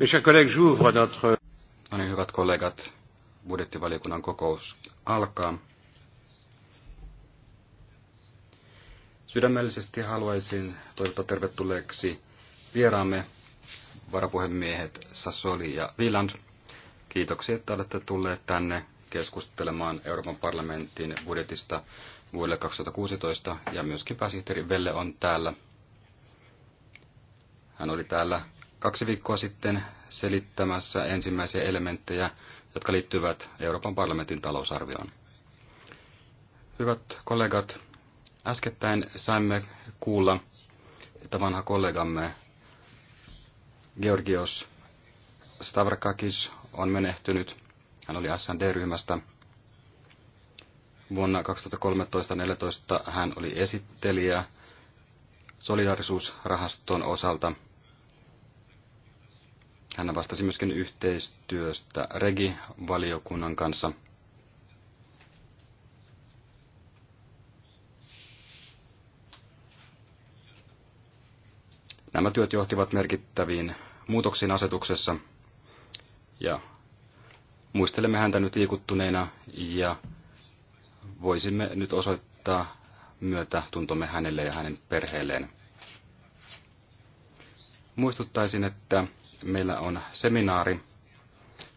No niin, hyvät kollegat, budjettivaliokunnan kokous alkaa. Sydämellisesti haluaisin toivottaa tervetulleeksi vieraamme varapuhemiehet Sassoli ja Viland. Kiitoksia, että olette tulleet tänne keskustelemaan Euroopan parlamentin budjetista vuodelle 2016 ja myöskin pääsihteeri Velle on täällä. Hän oli täällä kaksi viikkoa sitten selittämässä ensimmäisiä elementtejä, jotka liittyvät Euroopan parlamentin talousarvioon. Hyvät kollegat, äskettäin saimme kuulla, että vanha kollegamme Georgios Stavrakakis on menehtynyt. Hän oli SND-ryhmästä. Vuonna 2013-2014 hän oli esittelijä solidarisuusrahaston osalta – hän vastasi myöskin yhteistyöstä Regi-valiokunnan kanssa. Nämä työt johtivat merkittäviin muutoksiin asetuksessa ja muistelemme häntä nyt liikuttuneena ja voisimme nyt osoittaa myötä tuntomme hänelle ja hänen perheelleen. Muistuttaisin, että meillä on seminaari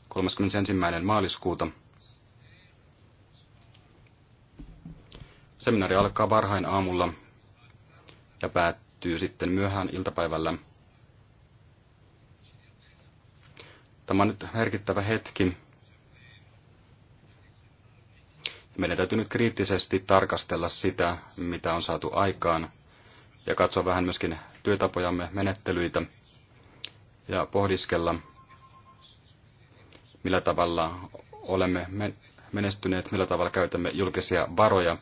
31. maaliskuuta. Seminaari alkaa varhain aamulla ja päättyy sitten myöhään iltapäivällä. Tämä on nyt merkittävä hetki. Meidän täytyy nyt kriittisesti tarkastella sitä, mitä on saatu aikaan, ja katsoa vähän myöskin työtapojamme, menettelyitä – ja pohdiskella, millä tavalla olemme menestyneet, millä tavalla käytämme julkisia varoja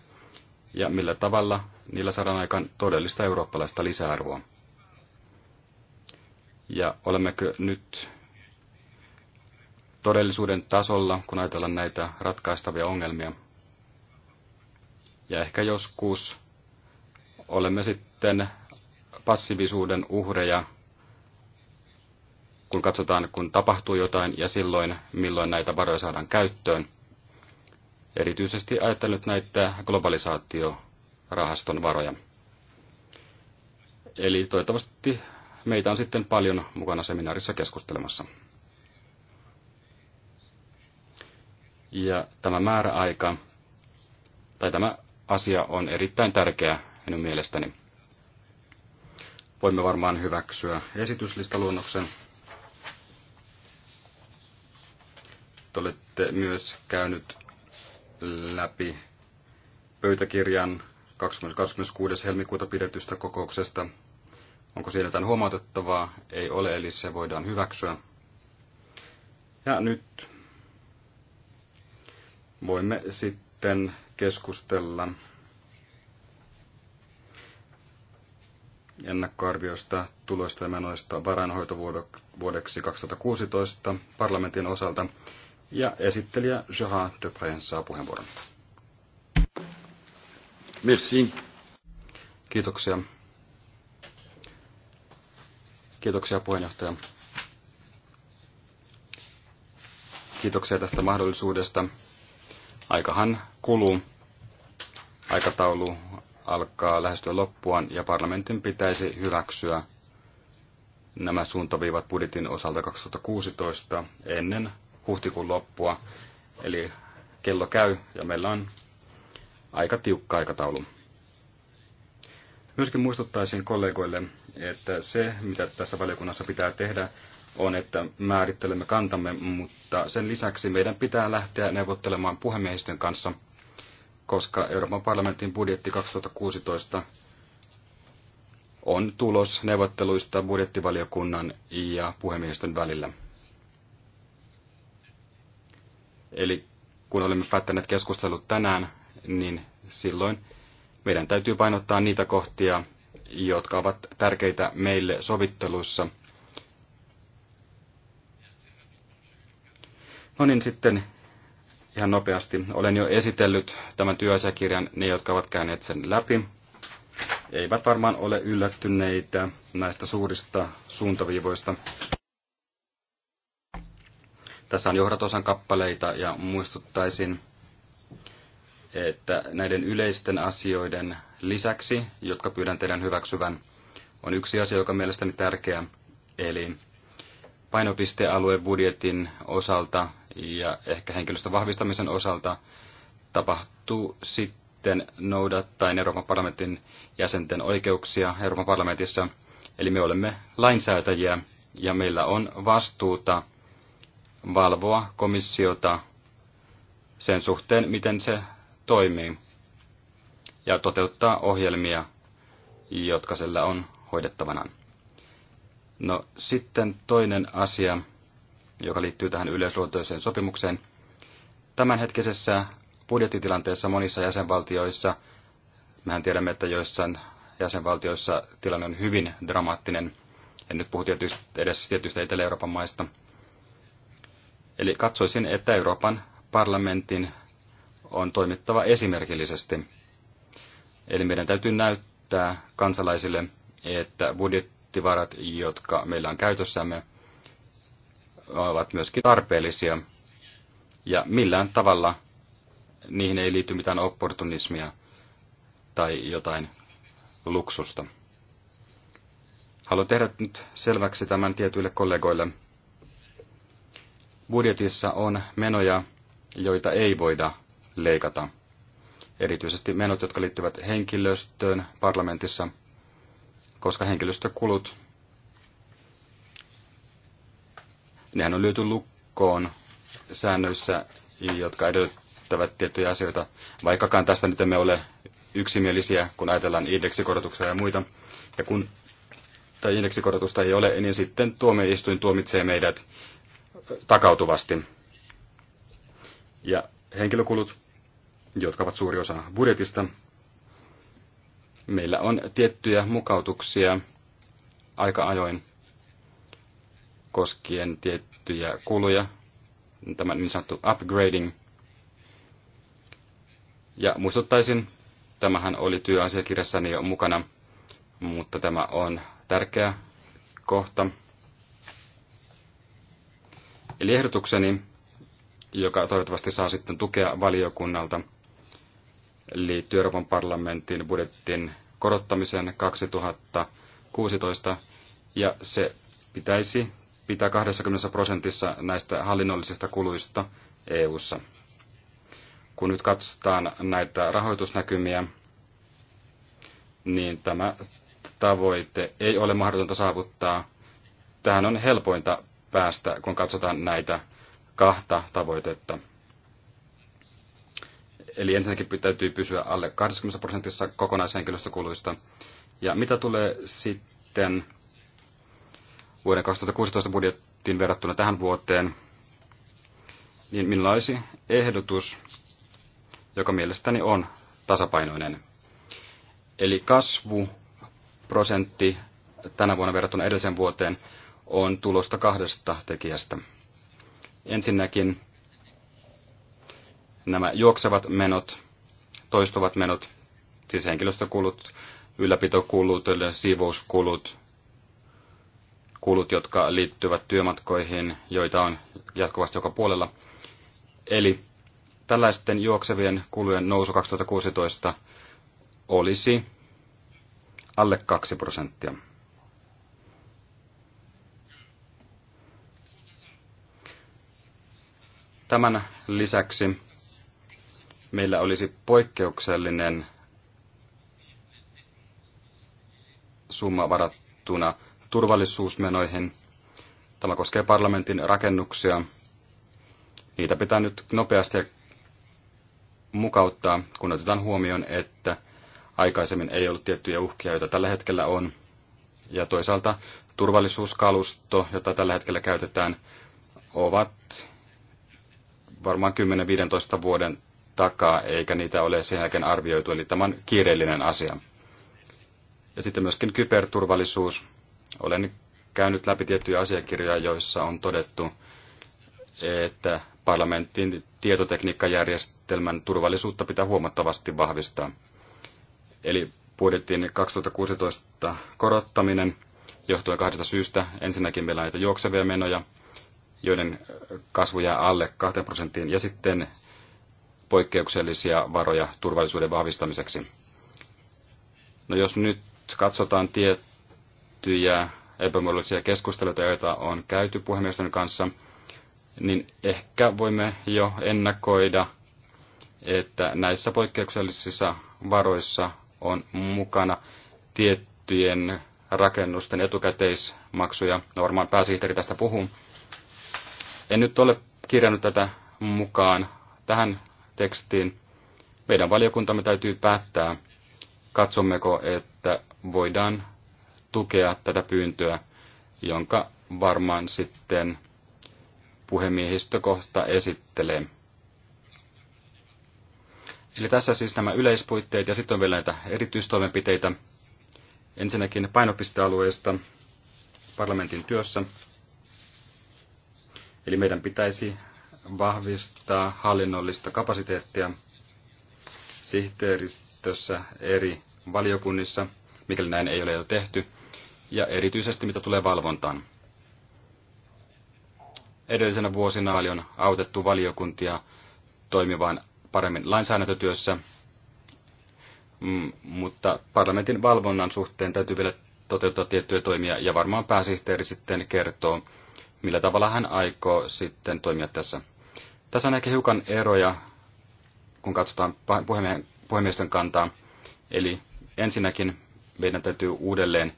ja millä tavalla niillä saadaan aikaan todellista eurooppalaista lisäarvoa. Ja olemmekö nyt todellisuuden tasolla, kun ajatellaan näitä ratkaistavia ongelmia. Ja ehkä joskus olemme sitten passiivisuuden uhreja kun katsotaan, kun tapahtuu jotain ja silloin, milloin näitä varoja saadaan käyttöön. Erityisesti ajattelut näitä globalisaatiorahaston varoja. Eli toivottavasti meitä on sitten paljon mukana seminaarissa keskustelemassa. Ja tämä määräaika, tai tämä asia on erittäin tärkeä minun mielestäni. Voimme varmaan hyväksyä esityslistaluonnoksen te olette myös käynyt läpi pöytäkirjan 26. helmikuuta pidetystä kokouksesta. Onko siellä jotain huomautettavaa? Ei ole, eli se voidaan hyväksyä. Ja nyt voimme sitten keskustella ennakkoarviosta tuloista ja menoista varainhoitovuodeksi 2016 parlamentin osalta. Ja esittelijä Gerard Depreen saa puheenvuoron. Merci. Kiitoksia. Kiitoksia puheenjohtaja. Kiitoksia tästä mahdollisuudesta. Aikahan kuluu. Aikataulu alkaa lähestyä loppuaan ja parlamentin pitäisi hyväksyä nämä suuntaviivat budjetin osalta 2016 ennen huhtikuun loppua. Eli kello käy ja meillä on aika tiukka aikataulu. Myöskin muistuttaisin kollegoille, että se, mitä tässä valiokunnassa pitää tehdä, on, että määrittelemme kantamme, mutta sen lisäksi meidän pitää lähteä neuvottelemaan puhemiehistön kanssa, koska Euroopan parlamentin budjetti 2016 on tulos neuvotteluista budjettivaliokunnan ja puhemiehistön välillä. Eli kun olemme päättäneet keskustelut tänään, niin silloin meidän täytyy painottaa niitä kohtia, jotka ovat tärkeitä meille sovittelussa. No niin, sitten ihan nopeasti. Olen jo esitellyt tämän työasiakirjan, ne jotka ovat käyneet sen läpi. Eivät varmaan ole yllättyneitä näistä suurista suuntaviivoista. Tässä on johdatosan kappaleita ja muistuttaisin, että näiden yleisten asioiden lisäksi, jotka pyydän teidän hyväksyvän, on yksi asia, joka on mielestäni tärkeä, eli budjetin osalta ja ehkä henkilöstön vahvistamisen osalta tapahtuu sitten noudattaen Euroopan parlamentin jäsenten oikeuksia Euroopan parlamentissa. Eli me olemme lainsäätäjiä ja meillä on vastuuta valvoa komissiota sen suhteen, miten se toimii ja toteuttaa ohjelmia, jotka sillä on hoidettavana. No sitten toinen asia, joka liittyy tähän yleisluontoiseen sopimukseen. Tämänhetkisessä budjettitilanteessa monissa jäsenvaltioissa, mehän tiedämme, että joissain jäsenvaltioissa tilanne on hyvin dramaattinen, en nyt puhu tietysti, edes tietystä Etelä-Euroopan maista – Eli katsoisin, että Euroopan parlamentin on toimittava esimerkillisesti. Eli meidän täytyy näyttää kansalaisille, että budjettivarat, jotka meillä on käytössämme, ovat myöskin tarpeellisia. Ja millään tavalla niihin ei liity mitään opportunismia tai jotain luksusta. Haluan tehdä nyt selväksi tämän tietyille kollegoille, budjetissa on menoja, joita ei voida leikata. Erityisesti menot, jotka liittyvät henkilöstöön parlamentissa, koska henkilöstökulut, nehän on lyöty lukkoon säännöissä, jotka edellyttävät tiettyjä asioita, vaikkakaan tästä nyt emme ole yksimielisiä, kun ajatellaan indeksikorotuksia ja muita. Ja kun tai indeksikorotusta ei ole, niin sitten tuomioistuin tuomitsee meidät takautuvasti. Ja henkilökulut, jotka ovat suuri osa budjetista, meillä on tiettyjä mukautuksia aika ajoin koskien tiettyjä kuluja, tämä niin sanottu upgrading. Ja muistuttaisin, tämähän oli työasiakirjassani jo mukana, mutta tämä on tärkeä kohta. Eli ehdotukseni, joka toivottavasti saa sitten tukea valiokunnalta, liittyy Euroopan parlamentin budjettin korottamisen 2016, ja se pitäisi pitää 20 prosentissa näistä hallinnollisista kuluista EU:ssa. Kun nyt katsotaan näitä rahoitusnäkymiä, niin tämä tavoite ei ole mahdotonta saavuttaa. Tähän on helpointa päästä, kun katsotaan näitä kahta tavoitetta. Eli ensinnäkin täytyy pysyä alle 20 prosentissa kokonaishenkilöstökuluista. Ja mitä tulee sitten vuoden 2016 budjettiin verrattuna tähän vuoteen, niin minulla olisi ehdotus, joka mielestäni on tasapainoinen. Eli kasvu prosentti tänä vuonna verrattuna edelliseen vuoteen on tulosta kahdesta tekijästä. Ensinnäkin nämä juoksevat menot, toistuvat menot, siis henkilöstökulut, ylläpitokulut, siivouskulut, kulut, jotka liittyvät työmatkoihin, joita on jatkuvasti joka puolella. Eli tällaisten juoksevien kulujen nousu 2016 olisi alle 2 prosenttia. Tämän lisäksi meillä olisi poikkeuksellinen summa varattuna turvallisuusmenoihin. Tämä koskee parlamentin rakennuksia. Niitä pitää nyt nopeasti mukauttaa, kun otetaan huomioon, että aikaisemmin ei ollut tiettyjä uhkia, joita tällä hetkellä on. Ja toisaalta turvallisuuskalusto, jota tällä hetkellä käytetään, ovat varmaan 10-15 vuoden takaa, eikä niitä ole sen jälkeen arvioitu, eli tämä on kiireellinen asia. Ja sitten myöskin kyberturvallisuus. Olen käynyt läpi tiettyjä asiakirjoja, joissa on todettu, että parlamentin tietotekniikkajärjestelmän turvallisuutta pitää huomattavasti vahvistaa. Eli budjettiin 2016 korottaminen johtuen kahdesta syystä. Ensinnäkin meillä on näitä juoksevia menoja, joiden kasvu jää alle 2 prosenttiin, ja sitten poikkeuksellisia varoja turvallisuuden vahvistamiseksi. No jos nyt katsotaan tiettyjä epämuodollisia keskusteluita, joita on käyty puhemiesten kanssa, niin ehkä voimme jo ennakoida, että näissä poikkeuksellisissa varoissa on mukana tiettyjen rakennusten etukäteismaksuja. No varmaan pääsihteeri tästä puhuu, en nyt ole kirjannut tätä mukaan tähän tekstiin. Meidän valiokuntamme täytyy päättää, katsommeko, että voidaan tukea tätä pyyntöä, jonka varmaan sitten puhemiehistö kohta esittelee. Eli tässä siis nämä yleispuitteet ja sitten on vielä näitä erityistoimenpiteitä. Ensinnäkin painopistealueista parlamentin työssä. Eli meidän pitäisi vahvistaa hallinnollista kapasiteettia sihteeristössä eri valiokunnissa, mikäli näin ei ole jo tehty, ja erityisesti mitä tulee valvontaan. Edellisenä vuosina on autettu valiokuntia toimivaan paremmin lainsäädäntötyössä, mm, mutta parlamentin valvonnan suhteen täytyy vielä toteuttaa tiettyjä toimia, ja varmaan pääsihteeri sitten kertoo, millä tavalla hän aikoo sitten toimia tässä. Tässä on ehkä hiukan eroja, kun katsotaan puhemiesten kantaa. Eli ensinnäkin meidän täytyy uudelleen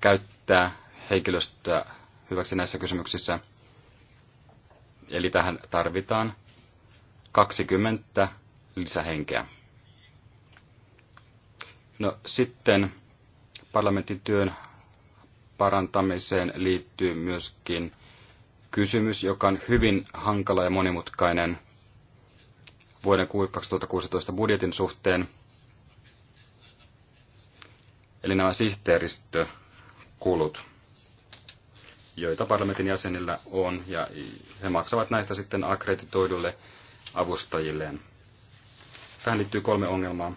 käyttää henkilöstöä hyväksi näissä kysymyksissä. Eli tähän tarvitaan 20 lisähenkeä. No sitten parlamentin työn parantamiseen liittyy myöskin kysymys, joka on hyvin hankala ja monimutkainen vuoden 2016 budjetin suhteen. Eli nämä sihteeristökulut, joita parlamentin jäsenillä on, ja he maksavat näistä sitten akkreditoidulle avustajilleen. Tähän liittyy kolme ongelmaa.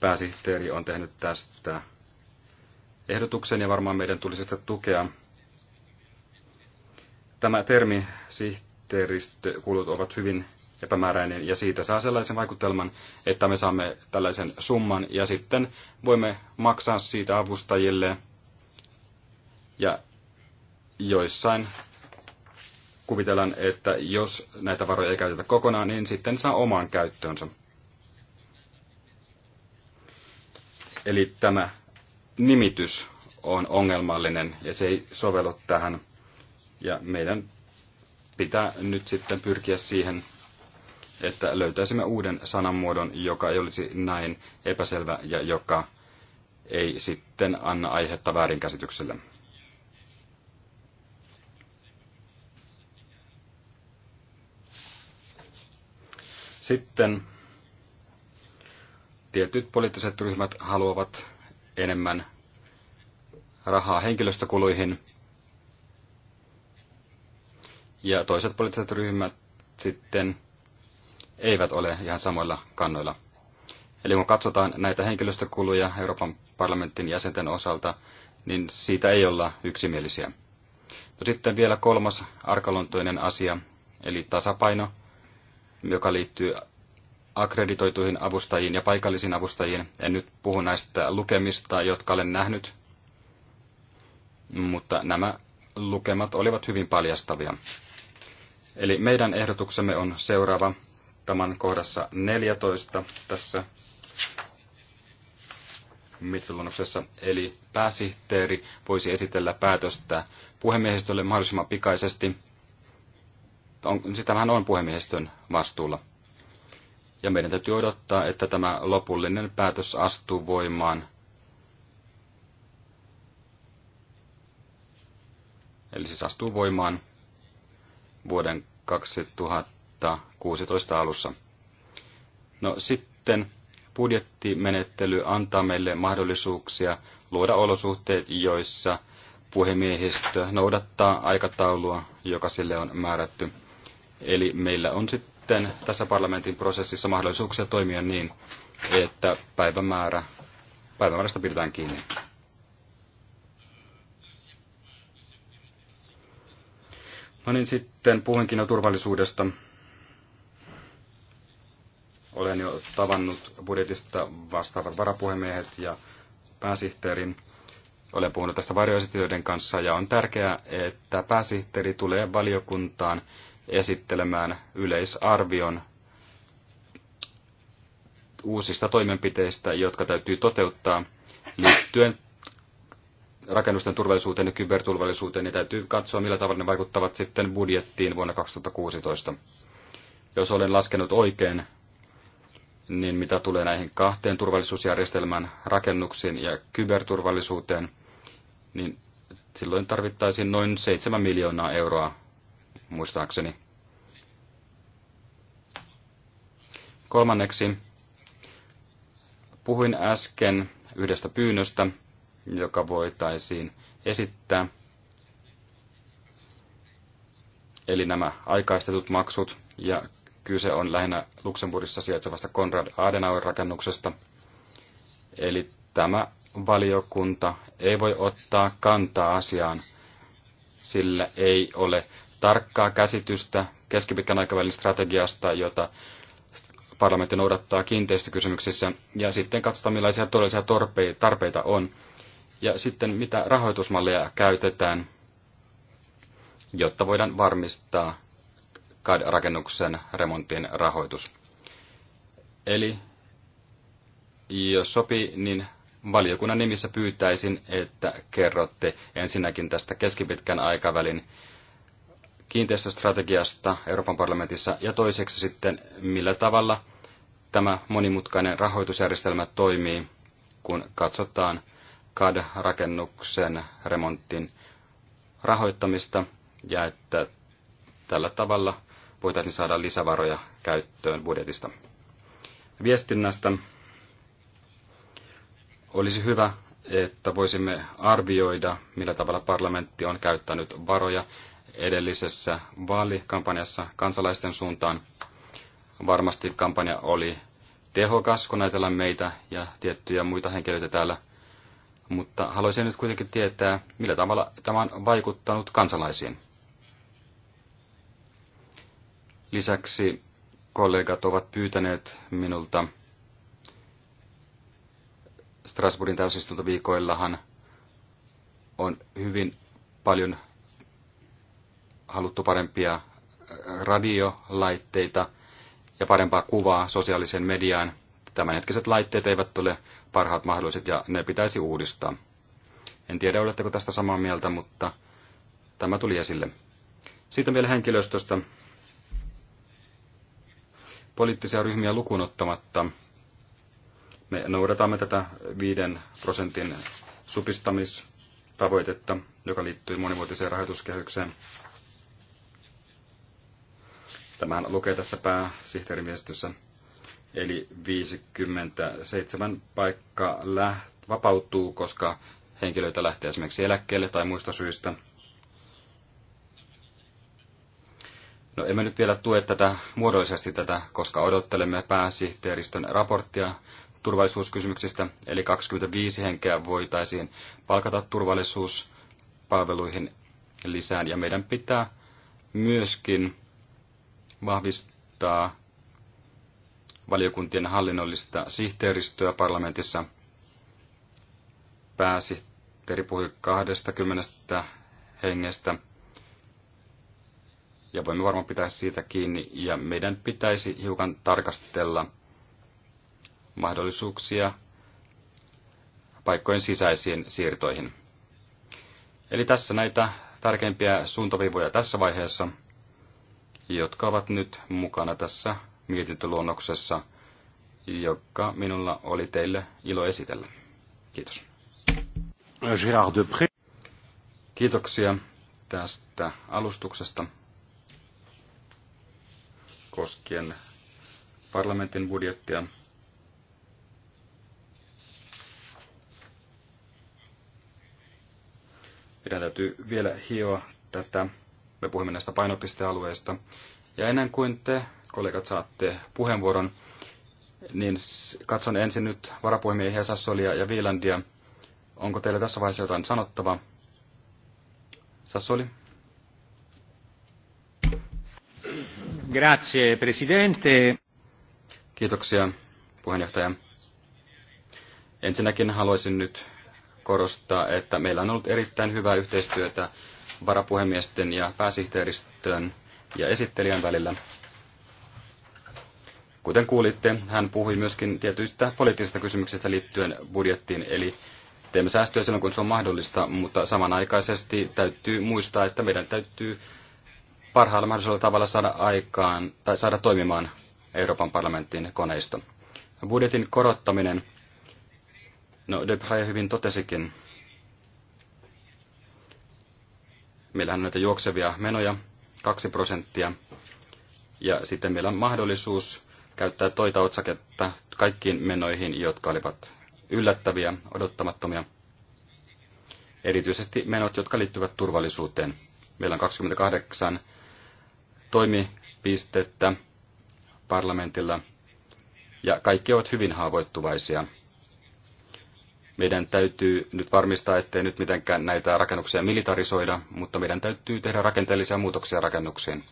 Pääsihteeri on tehnyt tästä ehdotuksen ja varmaan meidän tulisi sitä tukea. Tämä termi sihteeristökulut ovat hyvin epämääräinen ja siitä saa sellaisen vaikutelman, että me saamme tällaisen summan ja sitten voimme maksaa siitä avustajille ja joissain kuvitellaan, että jos näitä varoja ei käytetä kokonaan, niin sitten saa omaan käyttöönsä. Eli tämä nimitys on ongelmallinen ja se ei sovellu tähän. Ja meidän pitää nyt sitten pyrkiä siihen, että löytäisimme uuden sananmuodon, joka ei olisi näin epäselvä ja joka ei sitten anna aihetta väärinkäsitykselle. Sitten tietyt poliittiset ryhmät haluavat enemmän rahaa henkilöstökuluihin. Ja toiset poliittiset ryhmät sitten eivät ole ihan samoilla kannoilla. Eli kun katsotaan näitä henkilöstökuluja Euroopan parlamentin jäsenten osalta, niin siitä ei olla yksimielisiä. No sitten vielä kolmas arkaluontoinen asia, eli tasapaino, joka liittyy akkreditoituihin avustajiin ja paikallisiin avustajiin. En nyt puhu näistä lukemista, jotka olen nähnyt, mutta nämä lukemat olivat hyvin paljastavia. Eli meidän ehdotuksemme on seuraava tämän kohdassa 14 tässä mitsiluonnoksessa. Eli pääsihteeri voisi esitellä päätöstä puhemiehistölle mahdollisimman pikaisesti. On, siis tämähän on puhemiehistön vastuulla ja meidän täytyy odottaa, että tämä lopullinen päätös astuu voimaan. Eli siis astuu voimaan vuoden 2016 alussa. No sitten budjettimenettely antaa meille mahdollisuuksia luoda olosuhteet, joissa puhemiehistö noudattaa aikataulua, joka sille on määrätty. Eli meillä on sitten sitten tässä parlamentin prosessissa mahdollisuuksia toimia niin, että päivämäärä, päivämäärästä pidetään kiinni. No niin, sitten puhuinkin jo turvallisuudesta. Olen jo tavannut budjetista vastaavat varapuhemiehet ja pääsihteerin. Olen puhunut tästä varjoesityöiden kanssa ja on tärkeää, että pääsihteeri tulee valiokuntaan esittelemään yleisarvion uusista toimenpiteistä, jotka täytyy toteuttaa liittyen rakennusten turvallisuuteen ja kyberturvallisuuteen, niin täytyy katsoa, millä tavalla ne vaikuttavat sitten budjettiin vuonna 2016. Jos olen laskenut oikein, niin mitä tulee näihin kahteen turvallisuusjärjestelmän rakennuksiin ja kyberturvallisuuteen, niin silloin tarvittaisiin noin 7 miljoonaa euroa muistaakseni. Kolmanneksi, puhuin äsken yhdestä pyynnöstä, joka voitaisiin esittää. Eli nämä aikaistetut maksut, ja kyse on lähinnä Luxemburgissa sijaitsevasta Konrad Adenauer-rakennuksesta. Eli tämä valiokunta ei voi ottaa kantaa asiaan, sillä ei ole tarkkaa käsitystä keskipitkän aikavälin strategiasta, jota parlamentti noudattaa kiinteistökysymyksissä, ja sitten katsotaan, millaisia todellisia tarpeita on, ja sitten mitä rahoitusmalleja käytetään, jotta voidaan varmistaa CAD-rakennuksen remontin rahoitus. Eli jos sopii, niin valiokunnan nimissä pyytäisin, että kerrotte ensinnäkin tästä keskipitkän aikavälin kiinteistöstrategiasta Euroopan parlamentissa ja toiseksi sitten, millä tavalla tämä monimutkainen rahoitusjärjestelmä toimii, kun katsotaan CAD-rakennuksen remontin rahoittamista ja että tällä tavalla voitaisiin saada lisävaroja käyttöön budjetista. Viestinnästä olisi hyvä, että voisimme arvioida, millä tavalla parlamentti on käyttänyt varoja edellisessä vaalikampanjassa kansalaisten suuntaan. Varmasti kampanja oli tehokas, kun ajatellaan meitä ja tiettyjä muita henkilöitä täällä. Mutta haluaisin nyt kuitenkin tietää, millä tavalla tämä on vaikuttanut kansalaisiin. Lisäksi kollegat ovat pyytäneet minulta Strasbourgin täysistuntoviikoillahan on hyvin paljon haluttu parempia äh, radiolaitteita ja parempaa kuvaa sosiaaliseen mediaan. Tämänhetkiset laitteet eivät ole parhaat mahdolliset ja ne pitäisi uudistaa. En tiedä, oletteko tästä samaa mieltä, mutta tämä tuli esille. Sitten vielä henkilöstöstä. Poliittisia ryhmiä lukuun ottamatta me noudatamme tätä 5 prosentin supistamistavoitetta, joka liittyy monivuotiseen rahoituskehykseen. Tämähän lukee tässä pääsihteerimiestössä. Eli 57 paikkaa läht, vapautuu, koska henkilöitä lähtee esimerkiksi eläkkeelle tai muista syistä. No emme nyt vielä tue tätä muodollisesti tätä, koska odottelemme pääsihteeristön raporttia turvallisuuskysymyksistä, eli 25 henkeä voitaisiin palkata turvallisuuspalveluihin lisään, ja meidän pitää myöskin vahvistaa valiokuntien hallinnollista sihteeristöä parlamentissa. Pääsihteeri puhui 20 hengestä ja voimme varmaan pitää siitä kiinni ja meidän pitäisi hiukan tarkastella mahdollisuuksia paikkojen sisäisiin siirtoihin. Eli tässä näitä tärkeimpiä suuntaviivoja tässä vaiheessa jotka ovat nyt mukana tässä mietintöluonnoksessa, joka minulla oli teille ilo esitellä. Kiitos. Gérard Kiitoksia tästä alustuksesta koskien parlamentin budjettia. Meidän täytyy vielä hioa tätä me puhumme näistä painopistealueista. Ja ennen kuin te, kollegat, saatte puheenvuoron, niin katson ensin nyt varapuhemiehiä Sassolia ja Viilandia. Onko teillä tässä vaiheessa jotain sanottavaa? Sassoli? Grazie, presidente. Kiitoksia, puheenjohtaja. Ensinnäkin haluaisin nyt korostaa, että meillä on ollut erittäin hyvää yhteistyötä varapuhemiesten ja pääsihteeristön ja esittelijän välillä. Kuten kuulitte, hän puhui myöskin tietyistä poliittisista kysymyksistä liittyen budjettiin, eli teemme säästöjä silloin, kun se on mahdollista, mutta samanaikaisesti täytyy muistaa, että meidän täytyy parhaalla mahdollisella tavalla saada aikaan tai saada toimimaan Euroopan parlamentin koneisto. Budjetin korottaminen, no Debre hyvin totesikin, Meillähän on näitä juoksevia menoja, 2 prosenttia. Ja sitten meillä on mahdollisuus käyttää toita otsaketta kaikkiin menoihin, jotka olivat yllättäviä, odottamattomia. Erityisesti menot, jotka liittyvät turvallisuuteen. Meillä on 28 toimipistettä parlamentilla, ja kaikki ovat hyvin haavoittuvaisia – meidän täytyy nyt varmistaa, ettei nyt mitenkään näitä rakennuksia militarisoida, mutta meidän täytyy tehdä rakenteellisia muutoksia rakennuksiin.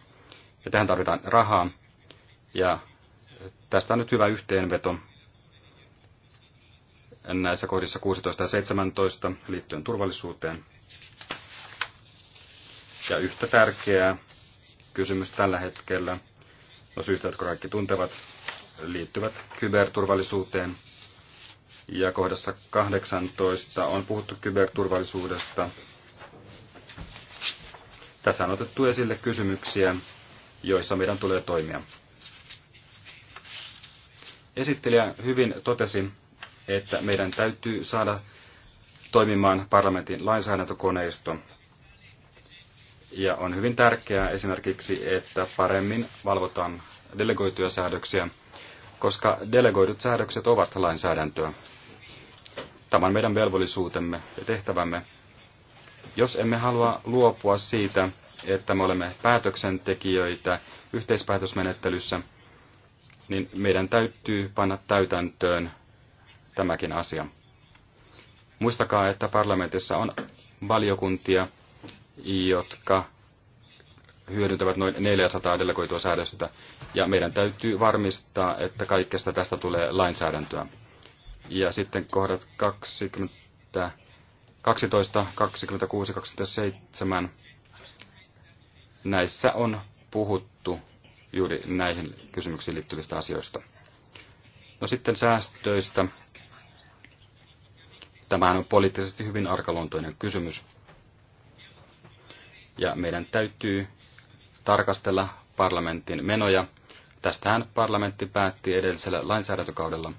Ja tähän tarvitaan rahaa. Ja tästä on nyt hyvä yhteenveto näissä kohdissa 16 ja 17 liittyen turvallisuuteen. Ja yhtä tärkeää kysymys tällä hetkellä, no syystä, jotka kaikki tuntevat, liittyvät kyberturvallisuuteen – ja kohdassa 18 on puhuttu kyberturvallisuudesta. Tässä on otettu esille kysymyksiä, joissa meidän tulee toimia. Esittelijä hyvin totesi, että meidän täytyy saada toimimaan parlamentin lainsäädäntökoneisto. Ja on hyvin tärkeää esimerkiksi, että paremmin valvotaan delegoituja säädöksiä, koska delegoidut säädökset ovat lainsäädäntöä. Tämä on meidän velvollisuutemme ja tehtävämme. Jos emme halua luopua siitä, että me olemme päätöksentekijöitä yhteispäätösmenettelyssä, niin meidän täytyy panna täytäntöön tämäkin asia. Muistakaa, että parlamentissa on valiokuntia, jotka hyödyntävät noin 400 delegoitua säädöstä, ja meidän täytyy varmistaa, että kaikesta tästä tulee lainsäädäntöä. Ja sitten kohdat 20, 12, 26, 27. Näissä on puhuttu juuri näihin kysymyksiin liittyvistä asioista. No sitten säästöistä. Tämähän on poliittisesti hyvin arkaluontoinen kysymys. Ja meidän täytyy tarkastella parlamentin menoja. Tästähän parlamentti päätti edellisellä lainsäädäntökaudella.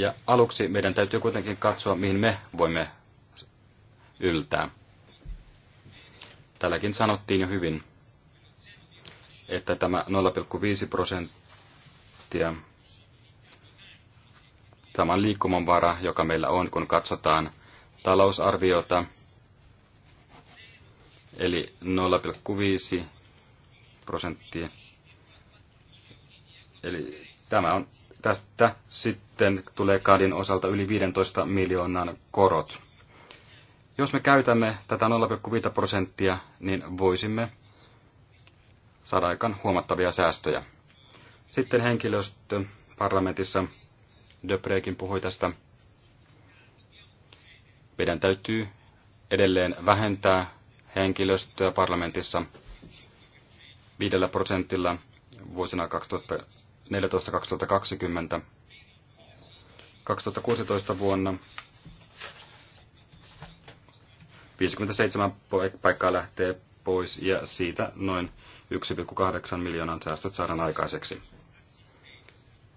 Ja aluksi meidän täytyy kuitenkin katsoa, mihin me voimme yltää. Tälläkin sanottiin jo hyvin, että tämä 0,5 prosenttia, tämä liikkumanvara, joka meillä on, kun katsotaan talousarviota, eli 0,5 prosenttia. Eli tämä on Tästä sitten tulee kadin osalta yli 15 miljoonan korot. Jos me käytämme tätä 0,5 prosenttia, niin voisimme saada aikaan huomattavia säästöjä. Sitten henkilöstö parlamentissa, Debrekin puhui tästä. Meidän täytyy edelleen vähentää henkilöstöä parlamentissa 5 prosentilla vuosina 2000 2014-2020. 2016 vuonna 57 paikkaa lähtee pois ja siitä noin 1,8 miljoonan säästöt saadaan aikaiseksi.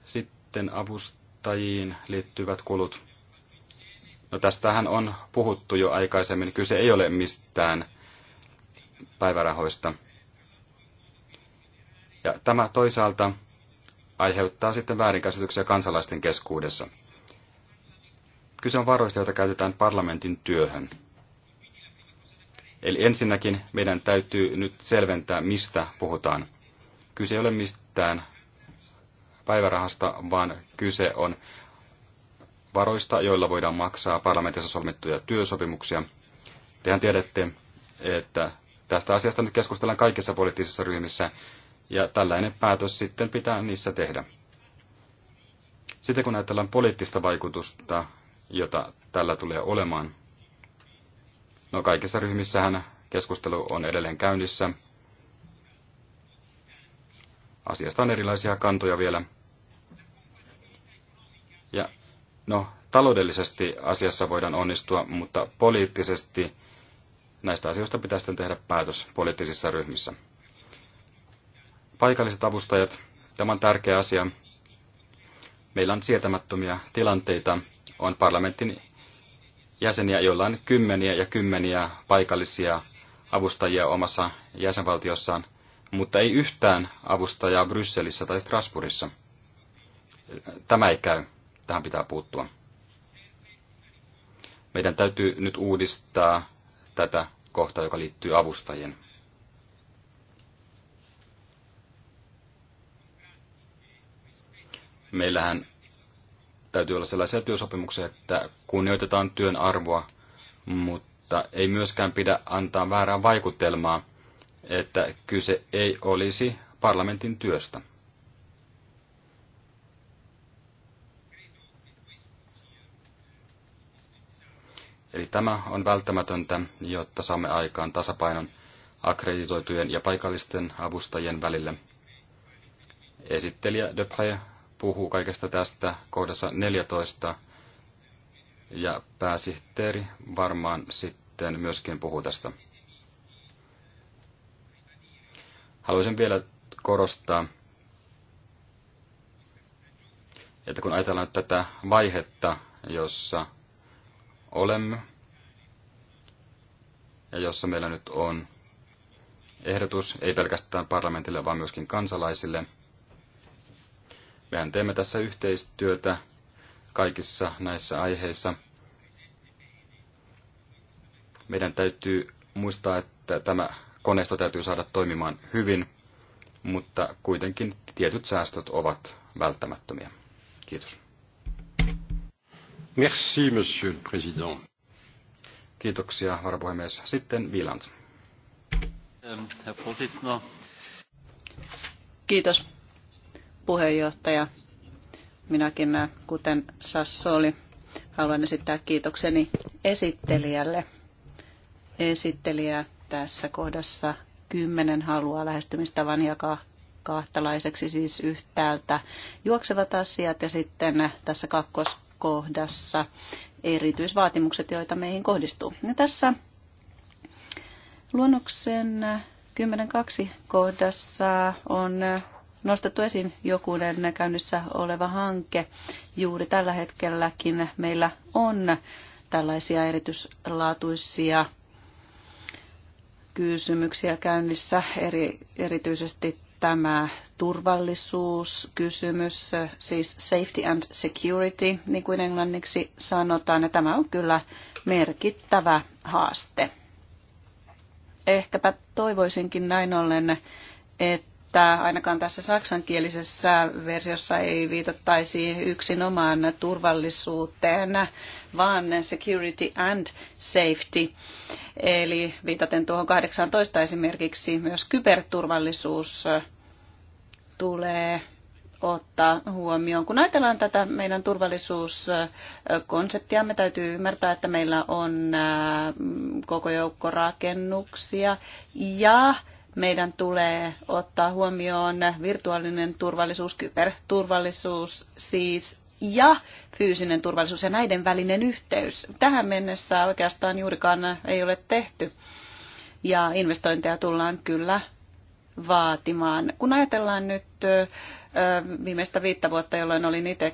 Sitten avustajiin liittyvät kulut. No tästähän on puhuttu jo aikaisemmin. Kyse ei ole mistään päivärahoista. Ja tämä toisaalta aiheuttaa sitten väärinkäsityksiä kansalaisten keskuudessa. Kyse on varoista, joita käytetään parlamentin työhön. Eli ensinnäkin meidän täytyy nyt selventää, mistä puhutaan. Kyse ei ole mistään päivärahasta, vaan kyse on varoista, joilla voidaan maksaa parlamentissa solmittuja työsopimuksia. Tehän tiedätte, että tästä asiasta nyt keskustellaan kaikissa poliittisissa ryhmissä, ja tällainen päätös sitten pitää niissä tehdä. Sitten kun ajatellaan poliittista vaikutusta, jota tällä tulee olemaan, no kaikissa ryhmissähän keskustelu on edelleen käynnissä. Asiasta on erilaisia kantoja vielä. Ja no, taloudellisesti asiassa voidaan onnistua, mutta poliittisesti näistä asioista pitäisi tehdä päätös poliittisissa ryhmissä paikalliset avustajat. Tämä on tärkeä asia. Meillä on sietämättömiä tilanteita. On parlamentin jäseniä, joilla on kymmeniä ja kymmeniä paikallisia avustajia omassa jäsenvaltiossaan, mutta ei yhtään avustajaa Brysselissä tai Strasbourgissa. Tämä ei käy. Tähän pitää puuttua. Meidän täytyy nyt uudistaa tätä kohtaa, joka liittyy avustajien meillähän täytyy olla sellaisia työsopimuksia, että kunnioitetaan työn arvoa, mutta ei myöskään pidä antaa väärää vaikutelmaa, että kyse ei olisi parlamentin työstä. Eli tämä on välttämätöntä, jotta saamme aikaan tasapainon akkreditoitujen ja paikallisten avustajien välillä. Esittelijä Depre puhuu kaikesta tästä kohdassa 14, ja pääsihteeri varmaan sitten myöskin puhuu tästä. Haluaisin vielä korostaa, että kun ajatellaan nyt tätä vaihetta, jossa olemme, ja jossa meillä nyt on ehdotus ei pelkästään parlamentille, vaan myöskin kansalaisille – Mehän teemme tässä yhteistyötä kaikissa näissä aiheissa. Meidän täytyy muistaa, että tämä koneisto täytyy saada toimimaan hyvin, mutta kuitenkin tietyt säästöt ovat välttämättömiä. Kiitos. Merci, monsieur le président. Kiitoksia, varapuhemies. Sitten Viland. Ähm, Kiitos, puheenjohtaja. Minäkin, kuten Sassoli, haluan esittää kiitokseni esittelijälle. Esittelijä tässä kohdassa kymmenen haluaa lähestymistavan jakaa kahtalaiseksi, siis yhtäältä juoksevat asiat ja sitten tässä kakkoskohdassa erityisvaatimukset, joita meihin kohdistuu. Ja tässä luonnoksen 10.2 kohdassa on nostettu esiin jokuinen käynnissä oleva hanke. Juuri tällä hetkelläkin meillä on tällaisia erityislaatuisia kysymyksiä käynnissä, eri, erityisesti tämä turvallisuuskysymys, siis safety and security, niin kuin englanniksi sanotaan, ja tämä on kyllä merkittävä haaste. Ehkäpä toivoisinkin näin ollen, että että ainakaan tässä saksankielisessä versiossa ei viitattaisi yksinomaan turvallisuuteen, vaan security and safety. Eli viitaten tuohon 18 esimerkiksi myös kyberturvallisuus tulee ottaa huomioon. Kun ajatellaan tätä meidän turvallisuuskonseptia, me täytyy ymmärtää, että meillä on äh, koko joukko rakennuksia ja meidän tulee ottaa huomioon virtuaalinen turvallisuus, kyberturvallisuus siis ja fyysinen turvallisuus ja näiden välinen yhteys. Tähän mennessä oikeastaan juurikaan ei ole tehty ja investointeja tullaan kyllä vaatimaan. Kun ajatellaan nyt viimeistä viittä vuotta, jolloin olin itse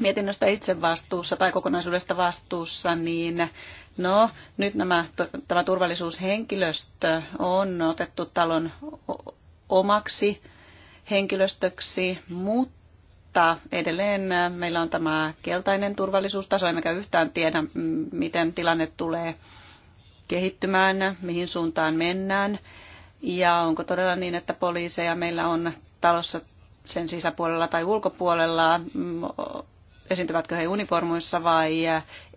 mietinnöstä itse vastuussa tai kokonaisuudesta vastuussa, niin no, nyt nämä, tämä turvallisuushenkilöstö on otettu talon omaksi henkilöstöksi, mutta edelleen meillä on tämä keltainen turvallisuustaso, emmekä yhtään tiedä, miten tilanne tulee kehittymään, mihin suuntaan mennään. Ja onko todella niin, että poliiseja meillä on talossa sen sisäpuolella tai ulkopuolella, esiintyvätkö he uniformuissa vai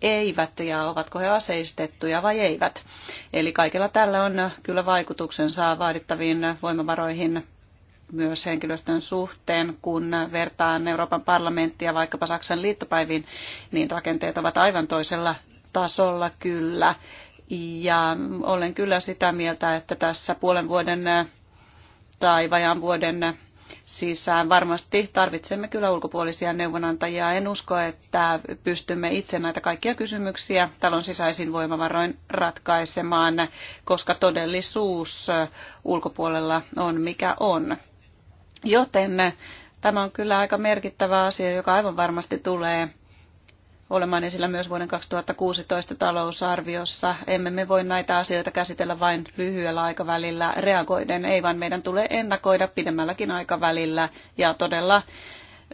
eivät ja ovatko he aseistettuja vai eivät. Eli kaikella tällä on kyllä vaikutuksensa vaadittaviin voimavaroihin myös henkilöstön suhteen, kun vertaan Euroopan parlamenttia vaikkapa Saksan liittopäiviin, niin rakenteet ovat aivan toisella tasolla kyllä. Ja olen kyllä sitä mieltä, että tässä puolen vuoden tai vajaan vuoden sisään. Varmasti tarvitsemme kyllä ulkopuolisia neuvonantajia. En usko, että pystymme itse näitä kaikkia kysymyksiä talon sisäisin voimavaroin ratkaisemaan, koska todellisuus ulkopuolella on mikä on. Joten tämä on kyllä aika merkittävä asia, joka aivan varmasti tulee olemaan esillä myös vuoden 2016 talousarviossa. Emme me voi näitä asioita käsitellä vain lyhyellä aikavälillä reagoiden, ei vaan meidän tulee ennakoida pidemmälläkin aikavälillä ja todella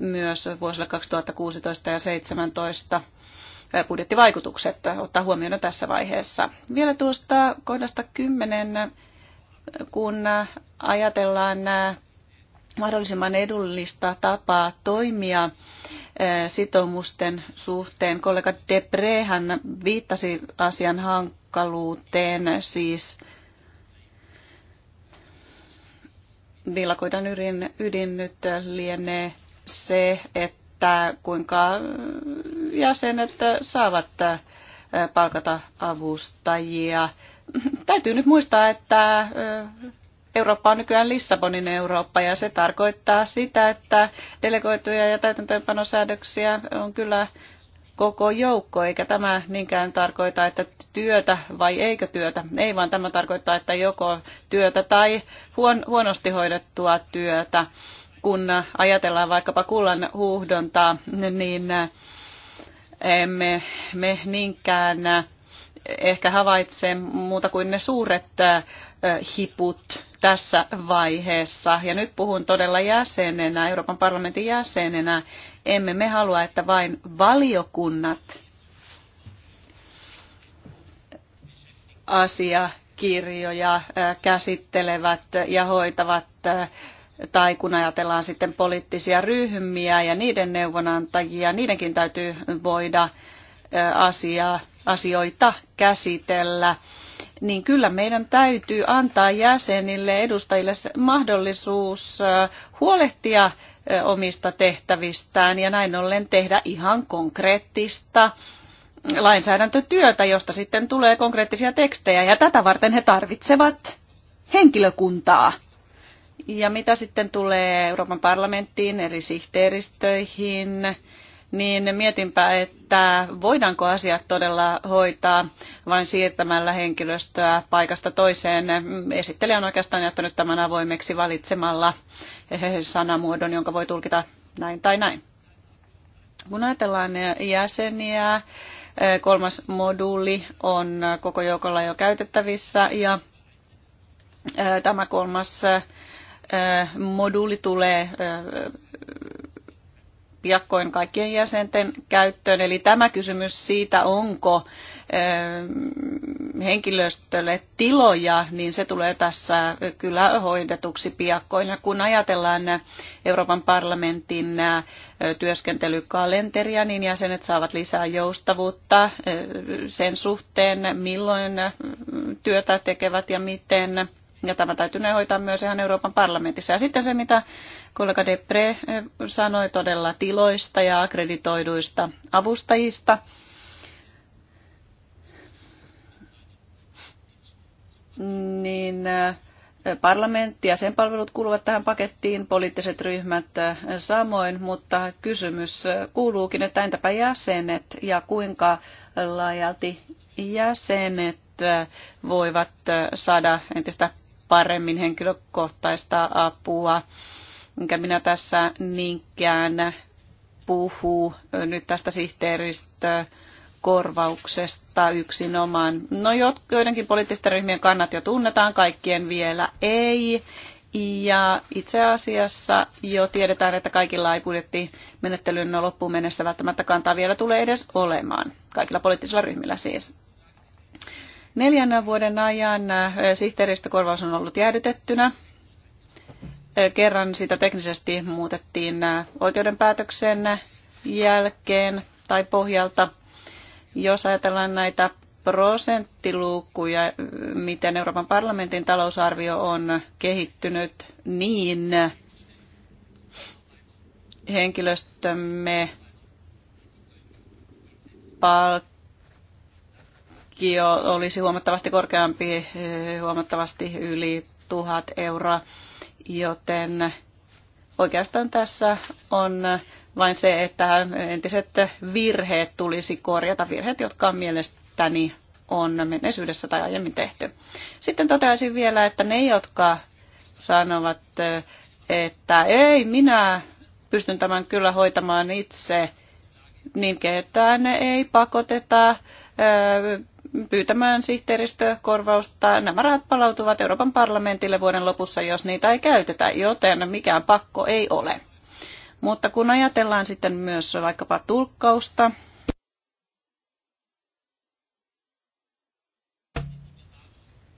myös vuosille 2016 ja 2017 budjettivaikutukset ottaa huomioon tässä vaiheessa. Vielä tuosta kohdasta 10, kun ajatellaan mahdollisimman edullista tapaa toimia eh, sitoumusten suhteen. Kollega Depre viittasi asian hankaluuteen, siis villakoidan ydin, ydin nyt lienee se, että kuinka jäsenet saavat eh, palkata avustajia. Täytyy nyt muistaa, että eh, Eurooppa on nykyään Lissabonin Eurooppa ja se tarkoittaa sitä, että delegoituja ja täytäntöönpanosäädöksiä on kyllä koko joukko, eikä tämä niinkään tarkoita, että työtä vai eikö työtä. Ei, vaan tämä tarkoittaa, että joko työtä tai huon, huonosti hoidettua työtä. Kun ajatellaan vaikkapa kullan huuhdontaa, niin emme me niinkään ehkä havaitse muuta kuin ne suuret hiput tässä vaiheessa. Ja nyt puhun todella jäsenenä, Euroopan parlamentin jäsenenä. Emme me halua, että vain valiokunnat asiakirjoja käsittelevät ja hoitavat, tai kun ajatellaan sitten poliittisia ryhmiä ja niiden neuvonantajia, niidenkin täytyy voida asia asioita käsitellä niin kyllä meidän täytyy antaa jäsenille, edustajille mahdollisuus huolehtia omista tehtävistään ja näin ollen tehdä ihan konkreettista lainsäädäntötyötä, josta sitten tulee konkreettisia tekstejä ja tätä varten he tarvitsevat henkilökuntaa. Ja mitä sitten tulee Euroopan parlamenttiin, eri sihteeristöihin, niin mietinpä, että voidaanko asiat todella hoitaa vain siirtämällä henkilöstöä paikasta toiseen. Esittelijä on oikeastaan jättänyt tämän avoimeksi valitsemalla sanamuodon, jonka voi tulkita näin tai näin. Kun ajatellaan jäseniä, kolmas moduuli on koko joukolla jo käytettävissä ja tämä kolmas moduuli tulee piakkoin kaikkien jäsenten käyttöön. Eli tämä kysymys siitä, onko eh, henkilöstölle tiloja, niin se tulee tässä eh, kyllä hoidetuksi piakkoin. Ja kun ajatellaan eh, Euroopan parlamentin työskentelykalenteria, niin jäsenet saavat lisää joustavuutta sen suhteen, milloin työtä tekevät ja miten ja tämä täytyy hoitaa myös ihan Euroopan parlamentissa. Ja sitten se, mitä kollega Depre eh, sanoi todella tiloista ja akkreditoiduista avustajista. Niin eh, parlamentti ja sen palvelut kuuluvat tähän pakettiin, poliittiset ryhmät eh, samoin, mutta kysymys kuuluukin, että entäpä jäsenet ja kuinka laajalti jäsenet voivat saada entistä paremmin henkilökohtaista apua. minkä minä tässä niinkään puhu nyt tästä sihteeristä korvauksesta yksinomaan. No joidenkin poliittisten ryhmien kannat jo tunnetaan, kaikkien vielä ei. Ja itse asiassa jo tiedetään, että kaikilla ei budjettimenettelyyn loppuun mennessä välttämättä kantaa vielä tulee edes olemaan. Kaikilla poliittisilla ryhmillä siis. Neljän vuoden ajan äh, sihteeristökorvaus on ollut jäädytettynä. Äh, kerran sitä teknisesti muutettiin äh, oikeudenpäätöksen jälkeen tai pohjalta. Jos ajatellaan näitä prosenttilukuja, miten Euroopan parlamentin talousarvio on kehittynyt, niin henkilöstömme palk riski olisi huomattavasti korkeampi, eh, huomattavasti yli tuhat euroa, joten oikeastaan tässä on vain se, että entiset virheet tulisi korjata, virheet, jotka on mielestäni on menneisyydessä tai aiemmin tehty. Sitten toteaisin vielä, että ne, jotka sanovat, eh, että ei, minä pystyn tämän kyllä hoitamaan itse, niin ketään ei pakoteta eh, pyytämään sihteeristökorvausta. Nämä rahat palautuvat Euroopan parlamentille vuoden lopussa, jos niitä ei käytetä, joten mikään pakko ei ole. Mutta kun ajatellaan sitten myös vaikkapa tulkkausta,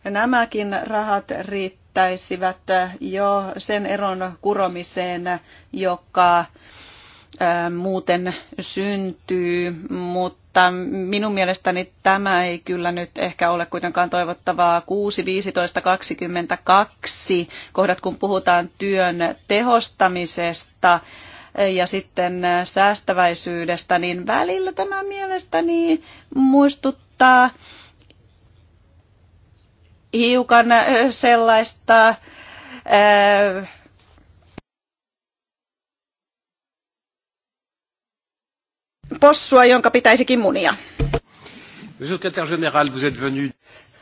nämäkin rahat riittäisivät jo sen eron kuromiseen, joka muuten syntyy, mutta minun mielestäni tämä ei kyllä nyt ehkä ole kuitenkaan toivottavaa. 6, 15, 22 kohdat, kun puhutaan työn tehostamisesta ja sitten säästäväisyydestä, niin välillä tämä mielestäni muistuttaa hiukan sellaista possua, jonka pitäisikin munia.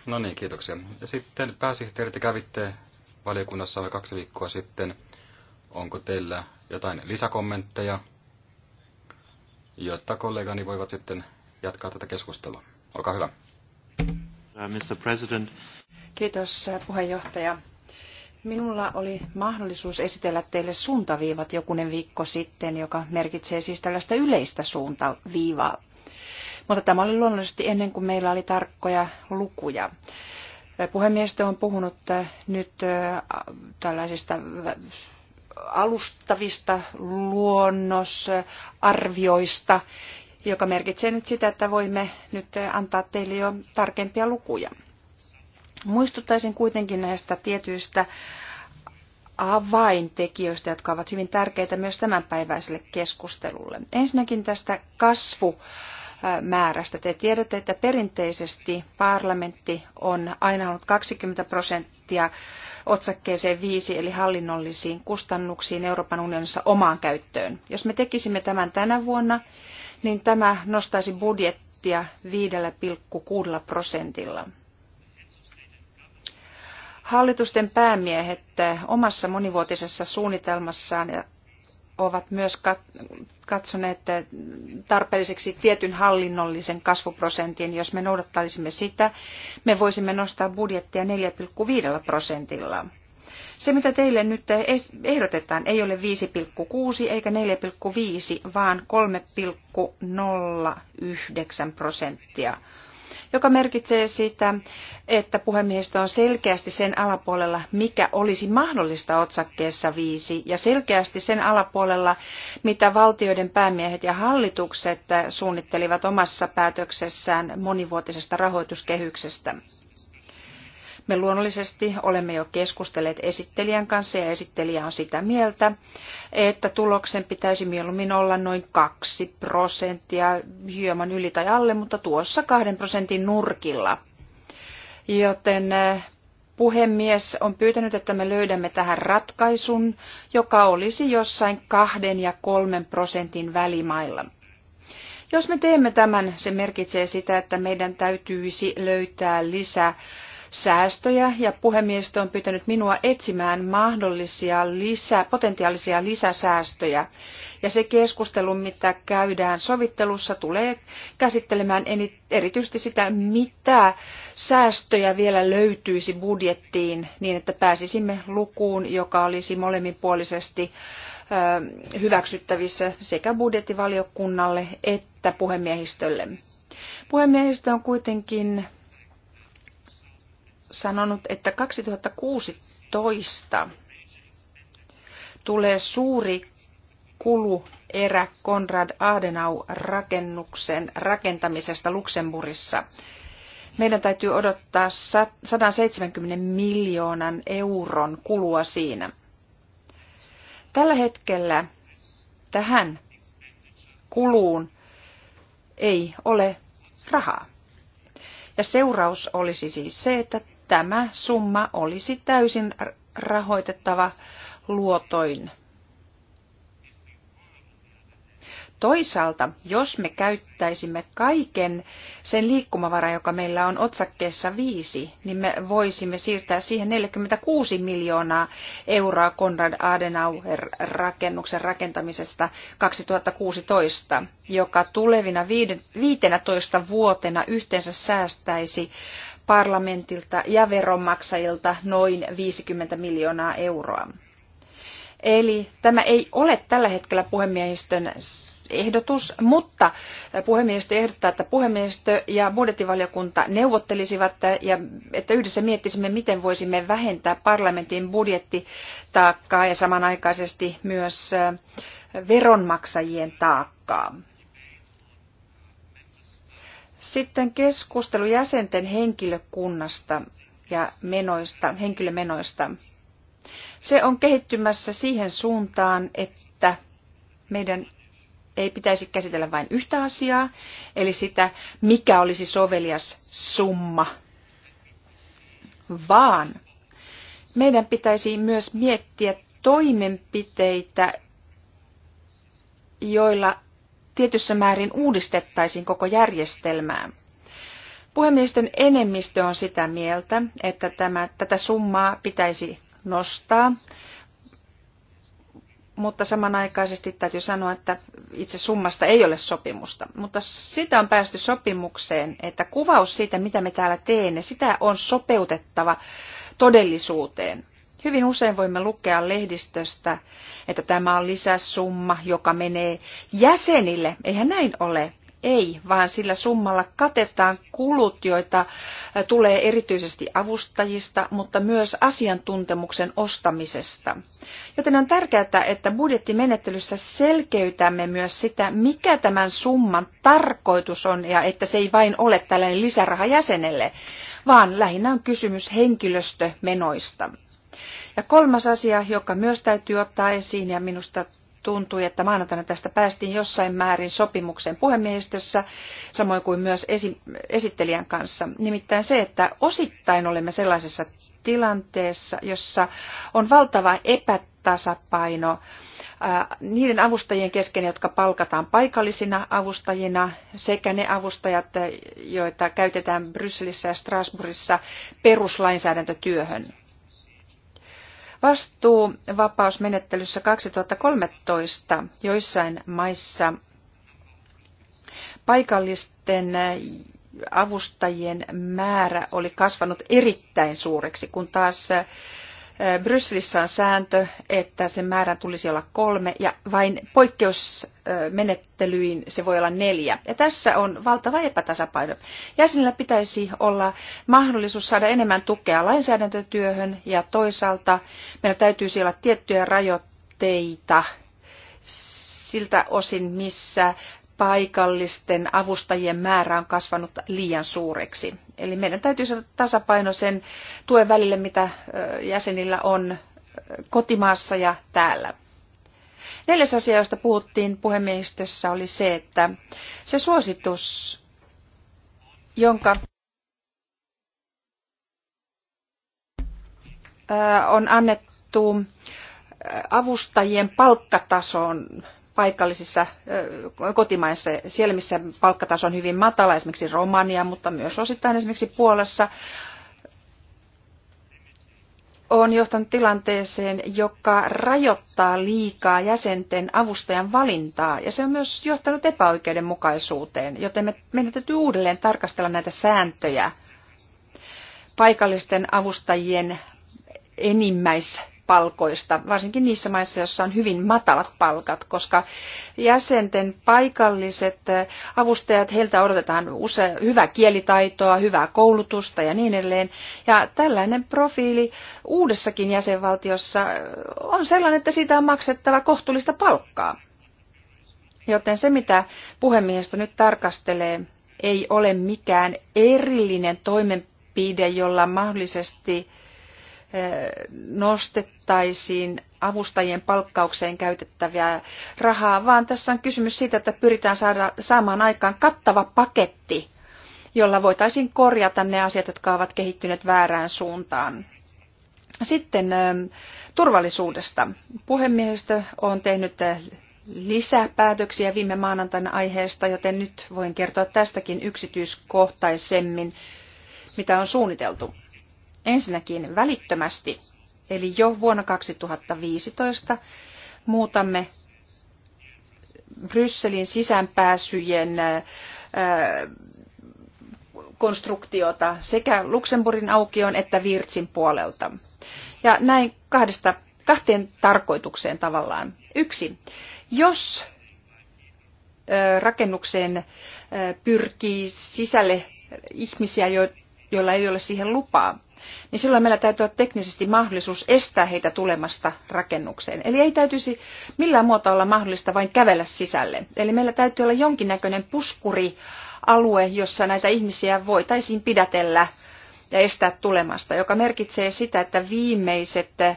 No niin, kiitoksia. Ja sitten pääsihteeri, te kävitte valiokunnassa kaksi viikkoa sitten. Onko teillä jotain lisäkommentteja, jotta kollegani voivat sitten jatkaa tätä keskustelua? Olkaa hyvä. Uh, Mr. President. Kiitos uh, puheenjohtaja. Minulla oli mahdollisuus esitellä teille suuntaviivat jokunen viikko sitten, joka merkitsee siis tällaista yleistä suuntaviivaa. Mutta tämä oli luonnollisesti ennen kuin meillä oli tarkkoja lukuja. Puhemiestö on puhunut äh, nyt äh, tällaisista äh, alustavista luonnosarvioista, joka merkitsee nyt sitä, että voimme nyt antaa teille jo tarkempia lukuja. Muistuttaisin kuitenkin näistä tietyistä avaintekijöistä, jotka ovat hyvin tärkeitä myös tämänpäiväiselle keskustelulle. Ensinnäkin tästä kasvu määrästä. Te tiedätte, että perinteisesti parlamentti on aina ollut 20 prosenttia otsakkeeseen 5 eli hallinnollisiin kustannuksiin Euroopan unionissa omaan käyttöön. Jos me tekisimme tämän tänä vuonna, niin tämä nostaisi budjettia 5,6 prosentilla. Hallitusten päämiehet eh, omassa monivuotisessa suunnitelmassaan ovat myös katsoneet eh, tarpeelliseksi tietyn hallinnollisen kasvuprosentin. Jos me noudattaisimme sitä, me voisimme nostaa budjettia 4,5 prosentilla. Se, mitä teille nyt eh, ehdotetaan, ei ole 5,6 eikä 4,5, vaan 3,09 prosenttia joka merkitsee sitä, että puhemiehistö on selkeästi sen alapuolella, mikä olisi mahdollista otsakkeessa viisi, ja selkeästi sen alapuolella, mitä valtioiden päämiehet ja hallitukset suunnittelivat omassa päätöksessään monivuotisesta rahoituskehyksestä. Me luonnollisesti olemme jo keskustelleet esittelijän kanssa ja esittelijä on sitä mieltä, että tuloksen pitäisi mieluummin olla noin 2 prosenttia hieman yli tai alle, mutta tuossa 2 prosentin nurkilla. Joten eh, puhemies on pyytänyt, että me löydämme tähän ratkaisun, joka olisi jossain kahden ja kolmen prosentin välimailla. Jos me teemme tämän, se merkitsee sitä, että meidän täytyisi löytää lisää säästöjä ja puhemiestö on pyytänyt minua etsimään mahdollisia lisä, potentiaalisia lisäsäästöjä. Ja se keskustelu, mitä käydään sovittelussa, tulee käsittelemään erityisesti sitä, mitä säästöjä vielä löytyisi budjettiin niin, että pääsisimme lukuun, joka olisi molemminpuolisesti hyväksyttävissä sekä budjettivaliokunnalle että puhemiehistölle. Puhemiehistö on kuitenkin sanonut, että 2016 tulee suuri kuluerä Konrad Adenau-rakennuksen rakentamisesta Luxemburissa. Meidän täytyy odottaa 170 miljoonan euron kulua siinä. Tällä hetkellä tähän kuluun ei ole rahaa. Ja seuraus olisi siis se, että tämä summa olisi täysin rahoitettava luotoin. Toisaalta, jos me käyttäisimme kaiken sen liikkumavara, joka meillä on otsakkeessa viisi, niin me voisimme siirtää siihen 46 miljoonaa euroa Konrad Adenauer-rakennuksen rakentamisesta 2016, joka tulevina 15 vuotena yhteensä säästäisi parlamentilta ja veronmaksajilta noin 50 miljoonaa euroa. Eli tämä ei ole tällä hetkellä puhemiehistön ehdotus, mutta puhemiehistö ehdottaa, että puhemiehistö ja budjettivaliokunta neuvottelisivat ja että yhdessä miettisimme, miten voisimme vähentää parlamentin budjettitaakkaa ja samanaikaisesti myös veronmaksajien taakkaa. Sitten keskustelu jäsenten henkilökunnasta ja menoista, henkilömenoista. Se on kehittymässä siihen suuntaan, että meidän ei pitäisi käsitellä vain yhtä asiaa, eli sitä, mikä olisi sovelias summa, vaan meidän pitäisi myös miettiä toimenpiteitä, joilla tietyssä määrin uudistettaisiin koko järjestelmää. Puhemiesten enemmistö on sitä mieltä, että tämä, tätä summaa pitäisi nostaa, mutta samanaikaisesti täytyy sanoa, että itse summasta ei ole sopimusta. Mutta sitä on päästy sopimukseen, että kuvaus siitä, mitä me täällä teemme, sitä on sopeutettava todellisuuteen. Hyvin usein voimme lukea lehdistöstä, että tämä on lisäsumma, joka menee jäsenille. Eihän näin ole. Ei, vaan sillä summalla katetaan kulut, joita tulee erityisesti avustajista, mutta myös asiantuntemuksen ostamisesta. Joten on tärkeää, että budjettimenettelyssä selkeytämme myös sitä, mikä tämän summan tarkoitus on, ja että se ei vain ole tällainen lisäraha jäsenelle, vaan lähinnä on kysymys henkilöstömenoista. Ja kolmas asia, joka myös täytyy ottaa esiin, ja minusta tuntui, että maanantaina tästä päästiin jossain määrin sopimukseen puhemiehistössä, samoin kuin myös esi- esittelijän kanssa. Nimittäin se, että osittain olemme sellaisessa tilanteessa, jossa on valtava epätasapaino niiden avustajien kesken, jotka palkataan paikallisina avustajina, sekä ne avustajat, joita käytetään Brysselissä ja Strasbourgissa peruslainsäädäntötyöhön Vastuuvapausmenettelyssä 2013 joissain maissa paikallisten avustajien määrä oli kasvanut erittäin suureksi, kun taas Brysselissä on sääntö, että sen määrän tulisi olla kolme ja vain poikkeusmenettelyin se voi olla neljä. Ja tässä on valtava epätasapaino. Jäsenillä pitäisi olla mahdollisuus saada enemmän tukea lainsäädäntötyöhön ja toisaalta meillä täytyisi olla tiettyjä rajoitteita siltä osin, missä paikallisten avustajien määrä on kasvanut liian suureksi. Eli meidän täytyy saada tasapaino sen tuen välille, mitä jäsenillä on kotimaassa ja täällä. Neljäs asia, josta puhuttiin puhemiehistössä, oli se, että se suositus, jonka on annettu avustajien palkkatasoon paikallisissa kotimaissa, siellä missä palkkataso on hyvin matala, esimerkiksi Romania, mutta myös osittain esimerkiksi Puolassa, on johtanut tilanteeseen, joka rajoittaa liikaa jäsenten avustajan valintaa, ja se on myös johtanut epäoikeudenmukaisuuteen, joten me, meidän täytyy uudelleen tarkastella näitä sääntöjä paikallisten avustajien enimmäis palkoista, varsinkin niissä maissa, joissa on hyvin matalat palkat, koska jäsenten paikalliset avustajat, heiltä odotetaan use, hyvää kielitaitoa, hyvää koulutusta ja niin edelleen. Ja tällainen profiili uudessakin jäsenvaltiossa on sellainen, että siitä on maksettava kohtuullista palkkaa. Joten se, mitä puhemiehistö nyt tarkastelee, ei ole mikään erillinen toimenpide, jolla mahdollisesti nostettaisiin avustajien palkkaukseen käytettävää rahaa, vaan tässä on kysymys siitä, että pyritään saada, saamaan aikaan kattava paketti, jolla voitaisiin korjata ne asiat, jotka ovat kehittyneet väärään suuntaan. Sitten ähm, turvallisuudesta. Puhemiehistö on tehnyt äh, lisäpäätöksiä viime maanantaina aiheesta, joten nyt voin kertoa tästäkin yksityiskohtaisemmin, mitä on suunniteltu. Ensinnäkin välittömästi, eli jo vuonna 2015 muutamme Brysselin sisäänpääsyjen äh, konstruktiota sekä Luxemburgin aukion että Virtsin puolelta. Ja näin kahdesta, kahteen tarkoitukseen tavallaan. Yksi, jos rakennukseen pyrkii sisälle ihmisiä, joilla ei ole siihen lupaa, niin silloin meillä täytyy olla teknisesti mahdollisuus estää heitä tulemasta rakennukseen. Eli ei täytyisi millään muuta olla mahdollista vain kävellä sisälle. Eli meillä täytyy olla jonkinnäköinen puskurialue, jossa näitä ihmisiä voitaisiin pidätellä ja estää tulemasta, joka merkitsee sitä, että viimeiset äh,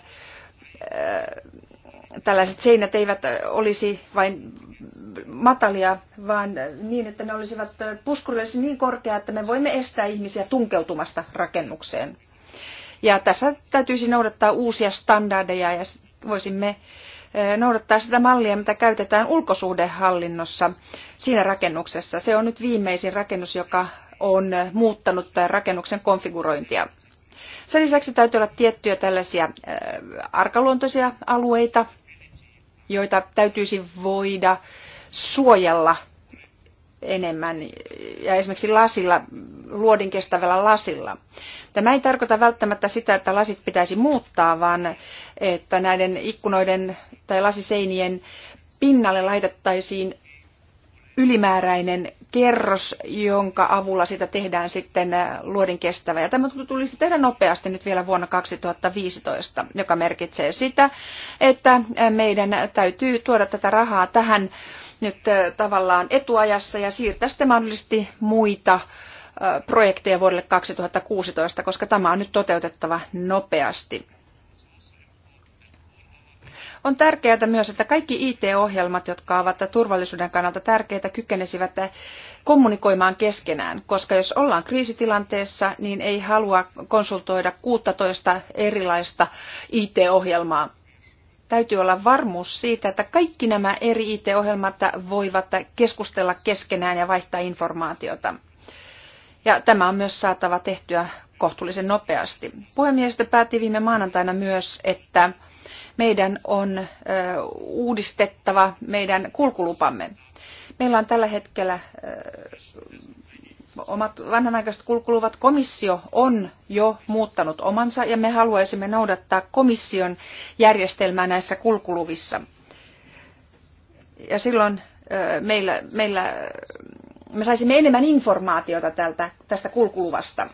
tällaiset seinät eivät olisi vain matalia, vaan niin, että ne olisivat äh, puskurillisesti niin korkea, että me voimme estää ihmisiä tunkeutumasta rakennukseen. Ja tässä täytyisi noudattaa uusia standardeja ja voisimme noudattaa sitä mallia, mitä käytetään ulkosuhdehallinnossa siinä rakennuksessa. Se on nyt viimeisin rakennus, joka on muuttanut tämän rakennuksen konfigurointia. Sen lisäksi täytyy olla tiettyjä tällaisia arkaluontoisia alueita, joita täytyisi voida suojella enemmän ja esimerkiksi lasilla, luodin kestävällä lasilla. Tämä ei tarkoita välttämättä sitä, että lasit pitäisi muuttaa, vaan että näiden ikkunoiden tai lasiseinien pinnalle laitettaisiin ylimääräinen kerros, jonka avulla sitä tehdään sitten äh, luodin kestävä. Ja tämä tulisi tehdä nopeasti nyt vielä vuonna 2015, joka merkitsee sitä, että äh, meidän täytyy tuoda tätä rahaa tähän nyt tavallaan etuajassa ja siirtää sitten mahdollisesti muita projekteja vuodelle 2016, koska tämä on nyt toteutettava nopeasti. On tärkeää myös, että kaikki IT-ohjelmat, jotka ovat turvallisuuden kannalta tärkeitä, kykenisivät kommunikoimaan keskenään, koska jos ollaan kriisitilanteessa, niin ei halua konsultoida 16 erilaista IT-ohjelmaa täytyy olla varmuus siitä, että kaikki nämä eri IT-ohjelmat voivat keskustella keskenään ja vaihtaa informaatiota. Ja tämä on myös saatava tehtyä kohtuullisen nopeasti. Puhemiehistö päätti viime maanantaina myös, että meidän on ö, uudistettava meidän kulkulupamme. Meillä on tällä hetkellä ö, omat vanhanaikaiset kulkuluvat komissio on jo muuttanut omansa ja me haluaisimme noudattaa komission järjestelmää näissä kulkuluvissa. Ja silloin meillä, meillä, me saisimme enemmän informaatiota tältä, tästä kulkuluvasta.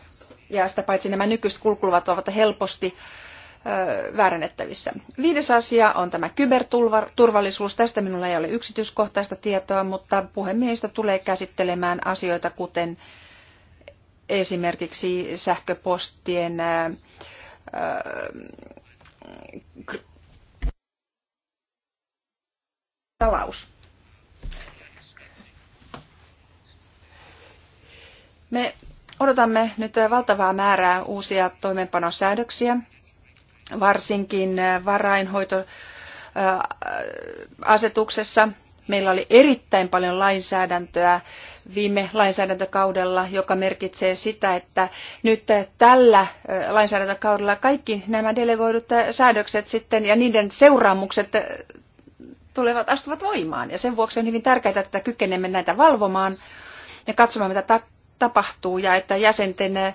Ja sitä paitsi nämä nykyiset kulkuluvat ovat helposti väärennettävissä. Viides asia on tämä kyberturvallisuus. Tästä minulla ei ole yksityiskohtaista tietoa, mutta puhemiehistä tulee käsittelemään asioita, kuten esimerkiksi sähköpostien salaus. Me odotamme nyt valtavaa määrää uusia toimeenpanosäädöksiä varsinkin äh, varainhoitoasetuksessa. Äh, asetuksessa Meillä oli erittäin paljon lainsäädäntöä viime lainsäädäntökaudella, joka merkitsee sitä, että nyt äh, tällä lainsäädäntökaudella kaikki nämä delegoidut säädökset sitten ja niiden seuraamukset tulevat, astuvat voimaan. Ja sen vuoksi on hyvin tärkeää, että kykenemme näitä valvomaan ja katsomaan, mitä tapahtuu ja että jäsenten eh,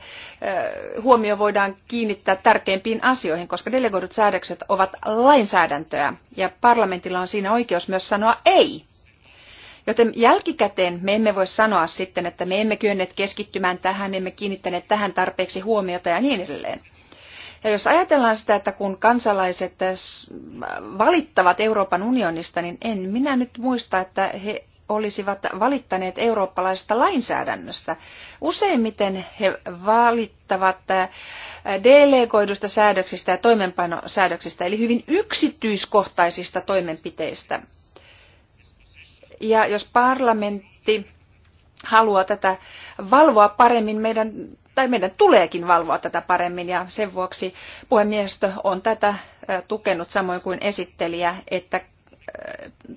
huomio voidaan kiinnittää tärkeimpiin asioihin, koska delegoidut säädökset ovat lainsäädäntöä ja parlamentilla on siinä oikeus myös sanoa ei. Joten jälkikäteen me emme voi sanoa sitten, että me emme kyenneet keskittymään tähän, emme kiinnittäneet tähän tarpeeksi huomiota ja niin edelleen. Ja jos ajatellaan sitä, että kun kansalaiset eh, valittavat Euroopan unionista, niin en minä nyt muista, että he olisivat valittaneet eurooppalaisesta lainsäädännöstä. Useimmiten he valittavat äh, delegoidusta säädöksistä ja toimenpanosäädöksistä, eli hyvin yksityiskohtaisista toimenpiteistä. Ja jos parlamentti haluaa tätä valvoa paremmin, meidän, tai meidän tuleekin valvoa tätä paremmin, ja sen vuoksi puhemiestö on tätä äh, tukenut samoin kuin esittelijä, että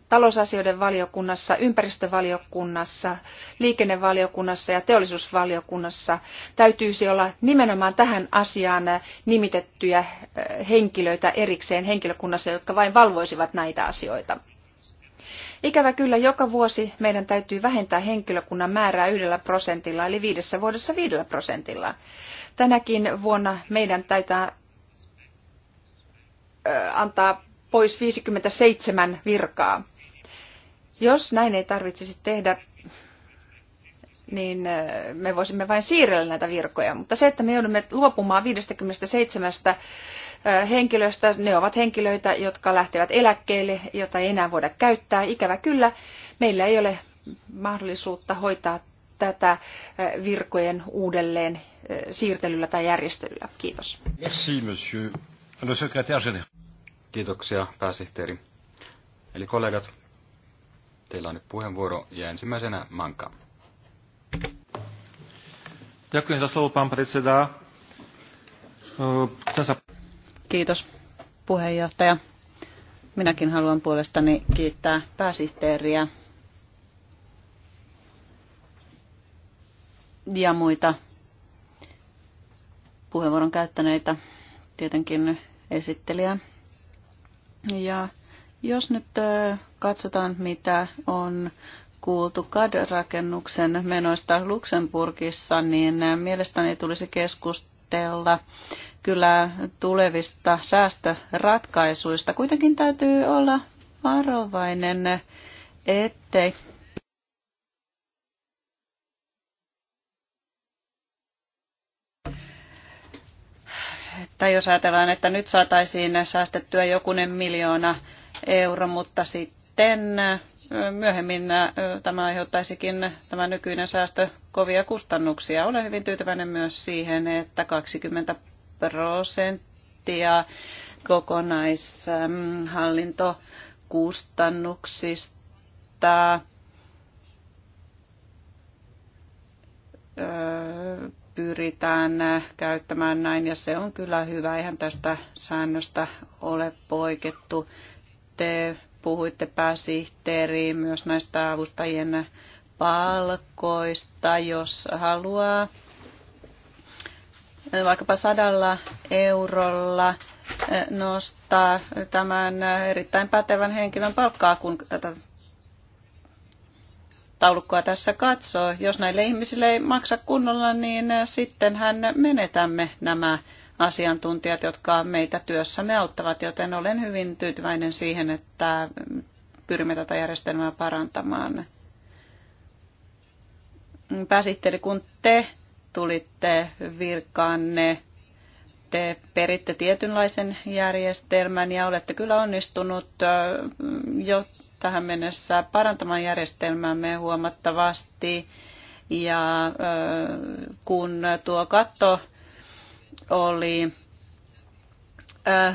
talousasioiden valiokunnassa, ympäristövaliokunnassa, liikennevaliokunnassa ja teollisuusvaliokunnassa täytyisi olla nimenomaan tähän asiaan nimitettyjä eh, henkilöitä erikseen henkilökunnassa, jotka vain valvoisivat näitä asioita. Ikävä kyllä joka vuosi meidän täytyy vähentää henkilökunnan määrää yhdellä prosentilla, eli viidessä vuodessa viidellä prosentilla. Tänäkin vuonna meidän täytyy eh, antaa pois 57 virkaa. Jos näin ei tarvitsisi tehdä, niin äh, me voisimme vain siirrellä näitä virkoja. Mutta se, että me joudumme luopumaan 57 äh, henkilöstä, ne ovat henkilöitä, jotka lähtevät eläkkeelle, jota ei enää voida käyttää. Ikävä kyllä, meillä ei ole mahdollisuutta hoitaa tätä äh, virkojen uudelleen siirtelyllä tai järjestelyllä. Kiitos. Merci, monsieur le secrétaire général. Kiitoksia, pääsihteeri. Eli kollegat, teillä on nyt puheenvuoro ja ensimmäisenä Manka. Kiitos, puheenjohtaja. Minäkin haluan puolestani kiittää pääsihteeriä ja muita puheenvuoron käyttäneitä, tietenkin esittelijää ja jos nyt katsotaan, mitä on kuultu CAD-rakennuksen menoista Luxemburgissa, niin mielestäni tulisi keskustella kyllä tulevista säästöratkaisuista. Kuitenkin täytyy olla varovainen, ettei tai jos ajatellaan, että nyt saataisiin säästettyä jokunen miljoona euro, mutta sitten myöhemmin tämä aiheuttaisikin tämä nykyinen säästö kovia kustannuksia. Olen hyvin tyytyväinen myös siihen, että 20 prosenttia kokonaishallintokustannuksista pyritään käyttämään näin ja se on kyllä hyvä. Eihän tästä säännöstä ole poikettu. Te puhuitte pääsihteeriin myös näistä avustajien palkoista, jos haluaa vaikkapa sadalla eurolla eh, nostaa tämän erittäin pätevän henkilön palkkaa, kun tätä taulukkoa tässä katsoo. Jos näille ihmisille ei maksa kunnolla, niin äh, sittenhän menetämme nämä asiantuntijat, jotka meitä työssämme auttavat, joten olen hyvin tyytyväinen siihen, että pyrimme tätä järjestelmää parantamaan. Pääsihteeri, kun te tulitte virkaanne, te peritte tietynlaisen järjestelmän ja olette kyllä onnistunut äh, jo tähän mennessä parantamaan järjestelmäämme huomattavasti. Ja kun tuo katto oli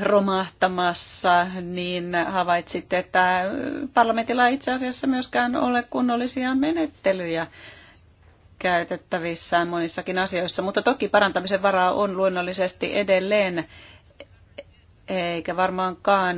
romahtamassa, niin havaitsit, että parlamentilla ei itse asiassa myöskään ole kunnollisia menettelyjä käytettävissä monissakin asioissa, mutta toki parantamisen varaa on luonnollisesti edelleen, eikä varmaankaan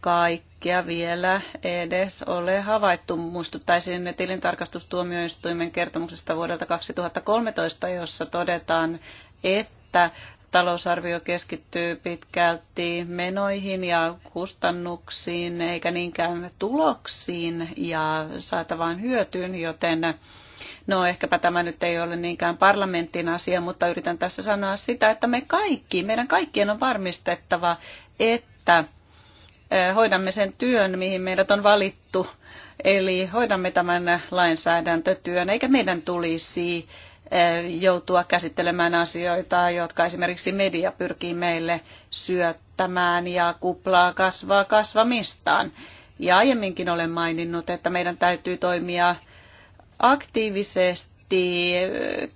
kaikki kaikkea vielä edes ole havaittu. Muistuttaisin tilintarkastustuomioistuimen kertomuksesta vuodelta 2013, jossa todetaan, että talousarvio keskittyy pitkälti menoihin ja kustannuksiin eikä niinkään tuloksiin ja saatavaan hyötyyn, joten No ehkäpä tämä nyt ei ole niinkään parlamentin asia, mutta yritän tässä sanoa sitä, että me kaikki, meidän kaikkien on varmistettava, että hoidamme sen työn, mihin meidät on valittu. Eli hoidamme tämän lainsäädäntötyön, eikä meidän tulisi joutua käsittelemään asioita, jotka esimerkiksi media pyrkii meille syöttämään ja kuplaa kasvaa kasvamistaan. Ja aiemminkin olen maininnut, että meidän täytyy toimia aktiivisesti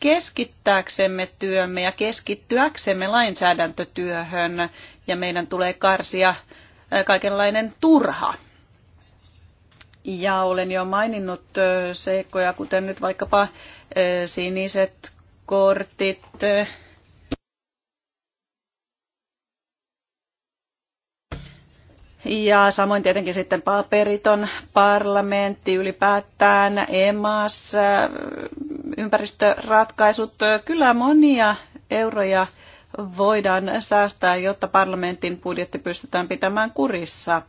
keskittääksemme työmme ja keskittyäksemme lainsäädäntötyöhön ja meidän tulee karsia kaikenlainen turha. Ja olen jo maininnut seikkoja, kuten nyt vaikkapa siniset kortit, Ja samoin tietenkin sitten paperiton parlamentti ylipäätään, EMAS, ympäristöratkaisut, kyllä monia euroja voidaan säästää, jotta parlamentin budjetti pystytään pitämään kurissa.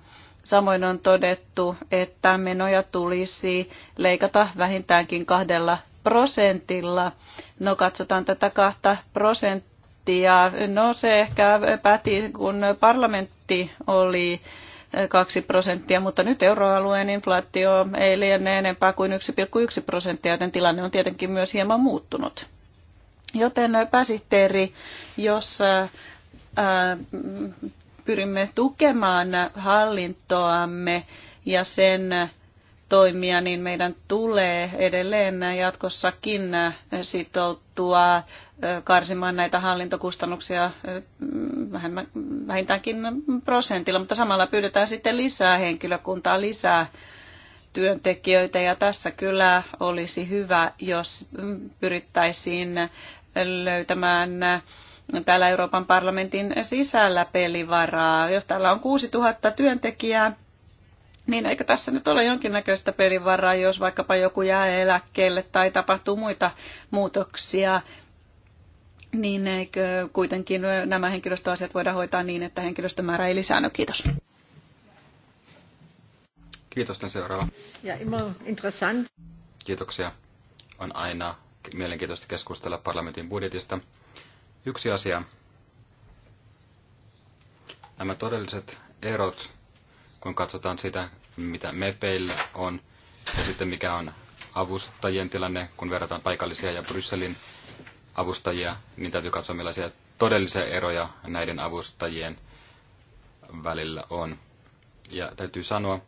Samoin on todettu, että menoja tulisi leikata vähintäänkin kahdella prosentilla. No katsotaan tätä kahta prosenttia. No se ehkä päti, kun parlamentti oli kaksi prosenttia, mutta nyt euroalueen inflaatio ei liene enempää kuin 1,1 prosenttia, joten tilanne on tietenkin myös hieman muuttunut. Joten äh, pääsihteeri, jos äh, äh, pyrimme tukemaan hallintoamme ja sen toimia, niin meidän tulee edelleen jatkossakin sitoutua karsimaan näitä hallintokustannuksia vähintäänkin prosentilla, mutta samalla pyydetään sitten lisää henkilökuntaa, lisää työntekijöitä ja tässä kyllä olisi hyvä, jos mm, pyrittäisiin löytämään täällä Euroopan parlamentin sisällä pelivaraa. Jos täällä on 6000 työntekijää, niin eikö tässä nyt ole jonkinnäköistä pelivaraa, jos vaikkapa joku jää eläkkeelle tai tapahtuu muita muutoksia, niin eikö kuitenkin nämä henkilöstöasiat voida hoitaa niin, että henkilöstömäärä ei lisäänny? Kiitos. Kiitos, seuraava. Ja immer interessant. Kiitoksia. On aina mielenkiintoista keskustella parlamentin budjetista. Yksi asia. Nämä todelliset erot, kun katsotaan sitä, mitä MEPEillä on, ja sitten mikä on avustajien tilanne, kun verrataan paikallisia ja Brysselin avustajia, niin täytyy katsoa, millaisia todellisia eroja näiden avustajien välillä on. Ja täytyy sanoa,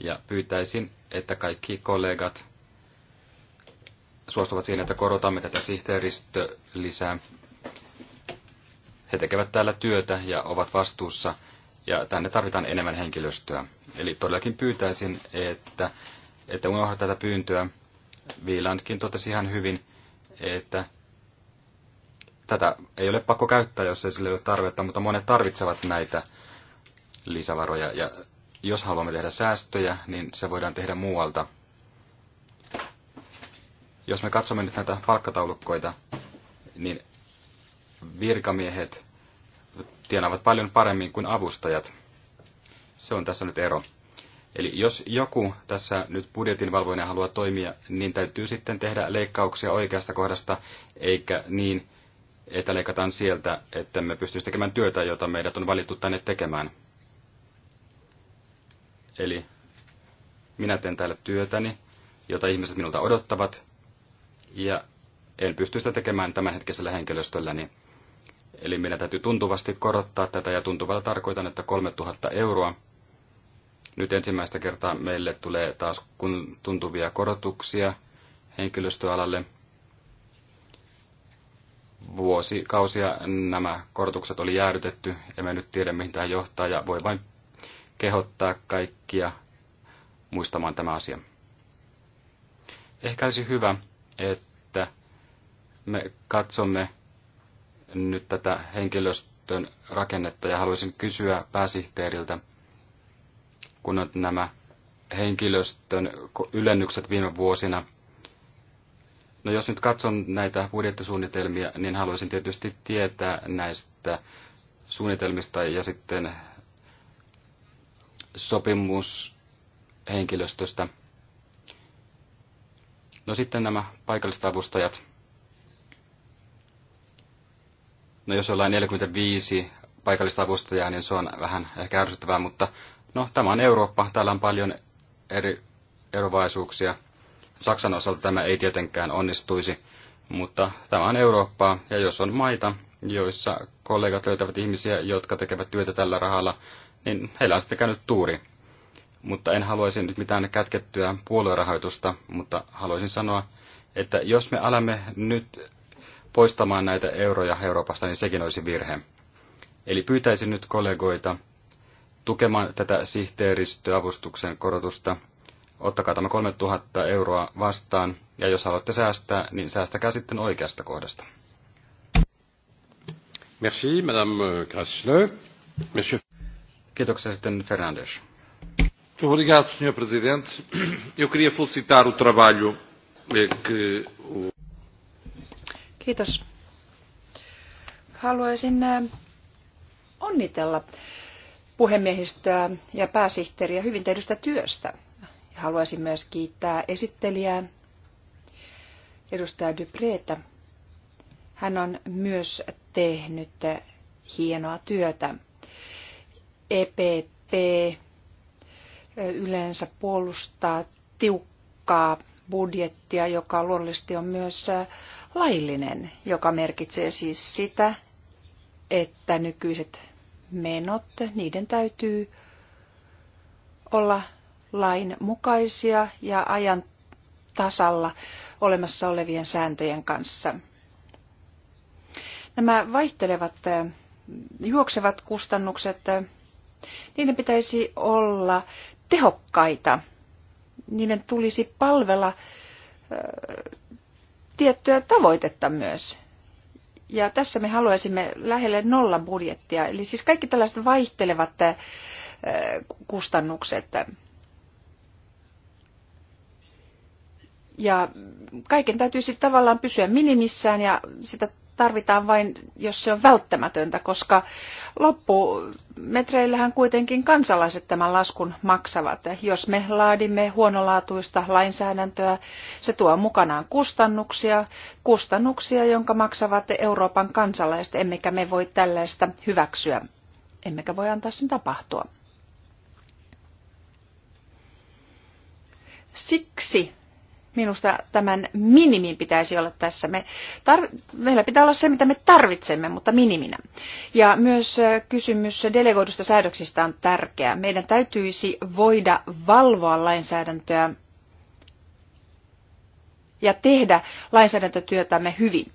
ja pyytäisin, että kaikki kollegat suostuvat siihen, että korotamme tätä sihteeristölisää. He tekevät täällä työtä ja ovat vastuussa, ja tänne tarvitaan enemmän henkilöstöä. Eli todellakin pyytäisin, että, että unohda tätä pyyntöä. Viilandkin totesi ihan hyvin, että tätä ei ole pakko käyttää, jos ei sille ole tarvetta, mutta monet tarvitsevat näitä lisävaroja. Ja jos haluamme tehdä säästöjä, niin se voidaan tehdä muualta jos me katsomme nyt näitä palkkataulukkoita, niin virkamiehet tienaavat paljon paremmin kuin avustajat. Se on tässä nyt ero. Eli jos joku tässä nyt budjetin valvojana haluaa toimia, niin täytyy sitten tehdä leikkauksia oikeasta kohdasta, eikä niin, että leikataan sieltä, että me pystyisi tekemään työtä, jota meidät on valittu tänne tekemään. Eli minä teen täällä työtäni, jota ihmiset minulta odottavat, ja en pysty sitä tekemään tämänhetkisellä niin Eli meidän täytyy tuntuvasti korottaa tätä ja tuntuvalla tarkoitan, että 3000 euroa. Nyt ensimmäistä kertaa meille tulee taas kun tuntuvia korotuksia henkilöstöalalle. Vuosikausia nämä korotukset oli jäädytetty, emme nyt tiedä mihin tämä johtaa ja voi vain kehottaa kaikkia muistamaan tämä asia. Ehkä olisi hyvä, että me katsomme nyt tätä henkilöstön rakennetta ja haluaisin kysyä pääsihteeriltä, kun on nämä henkilöstön ylennykset viime vuosina. No jos nyt katson näitä budjettisuunnitelmia, niin haluaisin tietysti tietää näistä suunnitelmista ja sitten sopimushenkilöstöstä. No sitten nämä paikalliset avustajat. No jos ollaan 45 paikallista avustajaa, niin se on vähän ehkä ärsyttävää, mutta no tämä on Eurooppa, täällä on paljon eri erovaisuuksia. Saksan osalta tämä ei tietenkään onnistuisi, mutta tämä on Eurooppaa, ja jos on maita, joissa kollegat löytävät ihmisiä, jotka tekevät työtä tällä rahalla, niin heillä on sitten käynyt tuuri. Mutta en haluaisi nyt mitään kätkettyä puoluerahoitusta, mutta haluaisin sanoa, että jos me alamme nyt poistamaan näitä euroja Euroopasta, niin sekin olisi virhe. Eli pyytäisin nyt kollegoita tukemaan tätä sihteeristöavustuksen korotusta. Ottakaa tämä 3000 euroa vastaan, ja jos haluatte säästää, niin säästäkää sitten oikeasta kohdasta. Merci, Madame Monsieur... Kiitoksia sitten Fernandes obrigado, Sr. Presidente. Eu queria felicitar o trabalho eh, que o... Kiitos. Haluaisin eh, onnitella puhemiehistöä ja pääsihteeriä hyvin tehdystä työstä. Haluaisin myös kiittää esittelijää, edustaja Dupreetä. Hän on myös tehnyt eh, hienoa työtä. EPP yleensä puolustaa tiukkaa budjettia, joka luonnollisesti on myös laillinen, joka merkitsee siis sitä, että nykyiset menot, niiden täytyy olla lain mukaisia ja ajan tasalla olemassa olevien sääntöjen kanssa. Nämä vaihtelevat juoksevat kustannukset, niiden pitäisi olla tehokkaita. Niiden tulisi palvella tiettyä tavoitetta myös. Ja tässä me haluaisimme lähelle nolla budjettia, eli siis kaikki tällaiset vaihtelevat kustannukset. Ja kaiken täytyisi tavallaan pysyä minimissään ja sitä tarvitaan vain, jos se on välttämätöntä, koska loppumetreillähän kuitenkin kansalaiset tämän laskun maksavat. Jos me laadimme huonolaatuista lainsäädäntöä, se tuo mukanaan kustannuksia, kustannuksia, jonka maksavat Euroopan kansalaiset, emmekä me voi tällaista hyväksyä, emmekä voi antaa sen tapahtua. Siksi Minusta tämän minimin pitäisi olla tässä. Me tar- meillä pitää olla se, mitä me tarvitsemme, mutta miniminä. Ja myös kysymys delegoidusta säädöksistä on tärkeä. Meidän täytyisi voida valvoa lainsäädäntöä ja tehdä lainsäädäntötyötämme hyvin.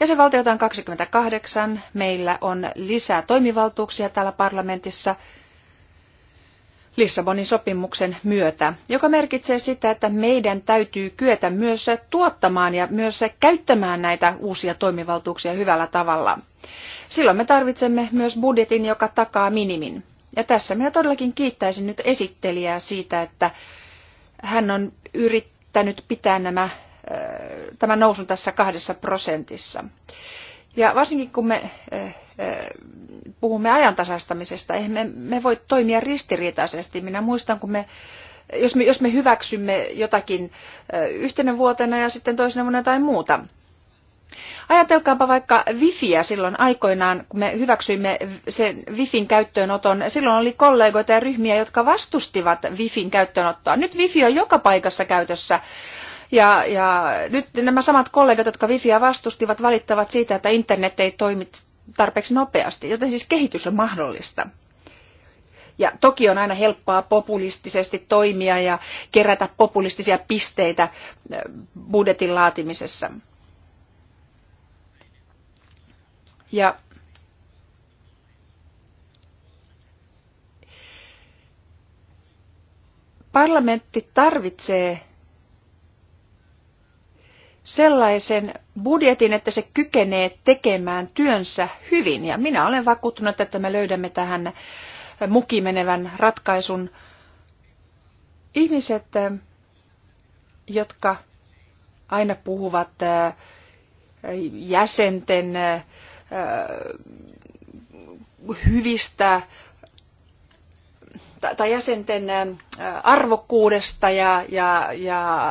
Jäsenvaltioita on 28, meillä on lisää toimivaltuuksia täällä parlamentissa – Lissabonin sopimuksen myötä, joka merkitsee sitä, että meidän täytyy kyetä myös tuottamaan ja myös käyttämään näitä uusia toimivaltuuksia hyvällä tavalla. Silloin me tarvitsemme myös budjetin, joka takaa minimin. Ja tässä minä todellakin kiittäisin nyt esittelijää siitä, että hän on yrittänyt pitää nämä, äh, tämän nousun tässä kahdessa prosentissa. Ja varsinkin kun me äh, puhumme ajantasaistamisesta. Eihän me, voi toimia ristiriitaisesti. Minä muistan, kun me jos me, jos me hyväksymme jotakin yhtenä vuotena ja sitten toisena vuonna jotain muuta. Ajatelkaapa vaikka wifiä silloin aikoinaan, kun me hyväksyimme sen wifin käyttöönoton. Silloin oli kollegoita ja ryhmiä, jotka vastustivat wifin käyttöönottoa. Nyt wifi on joka paikassa käytössä. Ja, ja nyt nämä samat kollegat, jotka wifiä vastustivat, valittavat siitä, että internet ei toimi tarpeeksi nopeasti, joten siis kehitys on mahdollista. Ja toki on aina helppoa populistisesti toimia ja kerätä populistisia pisteitä budjetin laatimisessa. Ja parlamentti tarvitsee sellaisen budjetin, että se kykenee tekemään työnsä hyvin. Ja minä olen vakuuttunut, että me löydämme tähän mukimenevän ratkaisun. Ihmiset, eh, jotka aina puhuvat eh, jäsenten eh, hyvistä tai jäsenten arvokkuudesta ja, ja, ja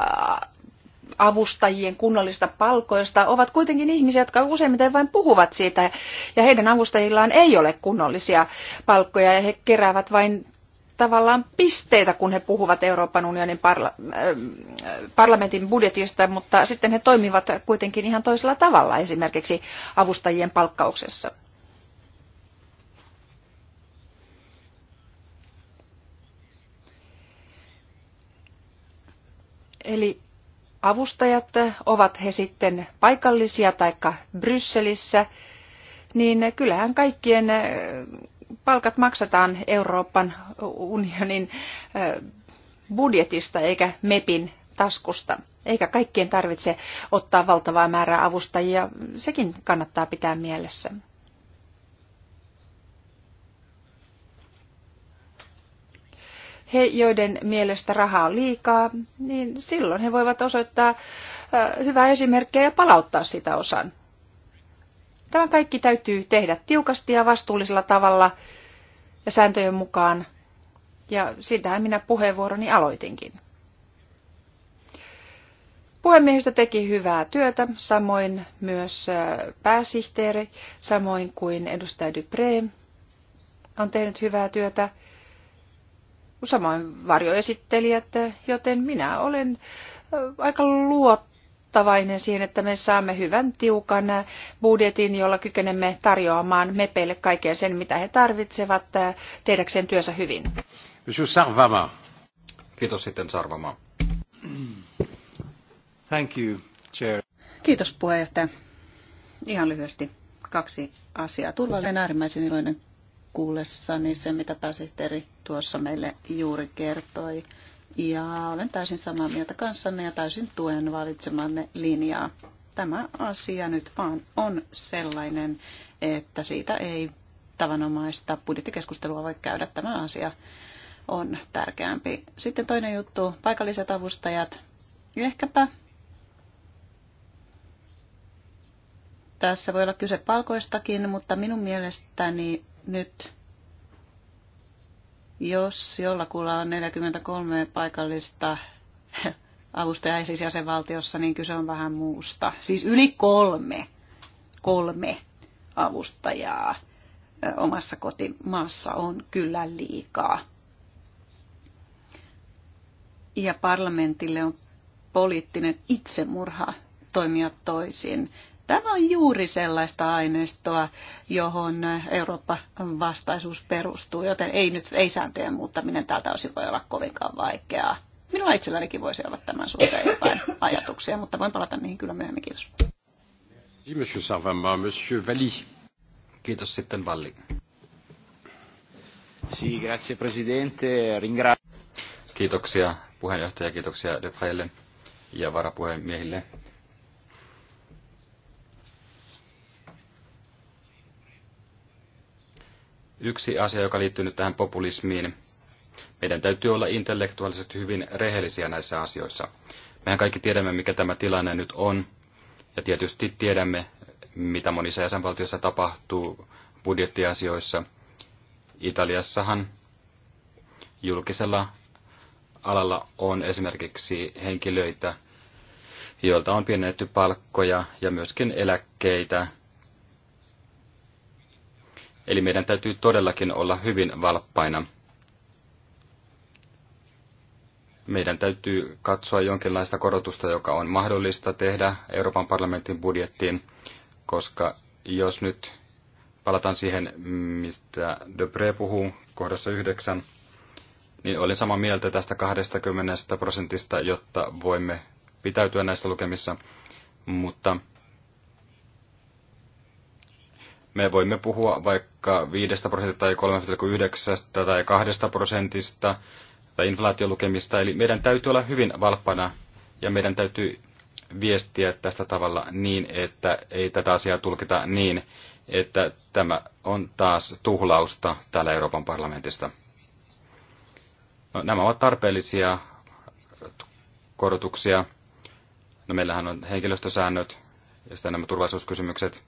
avustajien kunnollisista palkoista ovat kuitenkin ihmisiä, jotka useimmiten vain puhuvat siitä ja heidän avustajillaan ei ole kunnollisia palkkoja ja he keräävät vain tavallaan pisteitä, kun he puhuvat Euroopan unionin parla- ähm, parlamentin budjetista, mutta sitten he toimivat kuitenkin ihan toisella tavalla esimerkiksi avustajien palkkauksessa. Eli avustajat, ovat he sitten paikallisia tai Brysselissä, niin kyllähän kaikkien eh, palkat maksataan Euroopan unionin eh, budjetista eikä MEPin taskusta. Eikä kaikkien tarvitse ottaa valtavaa määrää avustajia, sekin kannattaa pitää mielessä. he, joiden mielestä rahaa on liikaa, niin silloin he voivat osoittaa hyvää esimerkkiä ja palauttaa sitä osan. Tämä kaikki täytyy tehdä tiukasti ja vastuullisella tavalla ja sääntöjen mukaan. Ja siitähän minä puheenvuoroni aloitinkin. Puhemiehistä teki hyvää työtä, samoin myös pääsihteeri, samoin kuin edustaja Dupré on tehnyt hyvää työtä samoin varjoesittelijät, joten minä olen aika luottavainen siihen, että me saamme hyvän tiukan budjetin, jolla kykenemme tarjoamaan mepeille kaiken sen, mitä he tarvitsevat tehdäkseen työnsä hyvin. Sarvama. Kiitos sitten Sarvama. Thank you, chair. Kiitos puheenjohtaja. Ihan lyhyesti kaksi asiaa. Turvallinen äärimmäisen iloinen kuullessani niin se, mitä pääsihteeri tuossa meille juuri kertoi. Ja olen täysin samaa mieltä kanssanne ja täysin tuen valitsemanne linjaa. Tämä asia nyt vaan on sellainen, että siitä ei tavanomaista budjettikeskustelua voi käydä. Tämä asia on tärkeämpi. Sitten toinen juttu, paikalliset avustajat. Ehkäpä tässä voi olla kyse palkoistakin, mutta minun mielestäni nyt, jos jollakulla on 43 paikallista avustajaa siis jäsenvaltiossa, niin kyse on vähän muusta. Siis yli kolme, kolme avustajaa omassa kotimaassa on kyllä liikaa. Ja parlamentille on poliittinen itsemurha toimia toisin. Tämä on juuri sellaista aineistoa, johon Eurooppa-vastaisuus perustuu, joten ei nyt ei sääntöjen muuttaminen tältä osin voi olla kovinkaan vaikeaa. Minulla itsellänikin voisi olla tämän suhteen jotain ajatuksia, mutta voin palata niihin kyllä myöhemmin. Kiitos. Monsieur Sarvamaa, Monsieur Valli. Kiitos sitten Valli. grazie Presidente. Ringra- kiitoksia puheenjohtaja, kiitoksia Defaille ja varapuhemiehille Yksi asia, joka liittyy nyt tähän populismiin. Meidän täytyy olla intellektuaalisesti hyvin rehellisiä näissä asioissa. Mehän kaikki tiedämme, mikä tämä tilanne nyt on. Ja tietysti tiedämme, mitä monissa jäsenvaltioissa tapahtuu budjettiasioissa. Italiassahan julkisella alalla on esimerkiksi henkilöitä, joilta on pienennetty palkkoja ja myöskin eläkkeitä Eli meidän täytyy todellakin olla hyvin valppaina. Meidän täytyy katsoa jonkinlaista korotusta, joka on mahdollista tehdä Euroopan parlamentin budjettiin, koska jos nyt palataan siihen, mistä Depre puhuu kohdassa yhdeksän, niin olen samaa mieltä tästä 20 prosentista, jotta voimme pitäytyä näissä lukemissa, mutta me voimme puhua vaikka 5 prosentista tai 3,9 tai 2 prosentista tai inflaatiolukemista. Eli meidän täytyy olla hyvin valppana ja meidän täytyy viestiä tästä tavalla niin, että ei tätä asiaa tulkita niin, että tämä on taas tuhlausta täällä Euroopan parlamentista. No, nämä ovat tarpeellisia korotuksia. No, meillähän on henkilöstösäännöt ja sitten nämä turvallisuuskysymykset.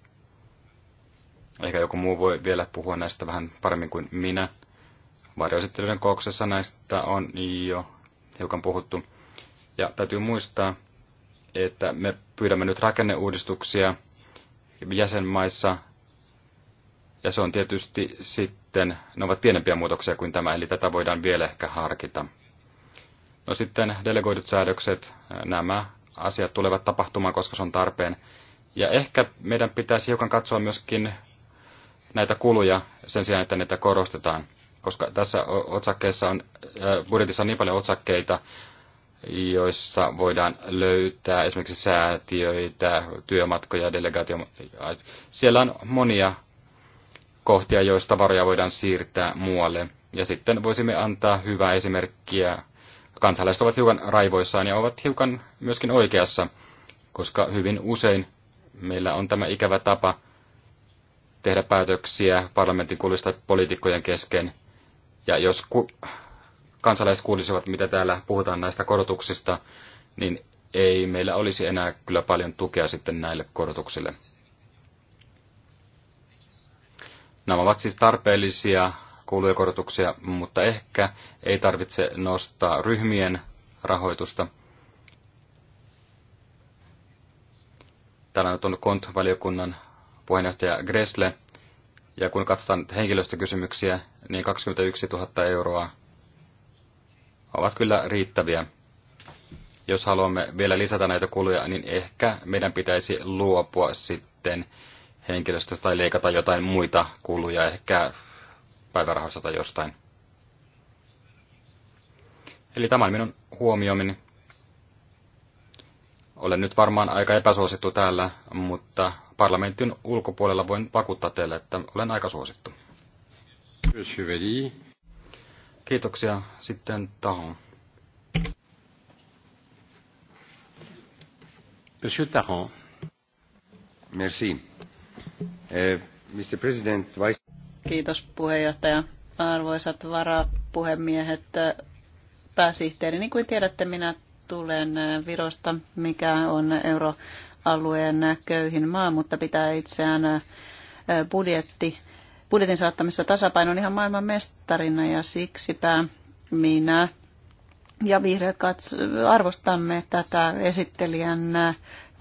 Ehkä joku muu voi vielä puhua näistä vähän paremmin kuin minä. Varjoesittelyiden kouksessa näistä on jo hiukan puhuttu. Ja täytyy muistaa, että me pyydämme nyt rakenneuudistuksia jäsenmaissa, ja se on tietysti sitten, ne ovat pienempiä muutoksia kuin tämä, eli tätä voidaan vielä ehkä harkita. No sitten delegoidut säädökset, nämä asiat tulevat tapahtumaan, koska se on tarpeen. Ja ehkä meidän pitäisi hiukan katsoa myöskin näitä kuluja sen sijaan, että näitä korostetaan. Koska tässä otsakkeessa on, äh, budjetissa on niin paljon otsakkeita, joissa voidaan löytää esimerkiksi säätiöitä, työmatkoja, delegaatio. Siellä on monia kohtia, joista varoja voidaan siirtää muualle. Ja sitten voisimme antaa hyvää esimerkkiä. Kansalaiset ovat hiukan raivoissaan ja ovat hiukan myöskin oikeassa, koska hyvin usein meillä on tämä ikävä tapa – tehdä päätöksiä parlamentin kuulista poliitikkojen kesken. Ja jos ku- kansalaiset kuulisivat, mitä täällä puhutaan näistä korotuksista, niin ei meillä olisi enää kyllä paljon tukea sitten näille korotuksille. Nämä ovat siis tarpeellisia kulujen korotuksia, mutta ehkä ei tarvitse nostaa ryhmien rahoitusta. Täällä nyt on kontvaliokunnan puheenjohtaja Gressle. Ja kun katsotaan henkilöstökysymyksiä, niin 21 000 euroa ovat kyllä riittäviä. Jos haluamme vielä lisätä näitä kuluja, niin ehkä meidän pitäisi luopua sitten henkilöstöstä tai leikata jotain muita kuluja, ehkä päivärahoista tai jostain. Eli tämä on minun huomiomini. Olen nyt varmaan aika epäsuosittu täällä, mutta parlamentin ulkopuolella voin vakuuttaa teille, että olen aika suosittu. Kiitoksia. Sitten Tahon. Monsieur Tahon. Merci. Eh, Mr. President, Vice... Kiitos puheenjohtaja. Arvoisat varapuhemiehet, pääsihteeri, niin kuin tiedätte, minä tulen eh, Virosta, mikä on euro alueen köyhin maa, mutta pitää itseään budjetti, budjetin saattamissa tasapainoon ihan maailman mestarina ja siksipä minä ja vihreät katso arvostamme tätä esittelijän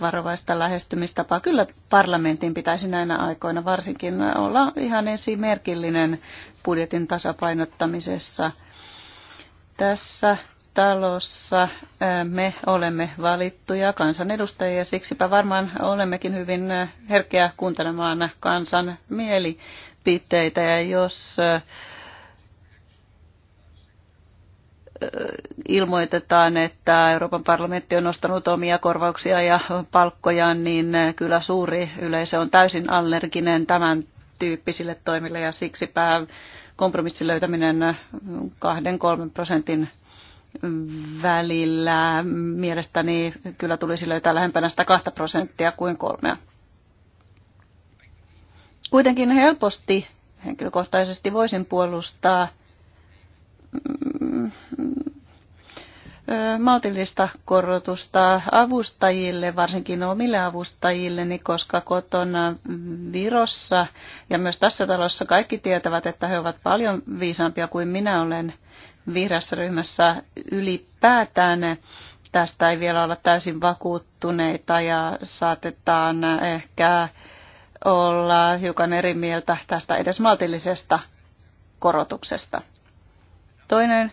varovaista lähestymistapaa. Kyllä parlamentin pitäisi näinä aikoina varsinkin olla ihan esimerkillinen budjetin tasapainottamisessa. Tässä talossa me olemme valittuja kansanedustajia, siksipä varmaan olemmekin hyvin herkeä kuuntelemaan kansan mielipiteitä. Ja jos ilmoitetaan, että Euroopan parlamentti on nostanut omia korvauksia ja palkkojaan, niin kyllä suuri yleisö on täysin allerginen tämän tyyppisille toimille ja siksipä kompromissin löytäminen kahden kolmen prosentin välillä mielestäni kyllä tulisi löytää lähempänä sitä kahta prosenttia kuin kolmea. Kuitenkin helposti henkilökohtaisesti voisin puolustaa mm, maltillista korotusta avustajille, varsinkin omille avustajille, koska kotona Virossa ja myös tässä talossa kaikki tietävät, että he ovat paljon viisaampia kuin minä olen vihreässä ryhmässä ylipäätään tästä ei vielä olla täysin vakuuttuneita ja saatetaan ehkä olla hiukan eri mieltä tästä edes maltillisesta korotuksesta. Toinen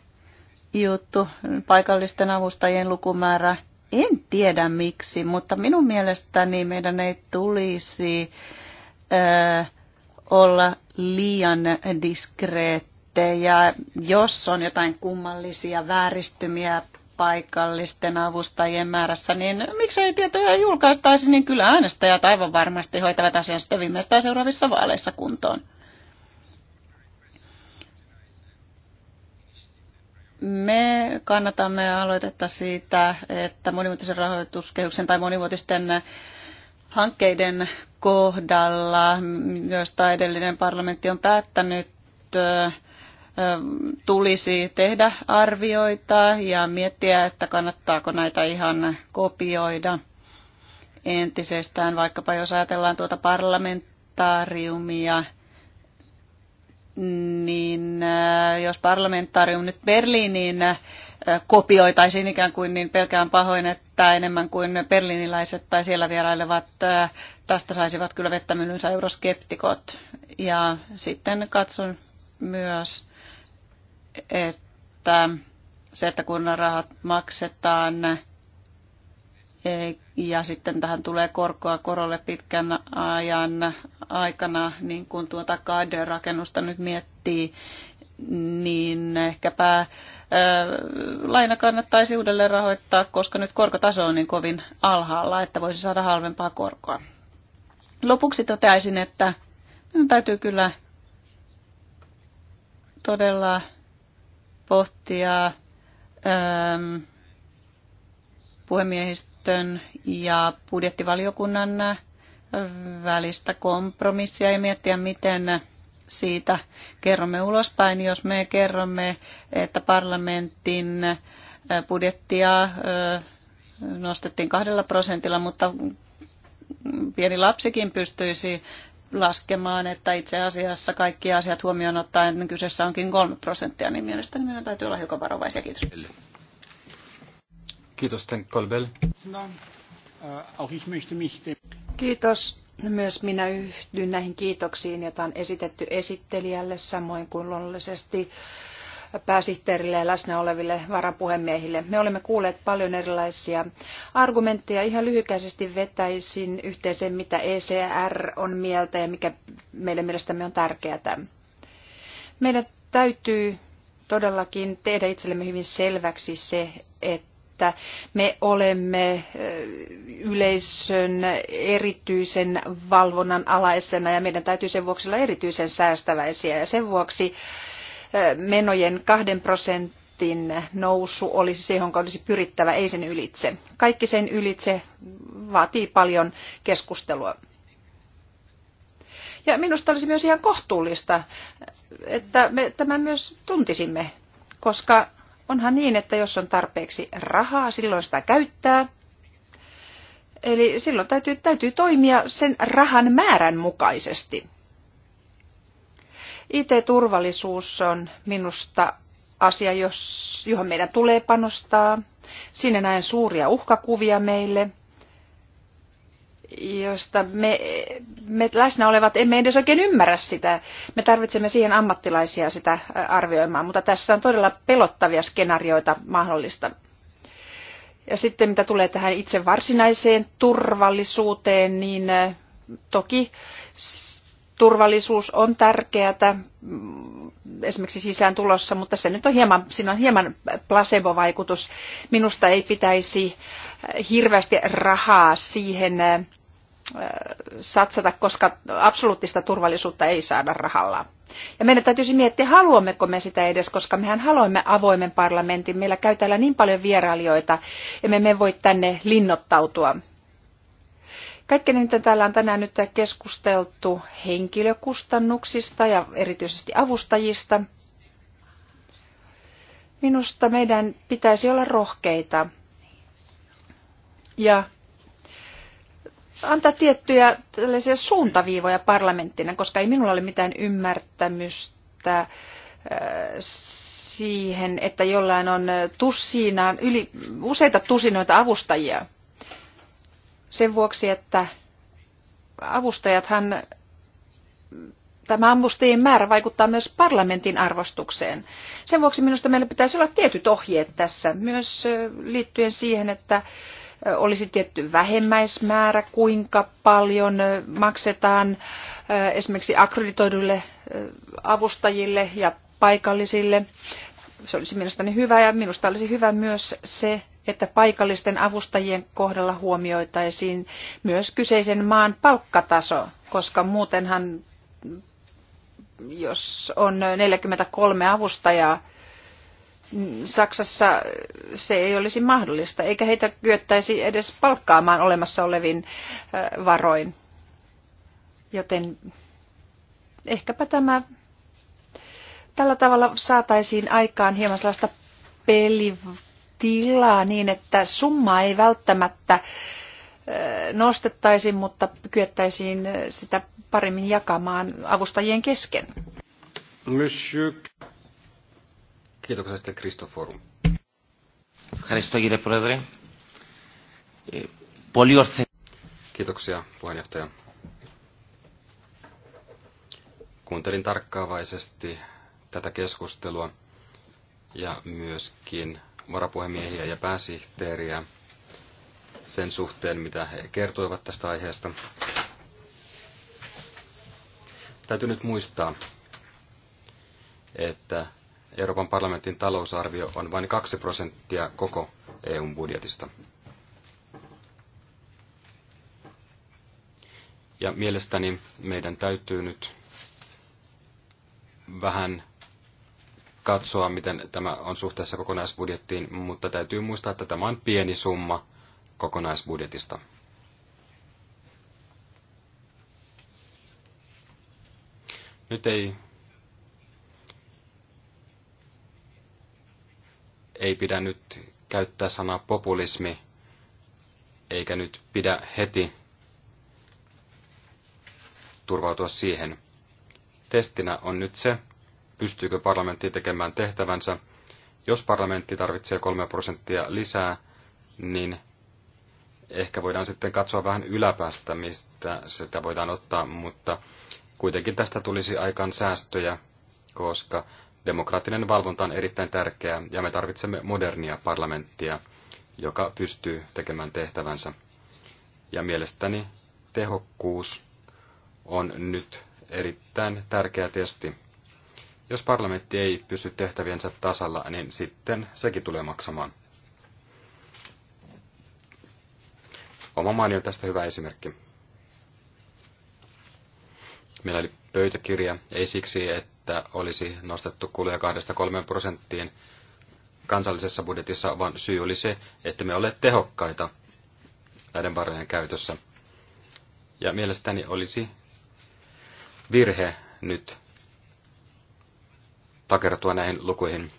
juttu, paikallisten avustajien lukumäärä. En tiedä miksi, mutta minun mielestäni meidän ei tulisi olla liian diskreet ja jos on jotain kummallisia vääristymiä paikallisten avustajien määrässä, niin miksei tietoja julkaistaisi, niin kyllä äänestäjät aivan varmasti hoitavat asian sitten viimeistään seuraavissa vaaleissa kuntoon. Me kannatamme aloitetta siitä, että monimuotoisen rahoituskehyksen tai monivuotisten hankkeiden kohdalla, joista edellinen parlamentti on päättänyt, tulisi tehdä arvioita ja miettiä, että kannattaako näitä ihan kopioida entisestään, vaikkapa jos ajatellaan tuota parlamentaariumia, niin jos parlamentaarium nyt Berliiniin kopioitaisiin ikään kuin, niin pelkään pahoin, että enemmän kuin berliiniläiset tai siellä vierailevat, tästä saisivat kyllä vettä myllynsä euroskeptikot. Ja sitten katson myös että se, että kun rahat maksetaan ja sitten tähän tulee korkoa korolle pitkän ajan aikana, niin kun tuota KD-rakennusta nyt miettii, niin ehkäpä ö, laina kannattaisi uudelleen rahoittaa, koska nyt korkotaso on niin kovin alhaalla, että voisi saada halvempaa korkoa. Lopuksi toteaisin, että minun täytyy kyllä todella pohtia ähm, puhemiehistön ja budjettivaliokunnan välistä kompromissia ja miettiä, miten siitä kerromme ulospäin, jos me kerromme, että parlamentin äh, budjettia äh, nostettiin kahdella prosentilla, mutta pieni lapsikin pystyisi laskemaan, että itse asiassa kaikki asiat huomioon ottaen kyseessä onkin 3 prosenttia, niin mielestäni meidän täytyy olla hiukan varovaisia. Kiitos. Kiitos, Kiitos. Myös minä yhdyn näihin kiitoksiin, joita on esitetty esittelijälle, samoin kuin luonnollisesti pääsihteerille ja läsnä oleville varapuhemiehille. Me olemme kuulleet paljon erilaisia argumentteja. Ihan lyhykäisesti vetäisin yhteen mitä ECR on mieltä ja mikä meidän mielestämme on tärkeää. Meidän täytyy todellakin tehdä itsellemme hyvin selväksi se, että me olemme yleisön erityisen valvonnan alaisena ja meidän täytyy sen vuoksi olla erityisen säästäväisiä. Ja sen vuoksi menojen kahden prosentin nousu olisi se, jonka olisi pyrittävä, ei sen ylitse. Kaikki sen ylitse vaatii paljon keskustelua. Ja minusta olisi myös ihan kohtuullista, että me tämän myös tuntisimme, koska onhan niin, että jos on tarpeeksi rahaa, silloin sitä käyttää. Eli silloin täytyy, täytyy toimia sen rahan määrän mukaisesti. IT-turvallisuus on minusta asia, jos, johon meidän tulee panostaa. Siinä näen suuria uhkakuvia meille, josta me, me läsnä olevat emme edes oikein ymmärrä sitä. Me tarvitsemme siihen ammattilaisia sitä arvioimaan, mutta tässä on todella pelottavia skenaarioita mahdollista. Ja sitten mitä tulee tähän itse varsinaiseen turvallisuuteen, niin toki turvallisuus on tärkeää mm, esimerkiksi sisään tulossa, mutta se nyt on hieman, siinä on hieman placebo-vaikutus. Minusta ei pitäisi eh, hirveästi rahaa siihen eh, satsata, koska absoluuttista turvallisuutta ei saada rahalla. Ja meidän täytyisi miettiä, haluammeko me sitä edes, koska mehän haluamme avoimen parlamentin. Meillä käy täällä niin paljon vierailijoita, ja me emme voi tänne linnoittautua. Kaikki niitä täällä on tänään nyt keskusteltu henkilökustannuksista ja erityisesti avustajista. Minusta meidän pitäisi olla rohkeita ja antaa tiettyjä tällaisia suuntaviivoja parlamenttina, koska ei minulla ole mitään ymmärtämystä äh, siihen, että jollain on tusinaan, yli, useita tusinoita avustajia sen vuoksi, että avustajathan, tämä avustajien määrä vaikuttaa myös parlamentin arvostukseen. Sen vuoksi minusta meillä pitäisi olla tietyt ohjeet tässä, myös liittyen siihen, että olisi tietty vähemmäismäärä, kuinka paljon maksetaan esimerkiksi akkreditoiduille avustajille ja paikallisille. Se olisi mielestäni hyvä ja minusta olisi hyvä myös se, että paikallisten avustajien kohdalla huomioitaisiin myös kyseisen maan palkkataso, koska muutenhan jos on 43 avustajaa, Saksassa se ei olisi mahdollista, eikä heitä kyettäisi edes palkkaamaan olemassa olevin varoin. Joten ehkäpä tämä tällä tavalla saataisiin aikaan hieman sellaista peli, tilaa niin, että summa ei välttämättä nostettaisi, mutta kyettäisiin sitä paremmin jakamaan avustajien kesken. Monsieur. Kiitoksia sitten Kristoforum. Ευχαριστώ κύριε Kiitoksia puheenjohtaja. Kuuntelin tarkkaavaisesti tätä keskustelua ja myöskin varapuhemiehiä ja pääsihteeriä sen suhteen, mitä he kertoivat tästä aiheesta. Täytyy nyt muistaa, että Euroopan parlamentin talousarvio on vain 2 prosenttia koko EUn budjetista. Ja mielestäni meidän täytyy nyt vähän katsoa, miten tämä on suhteessa kokonaisbudjettiin, mutta täytyy muistaa, että tämä on pieni summa kokonaisbudjetista. Nyt ei, ei pidä nyt käyttää sanaa populismi, eikä nyt pidä heti turvautua siihen. Testinä on nyt se, pystyykö parlamentti tekemään tehtävänsä. Jos parlamentti tarvitsee 3 prosenttia lisää, niin ehkä voidaan sitten katsoa vähän yläpäästä, mistä sitä voidaan ottaa, mutta kuitenkin tästä tulisi aikaan säästöjä, koska demokraattinen valvonta on erittäin tärkeää ja me tarvitsemme modernia parlamenttia, joka pystyy tekemään tehtävänsä. Ja mielestäni tehokkuus on nyt erittäin tärkeä testi. Jos parlamentti ei pysy tehtäviensä tasalla, niin sitten sekin tulee maksamaan. Oma maani on tästä hyvä esimerkki. Meillä oli pöytäkirja, ei siksi, että olisi nostettu kuluja 2-3 prosenttiin kansallisessa budjetissa, vaan syy oli se, että me olemme tehokkaita näiden varojen käytössä. Ja mielestäni olisi virhe nyt takertua näihin lukuihin,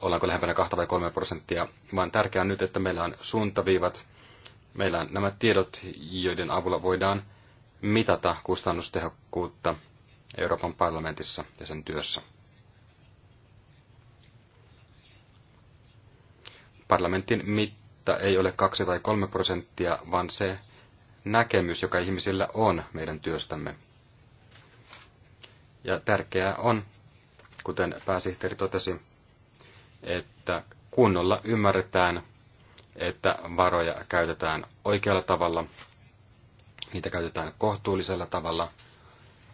ollaanko lähempänä 2 vai 3 prosenttia, vaan tärkeää on nyt, että meillä on suuntaviivat, meillä on nämä tiedot, joiden avulla voidaan mitata kustannustehokkuutta Euroopan parlamentissa ja sen työssä. Parlamentin mitta ei ole 2 tai 3 prosenttia, vaan se näkemys, joka ihmisillä on meidän työstämme. Ja tärkeää on, kuten pääsihteeri totesi, että kunnolla ymmärretään, että varoja käytetään oikealla tavalla, niitä käytetään kohtuullisella tavalla,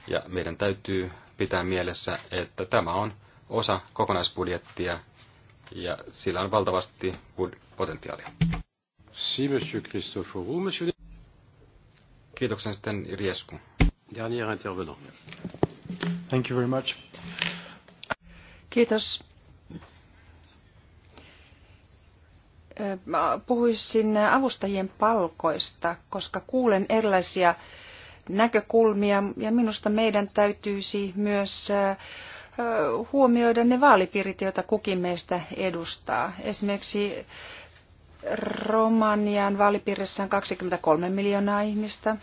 ja meidän täytyy pitää mielessä, että tämä on osa kokonaisbudjettia, ja sillä on valtavasti potentiaalia. Kiitoksen sitten Riesku. Dernier intervenant. Thank you very much. Kiitos. Puhuisin avustajien palkoista, koska kuulen erilaisia näkökulmia ja minusta meidän täytyisi myös huomioida ne vaalipiirit, joita kukin meistä edustaa. Esimerkiksi Romanian vaalipiirissä on 23 miljoonaa ihmistä.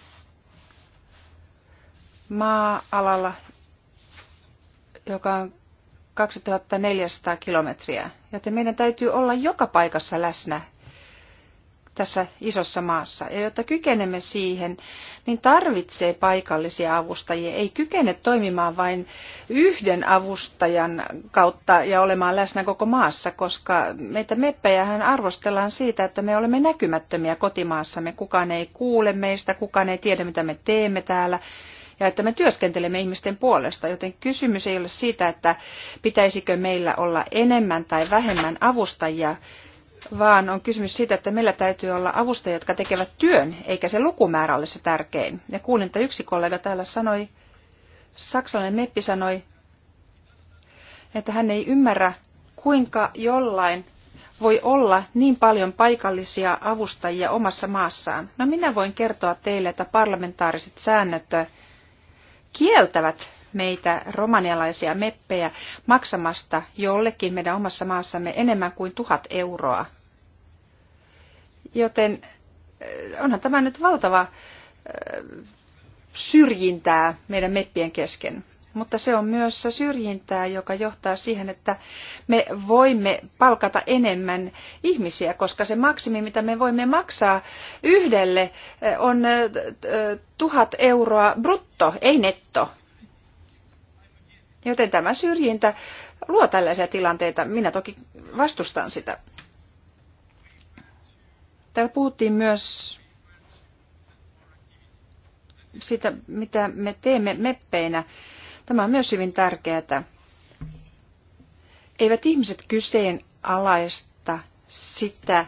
Maa-alalla, joka on 2400 kilometriä, joten meidän täytyy olla joka paikassa läsnä tässä isossa maassa. Ja jotta kykenemme siihen, niin tarvitsee paikallisia avustajia. Ei kykene toimimaan vain yhden avustajan kautta ja olemaan läsnä koko maassa, koska meitä meppejähän arvostellaan siitä, että me olemme näkymättömiä kotimaassamme. Kukaan ei kuule meistä, kukaan ei tiedä, mitä me teemme täällä ja että me työskentelemme ihmisten puolesta. Joten kysymys ei ole siitä, että pitäisikö meillä olla enemmän tai vähemmän avustajia, vaan on kysymys siitä, että meillä täytyy olla avustajia, jotka tekevät työn, eikä se lukumäärä ole se tärkein. Ja kuulin, että yksi kollega täällä sanoi, saksalainen meppi sanoi, että hän ei ymmärrä, kuinka jollain voi olla niin paljon paikallisia avustajia omassa maassaan? No minä voin kertoa teille, että parlamentaariset säännöt kieltävät meitä romanialaisia meppejä maksamasta jollekin meidän omassa maassamme enemmän kuin tuhat euroa. Joten eh, onhan tämä nyt valtava eh, syrjintää meidän meppien kesken mutta se on myös syrjintää, joka johtaa siihen, että me voimme palkata enemmän ihmisiä, koska se maksimi, mitä me voimme maksaa yhdelle, eh, on eh, tuhat euroa brutto, ei netto. Joten tämä syrjintä luo tällaisia tilanteita. Minä toki vastustan sitä. Täällä puhuttiin myös sitä, mitä me teemme meppeinä Tämä on myös hyvin tärkeää. Eivät ihmiset kyseenalaista sitä,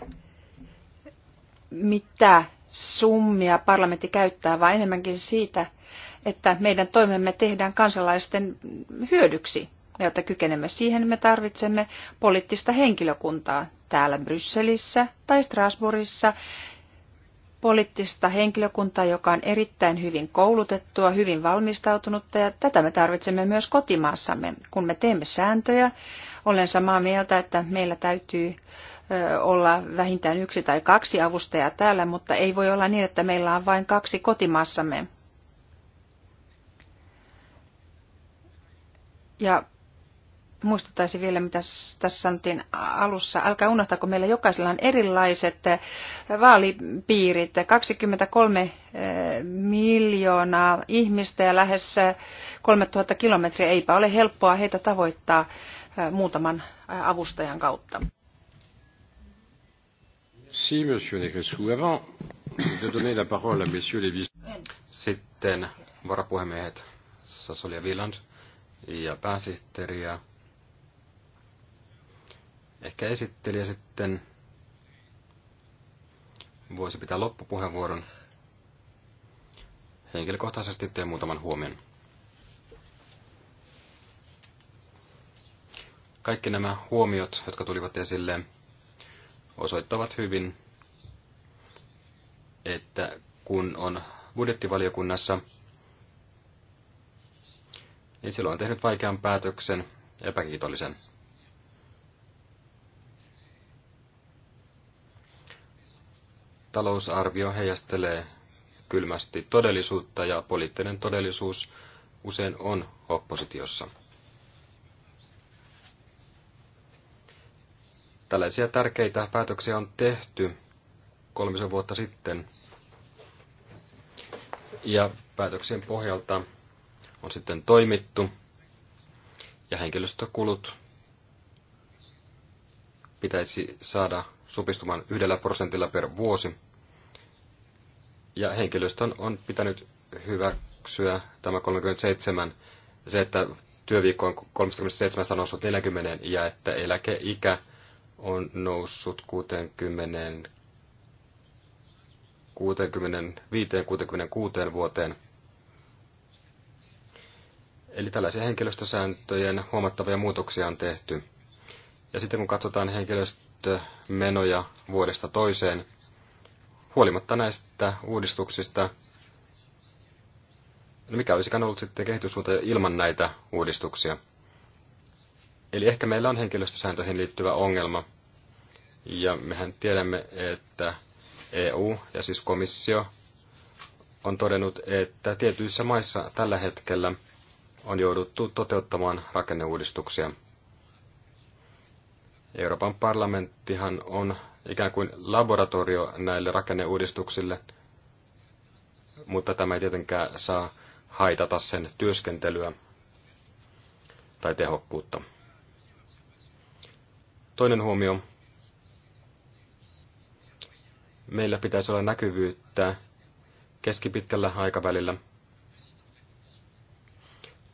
mitä summia parlamentti käyttää, vaan enemmänkin siitä, että meidän toimemme tehdään kansalaisten hyödyksi. jotta kykenemme siihen, me tarvitsemme poliittista henkilökuntaa täällä Brysselissä tai Strasbourgissa poliittista henkilökuntaa, joka on erittäin hyvin koulutettua, hyvin valmistautunutta ja tätä me tarvitsemme myös kotimaassamme. Kun me teemme sääntöjä, olen samaa mieltä, että meillä täytyy olla vähintään yksi tai kaksi avustajaa täällä, mutta ei voi olla niin, että meillä on vain kaksi kotimaassamme. Ja muistuttaisin vielä, mitä tässä sanottiin alussa. Älkää kun meillä jokaisella on erilaiset eh, vaalipiirit. 23 eh, miljoonaa ihmistä ja lähes 3000 eh, kilometriä. Eipä ole helppoa heitä tavoittaa muutaman avustajan kautta. Si, monsieur Negrescu. Avant de donner la parole à Sitten varapuhemiehet Sasoli ja Viland ja pääsihteeri ja Ehkä ja sitten voisi pitää loppupuheenvuoron. Henkilökohtaisesti teen muutaman huomion. Kaikki nämä huomiot, jotka tulivat esille, osoittavat hyvin, että kun on budjettivaliokunnassa, niin silloin on tehnyt vaikean päätöksen, epäkiitollisen. Talousarvio heijastelee kylmästi todellisuutta ja poliittinen todellisuus usein on oppositiossa. Tällaisia tärkeitä päätöksiä on tehty kolmisen vuotta sitten. Ja päätöksien pohjalta on sitten toimittu ja henkilöstökulut pitäisi saada supistumaan yhdellä prosentilla per vuosi. Ja henkilöstön on pitänyt hyväksyä tämä 37, se, että työviikko on 37 noussut 40 ja että eläkeikä on noussut 60, 65-66 vuoteen. Eli tällaisia henkilöstösääntöjen huomattavia muutoksia on tehty. Ja sitten kun katsotaan henkilöstömenoja vuodesta toiseen, huolimatta näistä uudistuksista, no mikä olisikaan ollut sitten kehityssuunta ilman näitä uudistuksia. Eli ehkä meillä on henkilöstösääntöihin liittyvä ongelma, ja mehän tiedämme, että EU ja siis komissio on todennut, että tietyissä maissa tällä hetkellä on jouduttu toteuttamaan rakenneuudistuksia. Euroopan parlamenttihan on ikään kuin laboratorio näille rakenneuudistuksille, mutta tämä ei tietenkään saa haitata sen työskentelyä tai tehokkuutta. Toinen huomio. Meillä pitäisi olla näkyvyyttä keskipitkällä aikavälillä.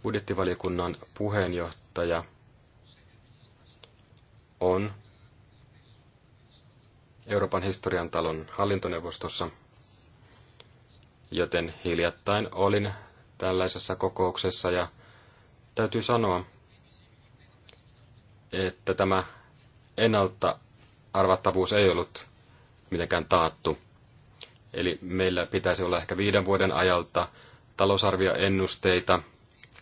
Budjettivaliokunnan puheenjohtaja on Euroopan historian talon hallintoneuvostossa, joten hiljattain olin tällaisessa kokouksessa ja täytyy sanoa, että tämä ennalta arvattavuus ei ollut mitenkään taattu. Eli meillä pitäisi olla ehkä viiden vuoden ajalta talousarvioennusteita,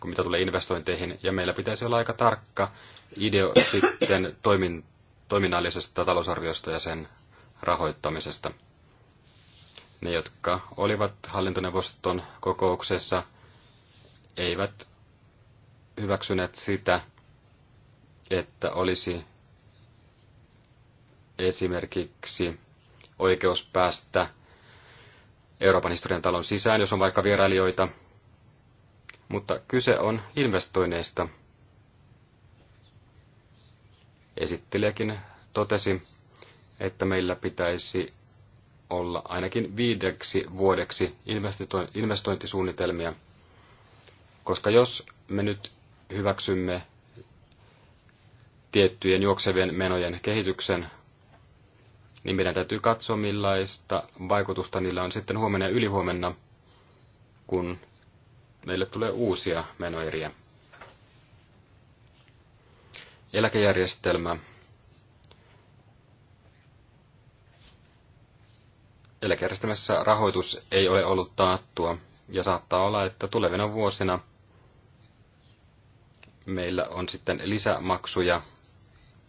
kun mitä tulee investointeihin, ja meillä pitäisi olla aika tarkka idea sitten toimin, toiminnallisesta talousarviosta ja sen rahoittamisesta. Ne, jotka olivat hallintoneuvoston kokouksessa, eivät hyväksyneet sitä, että olisi esimerkiksi oikeus päästä Euroopan historian talon sisään, jos on vaikka vierailijoita. Mutta kyse on investoineista. Esittelijäkin totesi, että meillä pitäisi olla ainakin viideksi vuodeksi investointisuunnitelmia, koska jos me nyt hyväksymme tiettyjen juoksevien menojen kehityksen, niin meidän täytyy katsoa, millaista vaikutusta niillä on sitten huomenna ja ylihuomenna, kun meille tulee uusia menoeriä. Eläkejärjestelmä eläkejärjestelmässä rahoitus ei ole ollut taattua ja saattaa olla, että tulevina vuosina meillä on sitten lisämaksuja,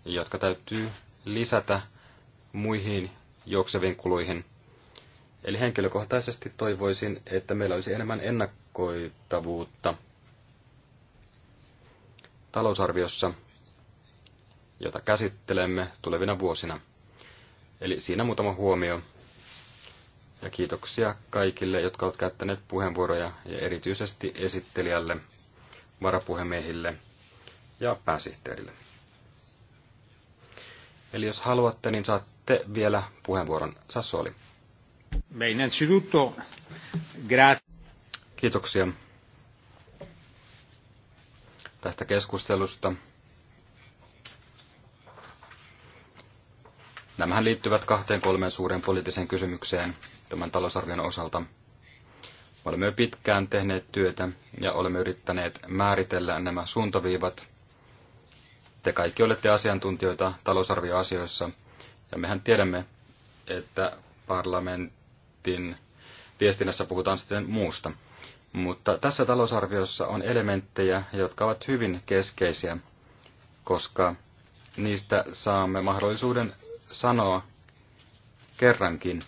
jotka täytyy lisätä muihin juokseviin kuluihin. Eli henkilökohtaisesti toivoisin, että meillä olisi enemmän ennakoitavuutta talousarviossa, jota käsittelemme tulevina vuosina. Eli siinä muutama huomio ja kiitoksia kaikille, jotka ovat käyttäneet puheenvuoroja ja erityisesti esittelijälle, varapuhemiehille ja pääsihteerille. Eli jos haluatte, niin saatte vielä puheenvuoron. Sassoli. Kiitoksia tästä keskustelusta. Nämähän liittyvät kahteen kolmeen suureen poliittiseen kysymykseen tämän talousarvion osalta. Olemme jo pitkään tehneet työtä ja olemme yrittäneet määritellä nämä suuntaviivat. Te kaikki olette asiantuntijoita talousarvioasioissa ja mehän tiedämme, että parlamentin viestinnässä puhutaan sitten muusta. Mutta tässä talousarviossa on elementtejä, jotka ovat hyvin keskeisiä, koska niistä saamme mahdollisuuden sanoa kerrankin,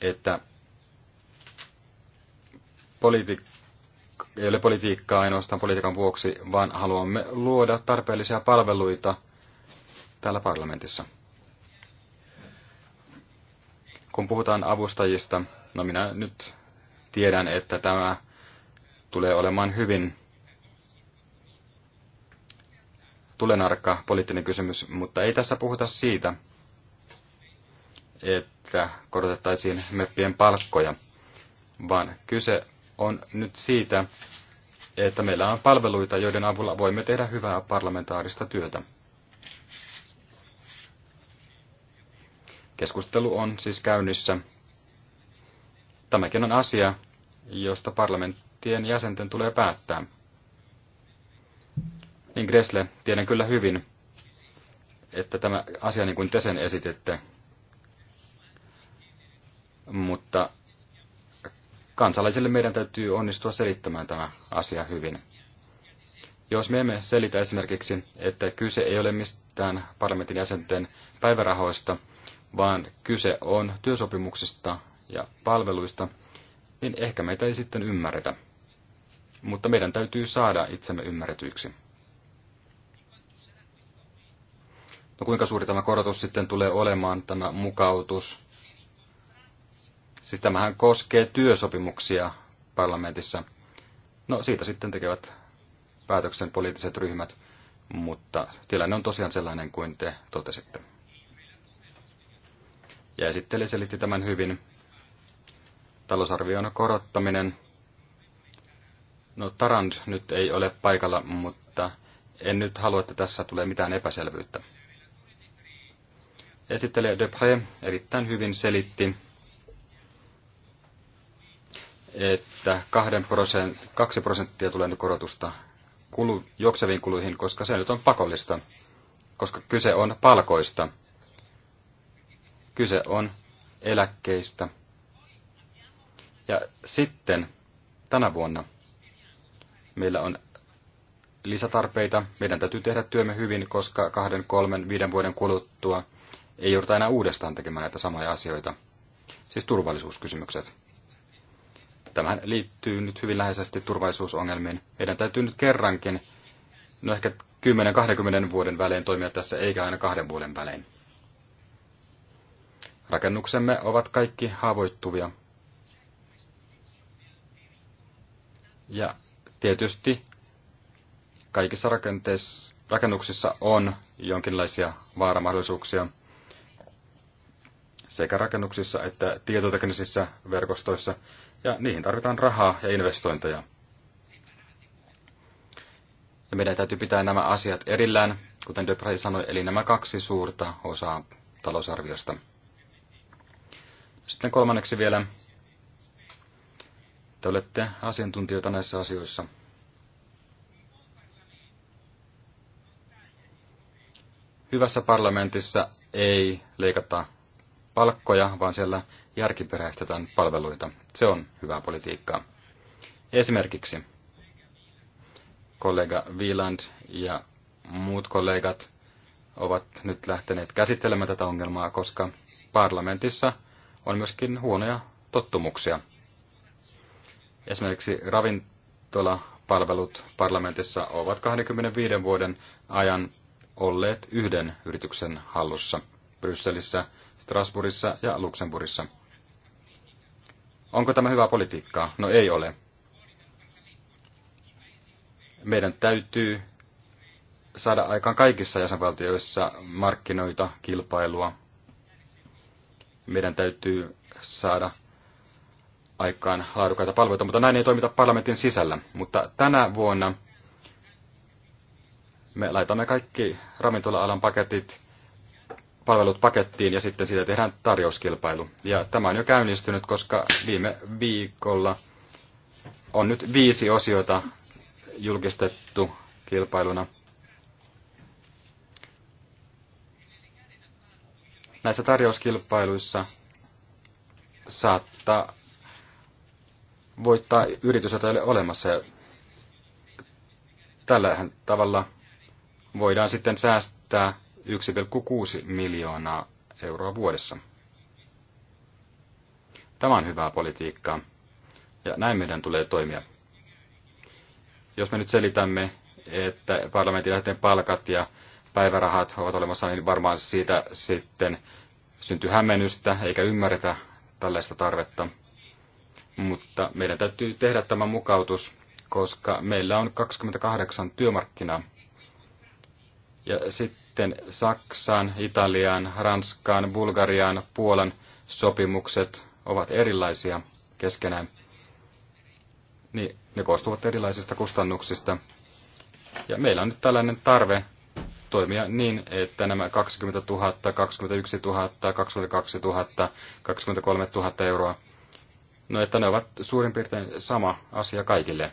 että politiikka ei ole politiikkaa ainoastaan politiikan vuoksi, vaan haluamme luoda tarpeellisia palveluita täällä parlamentissa. Kun puhutaan avustajista, no minä nyt tiedän, että tämä tulee olemaan hyvin tulenarkka poliittinen kysymys, mutta ei tässä puhuta siitä, että korotettaisiin meppien palkkoja, vaan kyse on nyt siitä, että meillä on palveluita, joiden avulla voimme tehdä hyvää parlamentaarista työtä. Keskustelu on siis käynnissä. Tämäkin on asia, josta parlamenttien jäsenten tulee päättää. Niin Gressle, tiedän kyllä hyvin, että tämä asia niin kuin te sen esititte, mutta kansalaisille meidän täytyy onnistua selittämään tämä asia hyvin. Jos me emme selitä esimerkiksi, että kyse ei ole mistään parlamentin jäsenten päivärahoista, vaan kyse on työsopimuksista ja palveluista, niin ehkä meitä ei sitten ymmärretä. Mutta meidän täytyy saada itsemme ymmärretyiksi. No kuinka suuri tämä korotus sitten tulee olemaan, tämä mukautus? Siis tämähän koskee työsopimuksia parlamentissa. No siitä sitten tekevät päätöksen poliittiset ryhmät, mutta tilanne on tosiaan sellainen kuin te totesitte. Ja esitteli selitti tämän hyvin. Talousarvion korottaminen. No Tarand nyt ei ole paikalla, mutta en nyt halua, että tässä tulee mitään epäselvyyttä. Esittelijä Depré erittäin hyvin selitti, että 2 prosenttia tulee nyt korotusta kulu, jokseviin kuluihin, koska se nyt on pakollista, koska kyse on palkoista. Kyse on eläkkeistä. Ja sitten tänä vuonna meillä on lisätarpeita. Meidän täytyy tehdä työmme hyvin, koska kahden, kolmen, viiden vuoden kuluttua – ei jouduta enää uudestaan tekemään näitä samoja asioita. Siis turvallisuuskysymykset. Tämähän liittyy nyt hyvin läheisesti turvallisuusongelmiin. Meidän täytyy nyt kerrankin, no ehkä 10-20 vuoden välein toimia tässä, eikä aina kahden vuoden välein. Rakennuksemme ovat kaikki haavoittuvia. Ja tietysti kaikissa rakenteissa, rakennuksissa on jonkinlaisia vaaramahdollisuuksia – sekä rakennuksissa että tietoteknisissä verkostoissa, ja niihin tarvitaan rahaa ja investointeja. Ja meidän täytyy pitää nämä asiat erillään, kuten Debray sanoi, eli nämä kaksi suurta osaa talousarviosta. Sitten kolmanneksi vielä. Te olette asiantuntijoita näissä asioissa. Hyvässä parlamentissa ei leikata palkkoja, vaan siellä järkiperäistetään palveluita. Se on hyvää politiikkaa. Esimerkiksi kollega Wieland ja muut kollegat ovat nyt lähteneet käsittelemään tätä ongelmaa, koska parlamentissa on myöskin huonoja tottumuksia. Esimerkiksi ravintolapalvelut parlamentissa ovat 25 vuoden ajan olleet yhden yrityksen hallussa. Brysselissä Strasbourgissa ja Luxemburgissa. Onko tämä hyvää politiikkaa? No ei ole. Meidän täytyy saada aikaan kaikissa jäsenvaltioissa markkinoita, kilpailua. Meidän täytyy saada aikaan laadukkaita palveluita, mutta näin ei toimita parlamentin sisällä. Mutta tänä vuonna me laitamme kaikki ravintola-alan paketit palvelut pakettiin ja sitten siitä tehdään tarjouskilpailu. Ja tämä on jo käynnistynyt, koska viime viikolla on nyt viisi osiota julkistettu kilpailuna. Näissä tarjouskilpailuissa saattaa voittaa yritys, jota ei ole olemassa. Tällähän tavalla voidaan sitten säästää 1,6 miljoonaa euroa vuodessa. Tämä on hyvää politiikkaa, ja näin meidän tulee toimia. Jos me nyt selitämme, että parlamentin lähteen palkat ja päivärahat ovat olemassa, niin varmaan siitä sitten syntyy hämmennystä eikä ymmärretä tällaista tarvetta. Mutta meidän täytyy tehdä tämä mukautus, koska meillä on 28 työmarkkinaa. Ja sitten sitten Saksan, Italian, Ranskan, Bulgarian, Puolan sopimukset ovat erilaisia keskenään. Niin, ne koostuvat erilaisista kustannuksista. Ja meillä on nyt tällainen tarve toimia niin, että nämä 20 000, 21 000, 22 000, 23 000 euroa, no että ne ovat suurin piirtein sama asia kaikille.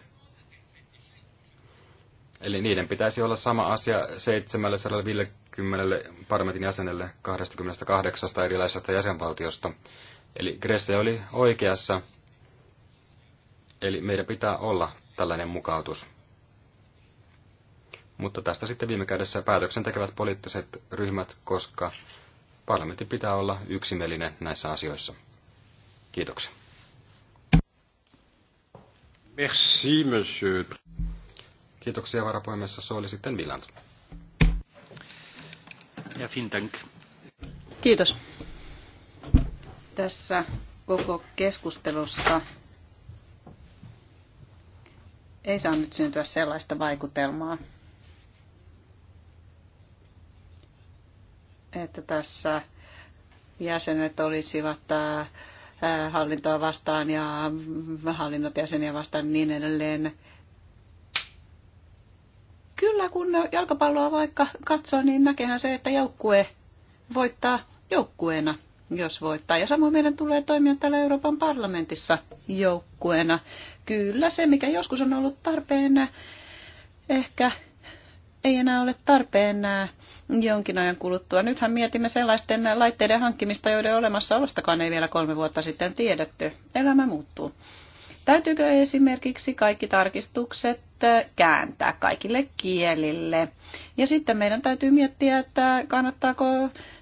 Eli niiden pitäisi olla sama asia 750 parlamentin jäsenelle 28 erilaisesta jäsenvaltiosta. Eli Gresse oli oikeassa, eli meidän pitää olla tällainen mukautus. Mutta tästä sitten viime kädessä päätöksen tekevät poliittiset ryhmät, koska parlamentti pitää olla yksimielinen näissä asioissa. Kiitoksia. Merci, monsieur. Kiitoksia varapuhemies Sooli sitten Viland. Ja Fintank. Kiitos. Tässä koko keskustelussa ei saa nyt syntyä sellaista vaikutelmaa, että tässä jäsenet olisivat hallintoa vastaan ja hallinnot jäseniä vastaan niin edelleen. Kyllä, kun jalkapalloa vaikka katsoo, niin näkehän se, että joukkue voittaa joukkueena, jos voittaa. Ja samoin meidän tulee toimia täällä Euroopan parlamentissa joukkueena. Kyllä se, mikä joskus on ollut tarpeen, ehkä ei enää ole tarpeen jonkin ajan kuluttua. Nythän mietimme sellaisten laitteiden hankkimista, joiden olemassaolostakaan ei vielä kolme vuotta sitten tiedetty. Elämä muuttuu. Täytyykö esimerkiksi kaikki tarkistukset äh, kääntää kaikille kielille? Ja sitten meidän täytyy miettiä, että kannattaako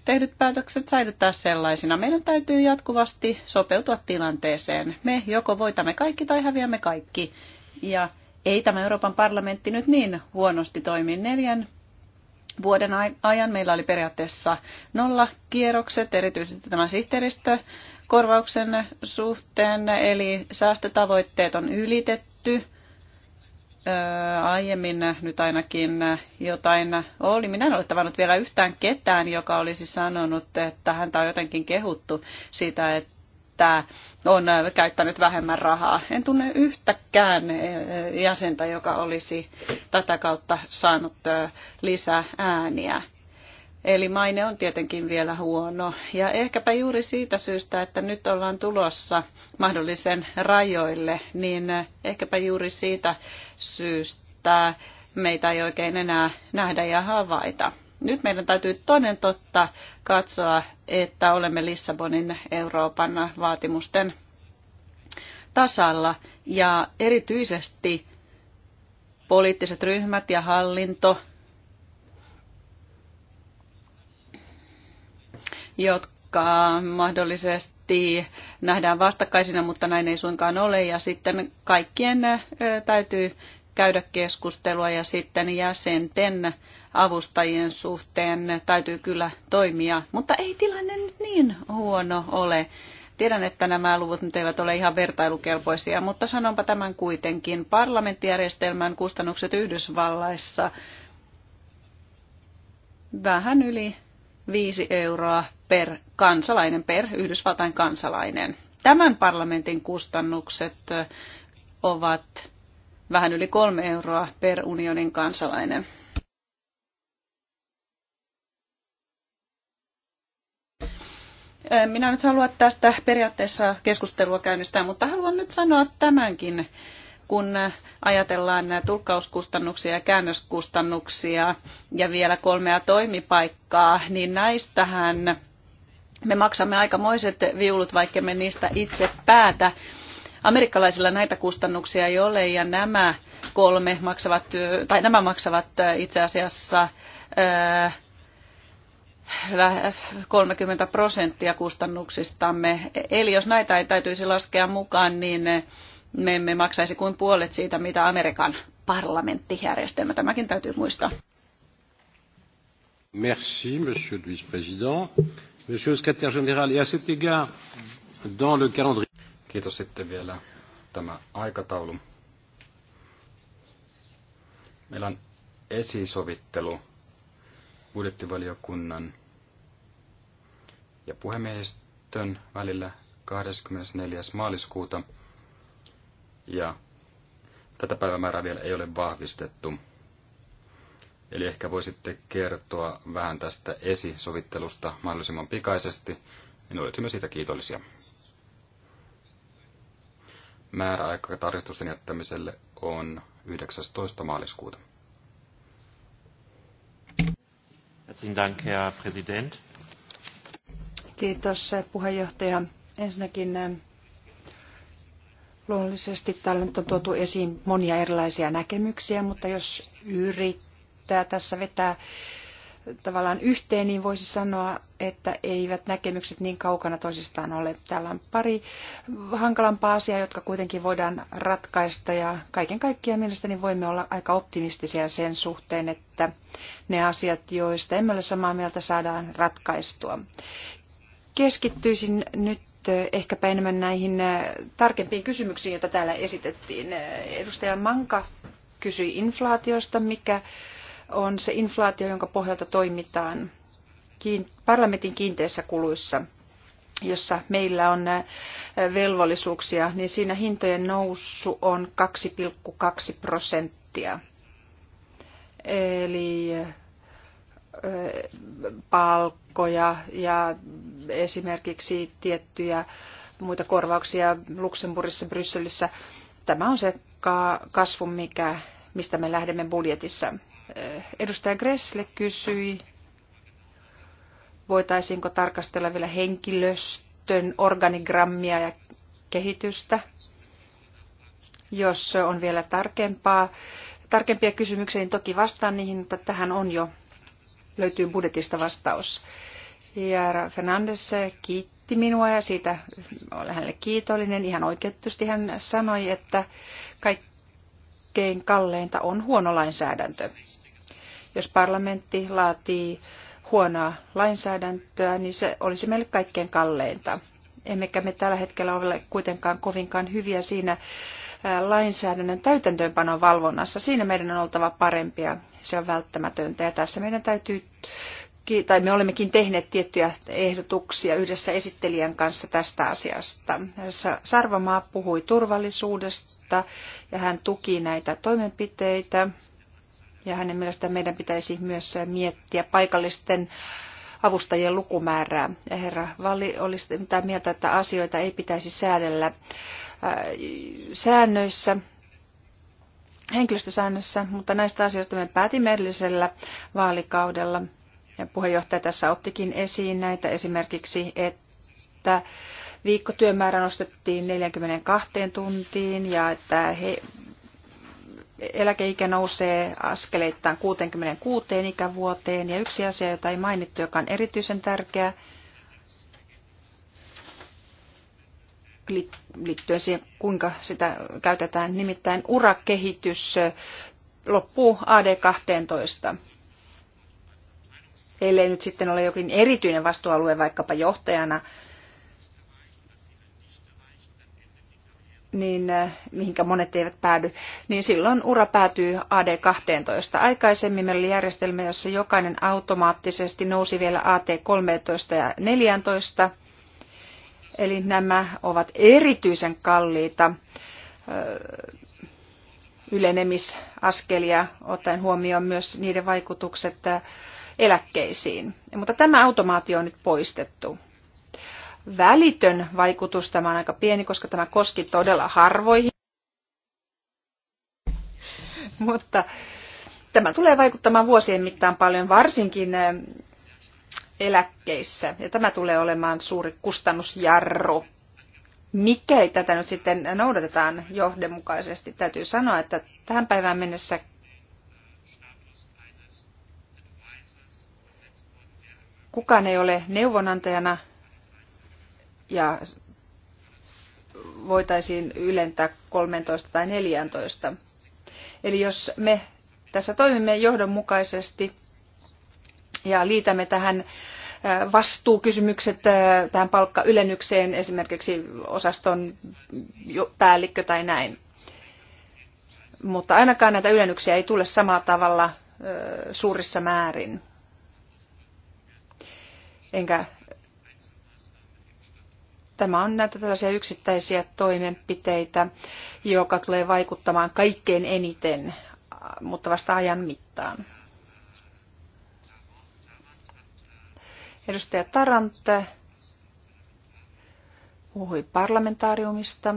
tehdyt päätökset säilyttää sellaisina. Meidän täytyy jatkuvasti sopeutua tilanteeseen. Me joko voitamme kaikki tai häviämme kaikki. Ja ei tämä Euroopan parlamentti nyt niin huonosti toimi neljän vuoden ajan. Meillä oli periaatteessa nolla kierrokset, erityisesti tämä sihteeristö korvauksen suhteen, eli säästötavoitteet on ylitetty. Aiemmin nyt ainakin jotain oli. Minä en ole tavannut vielä yhtään ketään, joka olisi sanonut, että häntä on jotenkin kehuttu siitä, että että on käyttänyt vähemmän rahaa. En tunne yhtäkään jäsentä, joka olisi tätä kautta saanut lisää ääniä. Eli maine on tietenkin vielä huono. Ja ehkäpä juuri siitä syystä, että nyt ollaan tulossa mahdollisen rajoille, niin ehkäpä juuri siitä syystä meitä ei oikein enää nähdä ja havaita. Nyt meidän täytyy toden totta katsoa, että olemme Lissabonin Euroopan vaatimusten tasalla ja erityisesti poliittiset ryhmät ja hallinto jotka mahdollisesti nähdään vastakkaisina, mutta näin ei suinkaan ole. Ja sitten kaikkien täytyy käydä keskustelua ja sitten jäsenten avustajien suhteen täytyy kyllä toimia. Mutta ei tilanne nyt niin huono ole. Tiedän, että nämä luvut nyt eivät ole ihan vertailukelpoisia, mutta sanonpa tämän kuitenkin. Parlamenttijärjestelmän kustannukset Yhdysvalloissa vähän yli 5 euroa per kansalainen, per Yhdysvaltain kansalainen. Tämän parlamentin kustannukset ovat vähän yli kolme euroa per unionin kansalainen. Minä nyt haluan tästä periaatteessa keskustelua käynnistää, mutta haluan nyt sanoa tämänkin, kun ajatellaan tulkkauskustannuksia ja käännöskustannuksia ja vielä kolmea toimipaikkaa, niin näistähän me maksamme aikamoiset viulut, vaikka me niistä itse päätä. Amerikkalaisilla näitä kustannuksia ei ole ja nämä kolme maksavat, tai nämä maksavat äh, itse asiassa 30 äh, prosenttia kustannuksistamme. Eli jos näitä ei täytyisi laskea mukaan, niin me emme maksaisi kuin puolet siitä, mitä Amerikan parlamenttijärjestelmä. Tämäkin täytyy muistaa. Merci, monsieur le vice-président. Monsieur le secrétaire général, et à cet égard, dans le calendrier... Kiitos sitten vielä tämä aikataulu. Meillä on esisovittelu budjettivaliokunnan ja puhemiehistön välillä 24. maaliskuuta. Ja tätä päivämäärää vielä ei ole vahvistettu. Eli ehkä voisitte kertoa vähän tästä esisovittelusta mahdollisimman pikaisesti, niin olisimme siitä kiitollisia. Määräaika tarkistusten jättämiselle on 19. maaliskuuta. Kiitos eh, puheenjohtaja. Ensinnäkin eh, luonnollisesti täällä on tuotu esiin monia erilaisia näkemyksiä, mutta jos yrittää yrittää tässä vetää tavallaan yhteen, niin voisi sanoa, että eivät näkemykset niin kaukana toisistaan ole. Täällä on pari hankalampaa asiaa, jotka kuitenkin voidaan ratkaista ja kaiken kaikkiaan mielestäni voimme olla aika optimistisia sen suhteen, että ne asiat, joista emme ole samaa mieltä, saadaan ratkaistua. Keskittyisin nyt ehkäpä enemmän näihin tarkempiin kysymyksiin, joita täällä esitettiin. Edustaja Manka kysyi inflaatiosta, mikä on se inflaatio, jonka pohjalta toimitaan parlamentin kiinteissä kuluissa, jossa meillä on äh, velvollisuuksia, niin siinä hintojen nousu on 2,2 prosenttia. Eli äh, palkkoja ja esimerkiksi tiettyjä muita korvauksia Luxemburgissa, Brysselissä. Tämä on se kasvu, mikä, mistä me lähdemme budjetissa. Edustaja Gressle kysyi, voitaisiinko tarkastella vielä henkilöstön organigrammia ja kehitystä, jos on vielä tarkempaa. Tarkempia kysymyksiä, niin toki vastaan niihin, mutta tähän on jo, löytyy budjetista vastaus. Ja Fernandes kiitti minua ja siitä olen hänelle kiitollinen. Ihan oikeutusti hän sanoi, että kaikkein kalleinta on huono lainsäädäntö. Jos parlamentti laatii huonoa lainsäädäntöä, niin se olisi meille kaikkein kalleinta. Emmekä me tällä hetkellä ole kuitenkaan kovinkaan hyviä siinä lainsäädännön täytäntöönpanon valvonnassa. Siinä meidän on oltava parempia. Se on välttämätöntä ja tässä meidän täytyy tai me olemmekin tehneet tiettyjä ehdotuksia yhdessä esittelijän kanssa tästä asiasta. Sarvamaa puhui turvallisuudesta ja hän tuki näitä toimenpiteitä. Ja hänen mielestään meidän pitäisi myös miettiä paikallisten avustajien lukumäärää. Ja herra Valli oli mitä mieltä, että asioita ei pitäisi säädellä äh, säännöissä, henkilöstösäännössä, mutta näistä asioista me päätimme edellisellä vaalikaudella. Ja puheenjohtaja tässä ottikin esiin näitä esimerkiksi, että viikkotyömäärä nostettiin 42 tuntiin ja että he, eläkeikä nousee askeleittain 66 ikävuoteen. Ja yksi asia, jota ei mainittu, joka on erityisen tärkeä, liittyen siihen, kuinka sitä käytetään, nimittäin urakehitys loppuu AD12. Ellei nyt sitten ole jokin erityinen vastuualue vaikkapa johtajana, niin äh, mihinkä monet eivät päädy, niin silloin ura päätyy AD12. Aikaisemmin meillä oli järjestelmä, jossa jokainen automaattisesti nousi vielä AT13 ja 14. Eli nämä ovat erityisen kalliita äh, ylenemisaskelia, ottaen huomioon myös niiden vaikutukset äh, eläkkeisiin. Mutta tämä automaatio on nyt poistettu välitön vaikutus. Tämä on aika pieni, koska tämä koski todella harvoihin. Mutta tämä tulee vaikuttamaan vuosien mittaan paljon, varsinkin eh, eläkkeissä. Ja tämä tulee olemaan suuri kustannusjarru. Mikäli tätä nyt sitten noudatetaan johdonmukaisesti, täytyy sanoa, että tähän päivään mennessä kukaan ei ole neuvonantajana ja voitaisiin ylentää 13 tai 14. Eli jos me tässä toimimme johdonmukaisesti ja liitämme tähän vastuukysymykset tähän palkkaylennykseen, esimerkiksi osaston päällikkö tai näin. Mutta ainakaan näitä ylennyksiä ei tule samalla tavalla suurissa määrin. Enkä Tämä on näitä tällaisia yksittäisiä toimenpiteitä, joka tulee vaikuttamaan kaikkein eniten, mutta vasta ajan mittaan. Edustaja Tarant puhui parlamentaariumista.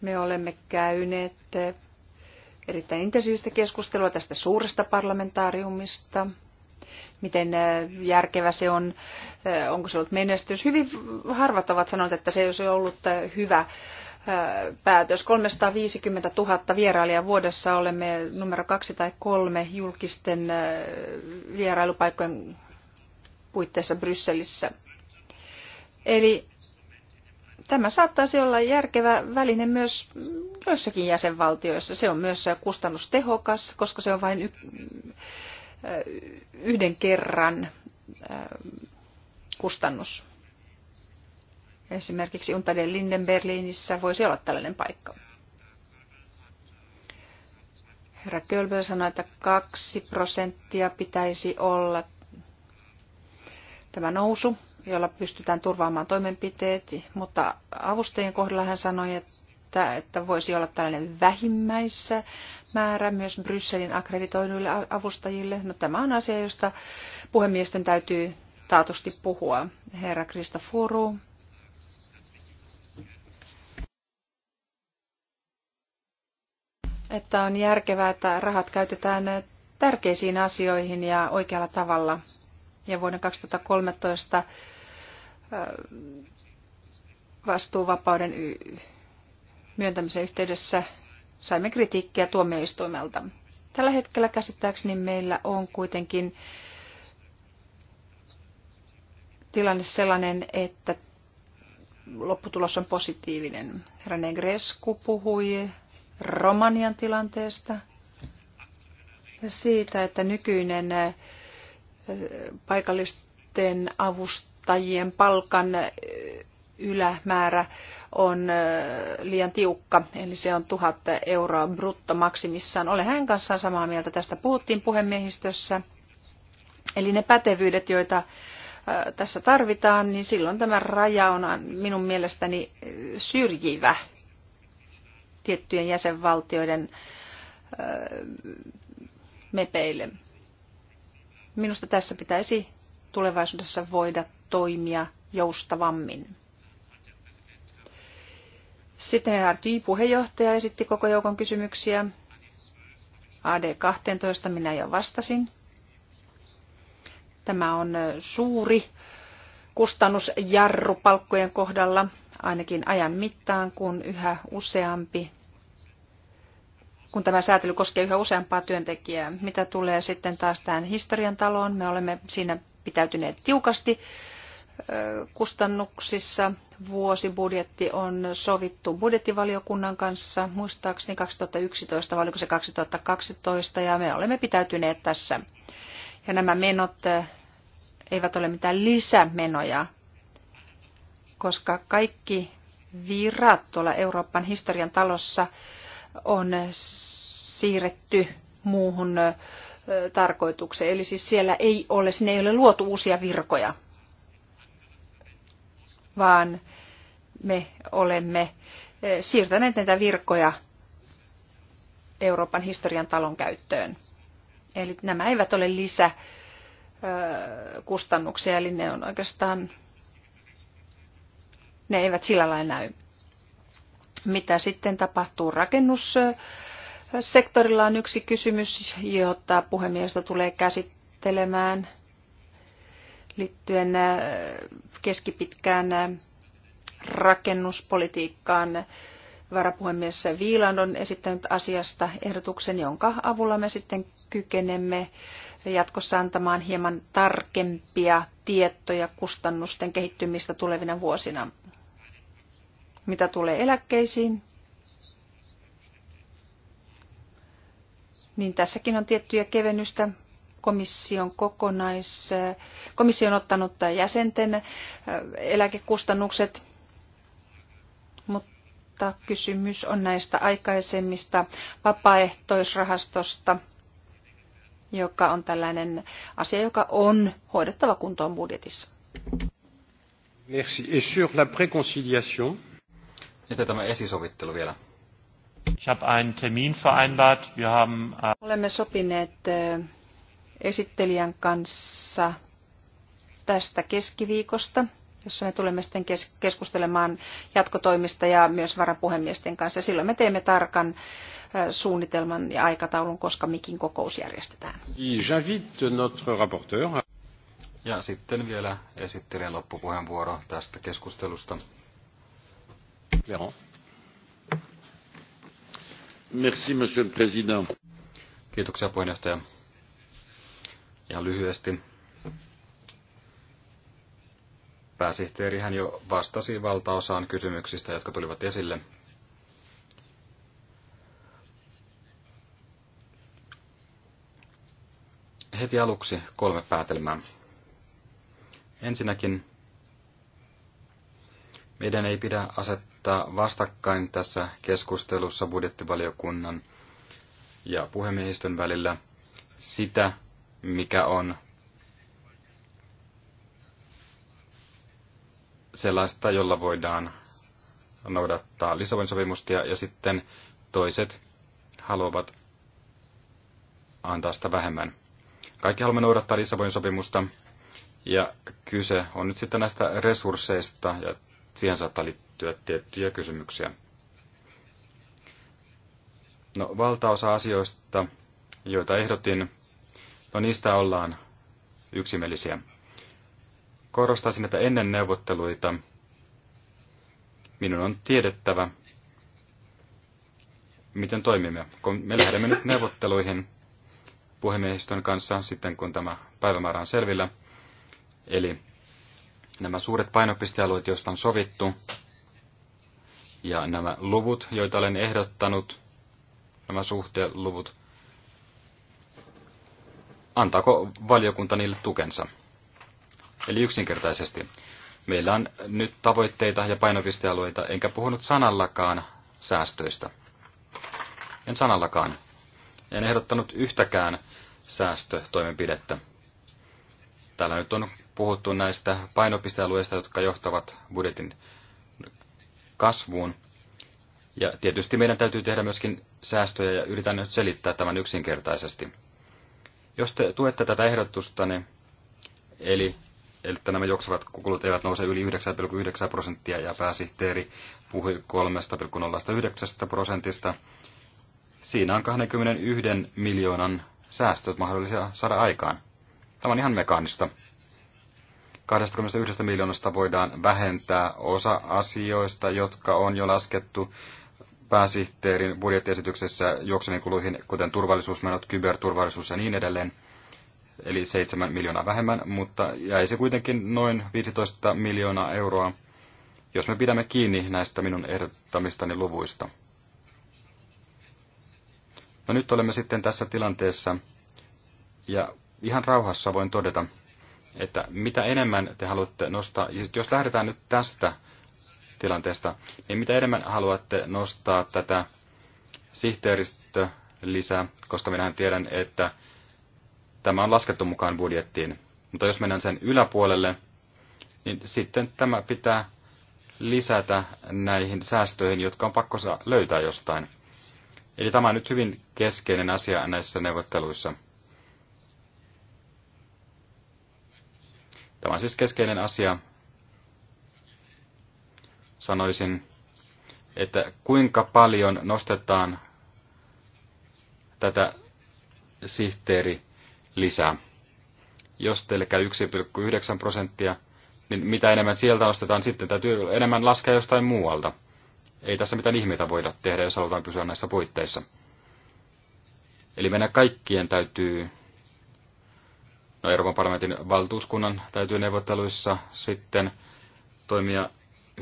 Me olemme käyneet erittäin intensiivistä keskustelua tästä suuresta parlamentaariumista – miten äh, järkevä se on, äh, onko se ollut menestys. Hyvin harvat ovat sanoneet, että se olisi ollut äh, hyvä päätös. 350 000 vierailijaa vuodessa olemme numero kaksi tai kolme julkisten vierailupaikkojen puitteissa Brysselissä. Eli tämä saattaisi olla järkevä väline myös joissakin jäsenvaltioissa. Se on myös kustannustehokas, koska se on vain yhden kerran kustannus. Esimerkiksi Untaden Linden Berliinissä voisi olla tällainen paikka. Herra Kölbel sanoi, että kaksi prosenttia pitäisi olla tämä nousu, jolla pystytään turvaamaan toimenpiteet, mutta avustajien kohdalla hän sanoi, että, että voisi olla tällainen vähimmäissä määrä myös Brysselin akkreditoiduille avustajille. No, tämä on asia, josta puhemiesten täytyy taatusti puhua. Herra Kristofuru. Että on järkevää, että rahat käytetään tärkeisiin asioihin ja oikealla tavalla. Ja vuoden 2013 vastuuvapauden myöntämisen yhteydessä saimme kritiikkiä tuomioistuimelta. Tällä hetkellä käsittääkseni meillä on kuitenkin tilanne sellainen, että lopputulos on positiivinen. Herra Negrescu puhui Romanian tilanteesta ja siitä, että nykyinen paikallisten avustajien palkan ylämäärä on liian tiukka, eli se on 1000 euroa brutto maksimissaan. Olen hänen kanssaan samaa mieltä, tästä puhuttiin puhemiehistössä. Eli ne pätevyydet, joita tässä tarvitaan, niin silloin tämä raja on minun mielestäni syrjivä tiettyjen jäsenvaltioiden mepeille. Minusta tässä pitäisi tulevaisuudessa voida toimia joustavammin. Sitten RT puheenjohtaja esitti koko joukon kysymyksiä. AD12 minä jo vastasin. Tämä on suuri kustannusjarru palkkojen kohdalla, ainakin ajan mittaan, kun yhä useampi kun tämä säätely koskee yhä useampaa työntekijää. Mitä tulee sitten taas tähän historian taloon, me olemme siinä pitäytyneet tiukasti kustannuksissa vuosibudjetti on sovittu budjettivaliokunnan kanssa, muistaakseni 2011, vai oliko se 2012, ja me olemme pitäytyneet tässä. Ja nämä menot eivät ole mitään lisämenoja, koska kaikki virat tuolla Euroopan historian talossa on siirretty muuhun tarkoitukseen. Eli siis siellä ei ole, sinne ei ole luotu uusia virkoja vaan me olemme eh, siirtäneet näitä virkoja Euroopan historian talon käyttöön. Eli nämä eivät ole lisäkustannuksia, eh, eli ne on oikeastaan, ne eivät sillä lailla näy. Mitä sitten tapahtuu rakennussektorilla on yksi kysymys, jota puhemiestä tulee käsittelemään – liittyen äh, keskipitkään äh, rakennuspolitiikkaan. Varapuhemies Viiland on esittänyt asiasta ehdotuksen, jonka avulla me sitten kykenemme jatkossa antamaan hieman tarkempia tietoja kustannusten kehittymistä tulevina vuosina. Mitä tulee eläkkeisiin, niin tässäkin on tiettyjä kevennystä komission kokonais, komissio on ottanut jäsenten äh, eläkekustannukset, mutta kysymys on näistä aikaisemmista vapaaehtoisrahastosta, joka on tällainen asia, joka on hoidettava kuntoon budjetissa. Merci. Et sur la préconciliation. Sitten tämä esisovittelu vielä. Ich habe einen Termin vereinbart. Wir haben... Äh, Olemme sopineet äh, esittelijän kanssa tästä keskiviikosta, jossa me tulemme sitten keskustelemaan jatkotoimista ja myös varapuhemiesten kanssa. Silloin me teemme tarkan suunnitelman ja aikataulun, koska mikin kokous järjestetään. Ja sitten vielä esittelijän loppupuheenvuoro tästä keskustelusta. Merci, monsieur le président. Kiitoksia puheenjohtaja. Ihan lyhyesti. Pääsihteeri hän jo vastasi valtaosaan kysymyksistä, jotka tulivat esille. Heti aluksi kolme päätelmää. Ensinnäkin meidän ei pidä asettaa vastakkain tässä keskustelussa budjettivaliokunnan ja puhemiehistön välillä sitä, mikä on sellaista, jolla voidaan noudattaa Lissabonin sopimusta ja sitten toiset haluavat antaa sitä vähemmän. Kaikki haluamme noudattaa Lissabonin sopimusta ja kyse on nyt sitten näistä resursseista ja siihen saattaa liittyä tiettyjä kysymyksiä. No, valtaosa asioista, joita ehdotin, No niistä ollaan yksimielisiä. Korostaisin, että ennen neuvotteluita minun on tiedettävä, miten toimimme. Kun me lähdemme nyt neuvotteluihin puhemiehistön kanssa sitten, kun tämä päivämäärä on selvillä, eli nämä suuret painopistealueet, joista on sovittu, ja nämä luvut, joita olen ehdottanut, nämä suhteluvut, antaako valiokunta niille tukensa. Eli yksinkertaisesti, meillä on nyt tavoitteita ja painopistealueita, enkä puhunut sanallakaan säästöistä. En sanallakaan. En ehdottanut yhtäkään säästötoimenpidettä. Täällä nyt on puhuttu näistä painopistealueista, jotka johtavat budjetin kasvuun. Ja tietysti meidän täytyy tehdä myöskin säästöjä ja yritän nyt selittää tämän yksinkertaisesti. Jos te tuette tätä ehdotusta, niin eli että nämä juoksevat kulut eivät nouse yli 9,9 prosenttia ja pääsihteeri puhui 3,09 prosentista. Siinä on 21 miljoonan säästöt mahdollisia saada aikaan. Tämä on ihan mekaanista. 21 miljoonasta voidaan vähentää osa asioista, jotka on jo laskettu pääsihteerin budjettiesityksessä juokseviin kuluihin, kuten turvallisuusmenot, kyberturvallisuus ja niin edelleen, eli 7 miljoonaa vähemmän, mutta se kuitenkin noin 15 miljoonaa euroa, jos me pidämme kiinni näistä minun ehdottamistani luvuista. No nyt olemme sitten tässä tilanteessa, ja ihan rauhassa voin todeta, että mitä enemmän te haluatte nostaa, jos lähdetään nyt tästä tilanteesta, niin mitä enemmän haluatte nostaa tätä sihteeristö lisää, koska minähän tiedän, että tämä on laskettu mukaan budjettiin. Mutta jos mennään sen yläpuolelle, niin sitten tämä pitää lisätä näihin säästöihin, jotka on pakko löytää jostain. Eli tämä on nyt hyvin keskeinen asia näissä neuvotteluissa. Tämä on siis keskeinen asia, sanoisin, että kuinka paljon nostetaan tätä sihteeri lisää. Jos teille käy 1,9 prosenttia, niin mitä enemmän sieltä nostetaan, sitten täytyy enemmän laskea jostain muualta. Ei tässä mitään ihmeitä voida tehdä, jos halutaan pysyä näissä puitteissa. Eli meidän kaikkien täytyy, no Euroopan parlamentin valtuuskunnan täytyy neuvotteluissa sitten toimia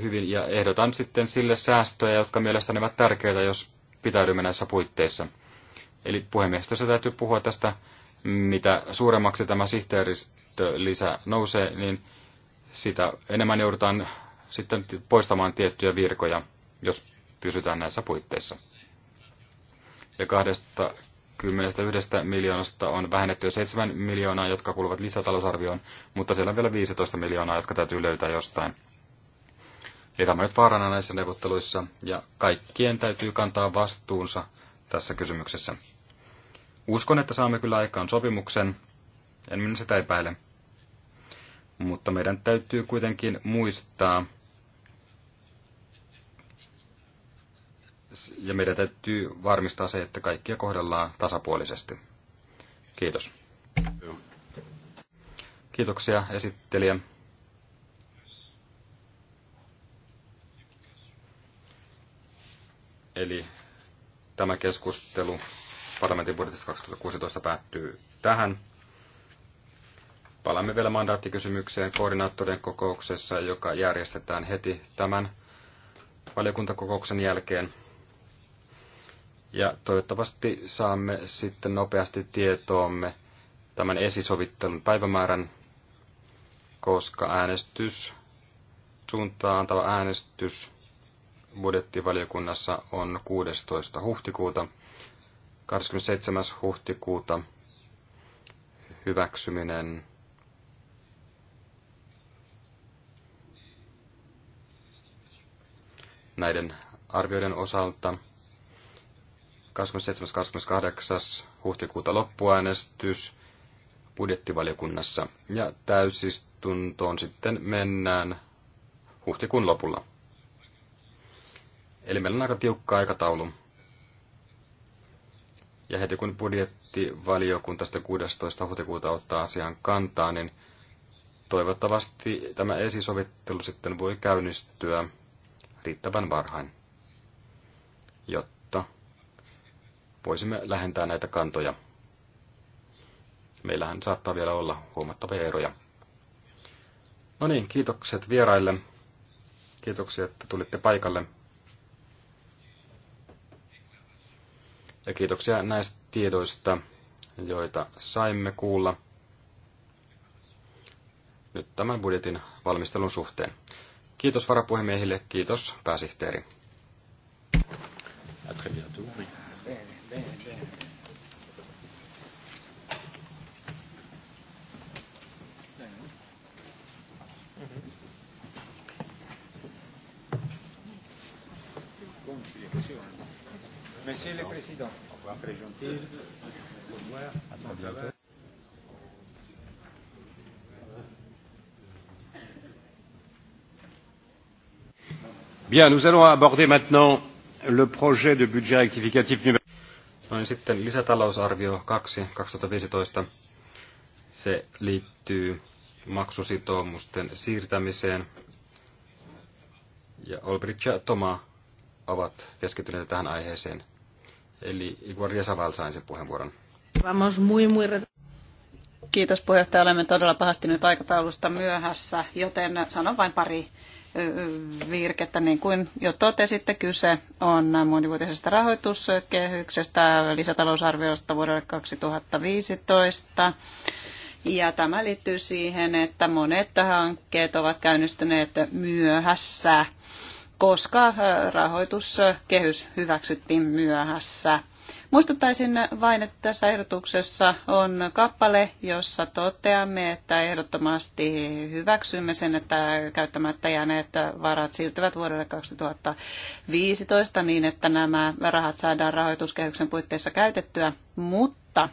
hyvin ja ehdotan sitten sille säästöjä, jotka mielestäni ovat tärkeitä, jos pitäydymme näissä puitteissa. Eli puhemiehistössä täytyy puhua tästä, mitä suuremmaksi tämä sihteerilisä nousee, niin sitä enemmän joudutaan sitten poistamaan tiettyjä virkoja, jos pysytään näissä puitteissa. Ja 21 miljoonasta on vähennetty jo 7 miljoonaa, jotka kuuluvat lisätalousarvioon, mutta siellä on vielä 15 miljoonaa, jotka täytyy löytää jostain. Eli tämä nyt vaarana näissä neuvotteluissa, ja kaikkien täytyy kantaa vastuunsa tässä kysymyksessä. Uskon, että saamme kyllä aikaan sopimuksen, en minä sitä epäile. Mutta meidän täytyy kuitenkin muistaa, ja meidän täytyy varmistaa se, että kaikkia kohdellaan tasapuolisesti. Kiitos. Kiitoksia esittelijä. Eli tämä keskustelu parlamentin budjetista 2016 päättyy tähän. Palaamme vielä mandaattikysymykseen koordinaattorien kokouksessa, joka järjestetään heti tämän valiokuntakokouksen jälkeen. Ja toivottavasti saamme sitten nopeasti tietoomme tämän esisovittelun päivämäärän, koska äänestys, suuntaan antava äänestys budjettivaliokunnassa on 16. huhtikuuta. 27. huhtikuuta hyväksyminen näiden arvioiden osalta. 27.28. huhtikuuta loppuäänestys budjettivaliokunnassa ja täysistuntoon sitten mennään huhtikuun lopulla. Eli meillä on aika tiukka aikataulu. Ja heti kun budjettivaliokunta sitten 16. huhtikuuta ottaa asian kantaa, niin toivottavasti tämä esisovittelu sitten voi käynnistyä riittävän varhain, jotta voisimme lähentää näitä kantoja. Meillähän saattaa vielä olla huomattavia eroja. No niin, kiitokset vieraille. Kiitoksia, että tulitte paikalle. Ja kiitoksia näistä tiedoista, joita saimme kuulla nyt tämän budjetin valmistelun suhteen. Kiitos varapuhemiehille, kiitos pääsihteeri. À très bientôt. Monsieur le Président. Au revoir, très gentil. Au revoir. À bon travail. Bien, nous allons aborder maintenant le projet de budget rectificatif numéro... No niin, sitten lisätalousarvio 2 2015. Se liittyy maksusitoumusten siirtämiseen. Ja Olbrich ja Toma ovat keskittyneet tähän aiheeseen. Eli igor Jesaval sain sen puheenvuoron. Vamos muy, muy Kiitos puheenjohtaja. Olemme todella pahasti nyt aikataulusta myöhässä, joten sanon vain pari virkettä. Niin kuin jo totesitte, kyse on monivuotisesta rahoituskehyksestä lisätalousarviosta vuodelle 2015. Ja tämä liittyy siihen, että monet hankkeet ovat käynnistyneet myöhässä koska äh, rahoituskehys hyväksyttiin myöhässä. Muistuttaisin vain, että tässä ehdotuksessa on kappale, jossa toteamme, että ehdottomasti hyväksymme sen, että käyttämättä jääneet varat siirtyvät vuodelle 2015 niin, että nämä rahat saadaan rahoituskehyksen puitteissa käytettyä, mutta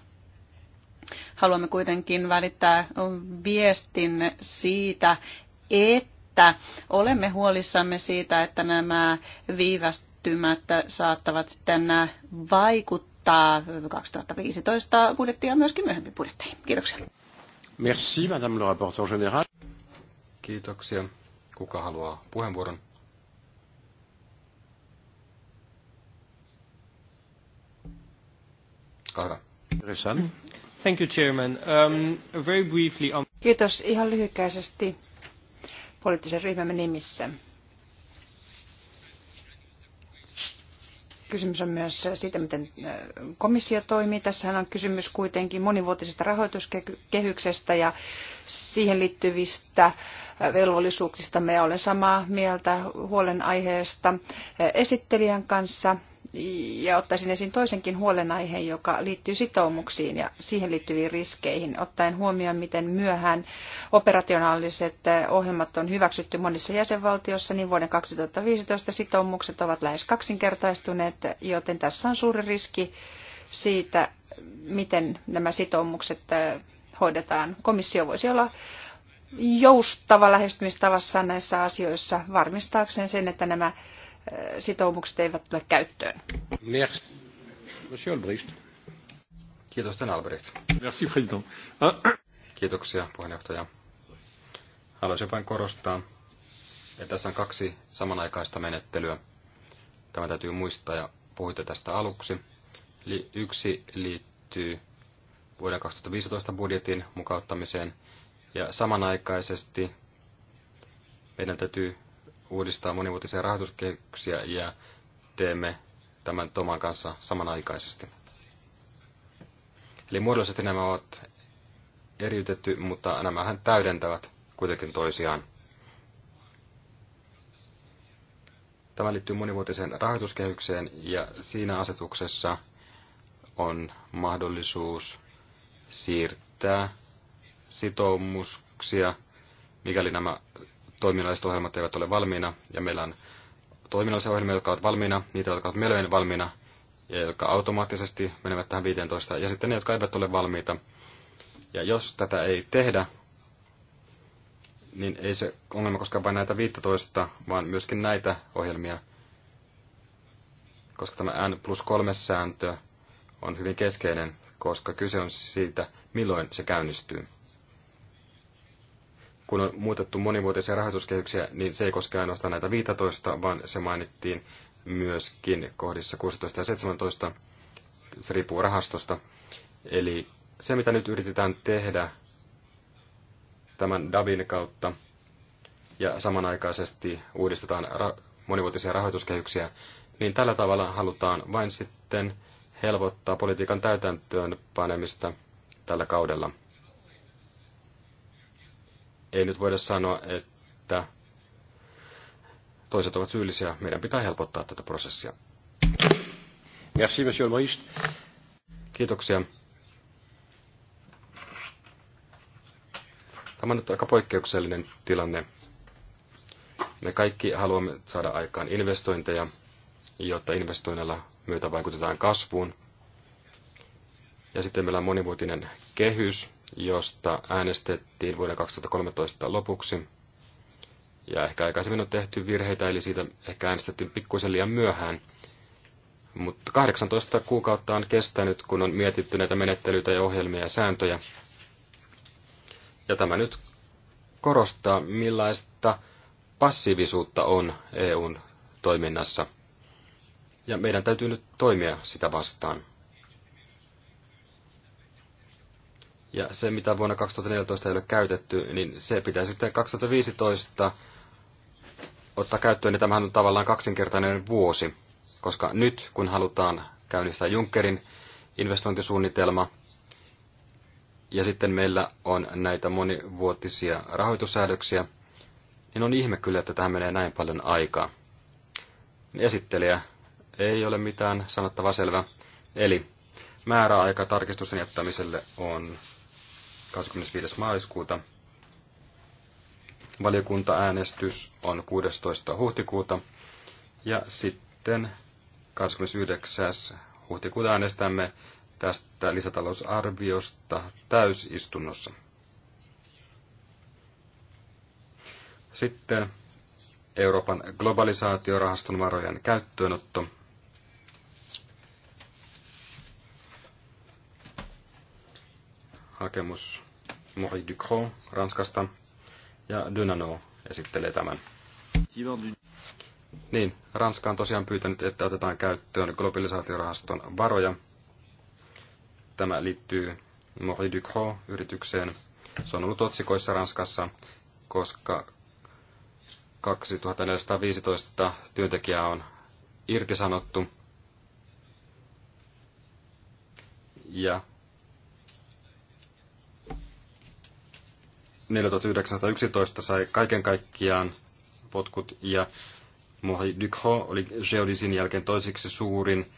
haluamme kuitenkin välittää viestin siitä, että että olemme huolissamme siitä, että nämä viivästymät saattavat sitten vaikuttaa 2015 budjettiin ja myöskin myöhemmin budjettiin. Kiitoksia. Merci, Madame le rapporteur général. Kiitoksia. Kuka haluaa puheenvuoron? Kahra. Thank you, Chairman. Um, very briefly on... Kiitos. Ihan lyhykäisesti poliittisen ryhmämme nimissä. Kysymys on myös siitä, miten komissio toimii. Tässähän on kysymys kuitenkin monivuotisesta rahoituskehyksestä ja siihen liittyvistä velvollisuuksista. Me olen samaa mieltä huolenaiheesta esittelijän kanssa ja ottaisin esiin toisenkin huolenaiheen, joka liittyy sitoumuksiin ja siihen liittyviin riskeihin, ottaen huomioon, miten myöhään operationaaliset ohjelmat on hyväksytty monissa jäsenvaltioissa, niin vuoden 2015 sitoumukset ovat lähes kaksinkertaistuneet, joten tässä on suuri riski siitä, miten nämä sitoumukset hoidetaan. Komissio voisi olla joustava lähestymistavassa näissä asioissa varmistaakseen sen, että nämä sitoumukset eivät tule käyttöön. Merci. Albrecht. Kiitos, Tän Albrecht. Merci, president. Kiitoksia, puheenjohtaja. Haluaisin vain korostaa, että tässä on kaksi samanaikaista menettelyä. Tämä täytyy muistaa ja puhuitte tästä aluksi. Eli yksi liittyy vuoden 2015 budjetin mukauttamiseen ja samanaikaisesti meidän täytyy uudistaa monivuotisia rahoituskehyksiä ja teemme tämän Toman kanssa samanaikaisesti. Eli muodollisesti nämä ovat eriytetty, mutta nämähän täydentävät kuitenkin toisiaan. Tämä liittyy monivuotiseen rahoituskehykseen ja siinä asetuksessa on mahdollisuus siirtää sitoumuksia, mikäli nämä toiminnalliset ohjelmat eivät ole valmiina, ja meillä on toiminnallisia ohjelmia, jotka ovat valmiina, niitä, jotka ovat melkein valmiina, ja jotka automaattisesti menevät tähän 15, ja sitten ne, jotka eivät ole valmiita. Ja jos tätä ei tehdä, niin ei se ongelma koskaan vain näitä 15, vaan myöskin näitä ohjelmia, koska tämä N plus 3 sääntö on hyvin keskeinen, koska kyse on siitä, milloin se käynnistyy kun on muutettu monivuotisia rahoituskehyksiä, niin se ei koske ainoastaan näitä 15, vaan se mainittiin myöskin kohdissa 16 ja 17. Se riippuu rahastosta. Eli se, mitä nyt yritetään tehdä tämän davin kautta, ja samanaikaisesti uudistetaan ra- monivuotisia rahoituskehyksiä, niin tällä tavalla halutaan vain sitten helpottaa politiikan täytäntöön panemista tällä kaudella – ei nyt voida sanoa, että toiset ovat syyllisiä. Meidän pitää helpottaa tätä prosessia. Merci, monsieur Moist. Kiitoksia. Tämä on nyt aika poikkeuksellinen tilanne. Me kaikki haluamme saada aikaan investointeja, jotta investoinnilla myötä vaikutetaan kasvuun. Ja sitten meillä on monivuotinen kehys, josta äänestettiin vuoden 2013 lopuksi. Ja ehkä aikaisemmin on tehty virheitä, eli siitä ehkä äänestettiin pikkuisen liian myöhään. Mutta 18 kuukautta on kestänyt, kun on mietitty näitä menettelyitä ja ohjelmia ja sääntöjä. Ja tämä nyt korostaa, millaista passiivisuutta on EUn toiminnassa. Ja meidän täytyy nyt toimia sitä vastaan. Ja se, mitä vuonna 2014 ei ole käytetty, niin se pitää sitten 2015 ottaa käyttöön. niin tämähän on tavallaan kaksinkertainen vuosi, koska nyt kun halutaan käynnistää Junckerin investointisuunnitelma, ja sitten meillä on näitä monivuotisia rahoitussäädöksiä, niin on ihme kyllä, että tähän menee näin paljon aikaa. Esittelijä ei ole mitään sanottavaa selvä. Eli määräaika tarkistusten jättämiselle on 25. maaliskuuta. Valiokuntaäänestys on 16. huhtikuuta ja sitten 29. huhtikuuta äänestämme tästä lisätalousarviosta täysistunnossa. Sitten Euroopan globalisaatiorahaston varojen käyttöönotto. hakemus Mori Ducro Ranskasta ja Dynano esittelee tämän. Niin, Ranska on tosiaan pyytänyt, että otetaan käyttöön globalisaatiorahaston varoja. Tämä liittyy Mori Ducro-yritykseen. Se on ollut otsikoissa Ranskassa, koska 2415 työntekijää on irtisanottu. Ja 1911 sai kaiken kaikkiaan potkut ja Mohi Dukho oli Geodisin jälkeen toiseksi suurin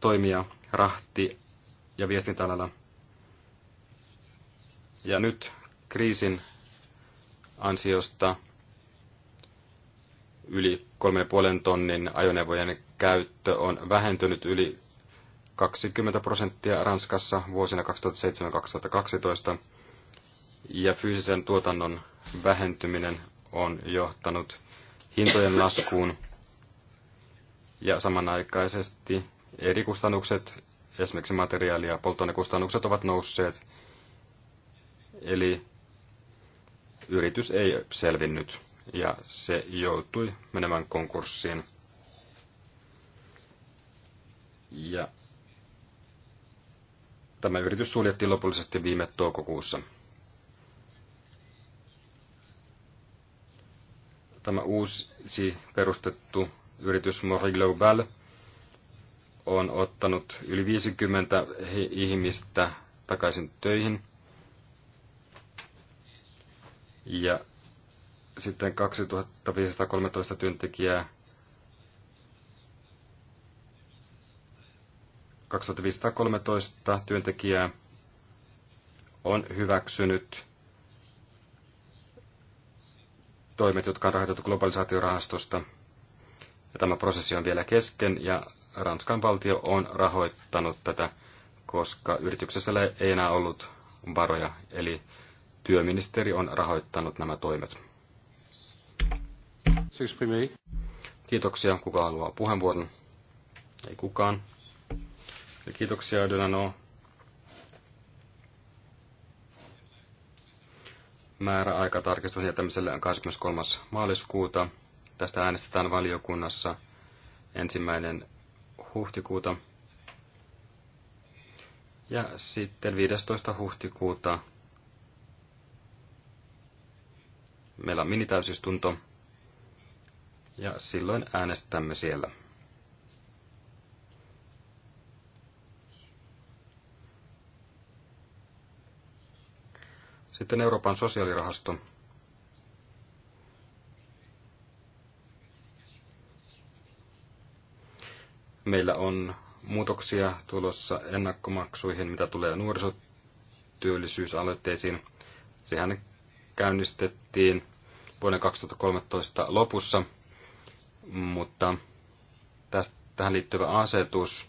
toimija rahti- ja viestintäalalla. Ja nyt kriisin ansiosta yli 3,5 tonnin ajoneuvojen käyttö on vähentynyt yli 20 prosenttia Ranskassa vuosina 2007-2012 ja fyysisen tuotannon vähentyminen on johtanut hintojen laskuun ja samanaikaisesti eri kustannukset, esimerkiksi materiaali- ja polttoainekustannukset ovat nousseet, eli yritys ei selvinnyt ja se joutui menemään konkurssiin. Ja tämä yritys suljettiin lopullisesti viime toukokuussa. Tämä uusi perustettu yritys Mori Global on ottanut yli 50 ihmistä takaisin töihin. Ja sitten 2513 työntekijää 2513 työntekijää on hyväksynyt toimet, jotka on rahoitettu globalisaatiorahastosta. Ja tämä prosessi on vielä kesken ja Ranskan valtio on rahoittanut tätä, koska yrityksessä ei enää ollut varoja, eli työministeri on rahoittanut nämä toimet. Kiitoksia. Kuka haluaa puheenvuoron? Ei kukaan. kiitoksia Dynano määräaika jätämiselle on 23. maaliskuuta. Tästä äänestetään valiokunnassa ensimmäinen huhtikuuta. Ja sitten 15. huhtikuuta meillä on minitäysistunto ja silloin äänestämme siellä. Sitten Euroopan sosiaalirahasto. Meillä on muutoksia tulossa ennakkomaksuihin, mitä tulee nuorisotyöllisyysaloitteisiin. Sehän käynnistettiin vuonna 2013 lopussa, mutta tähän liittyvä asetus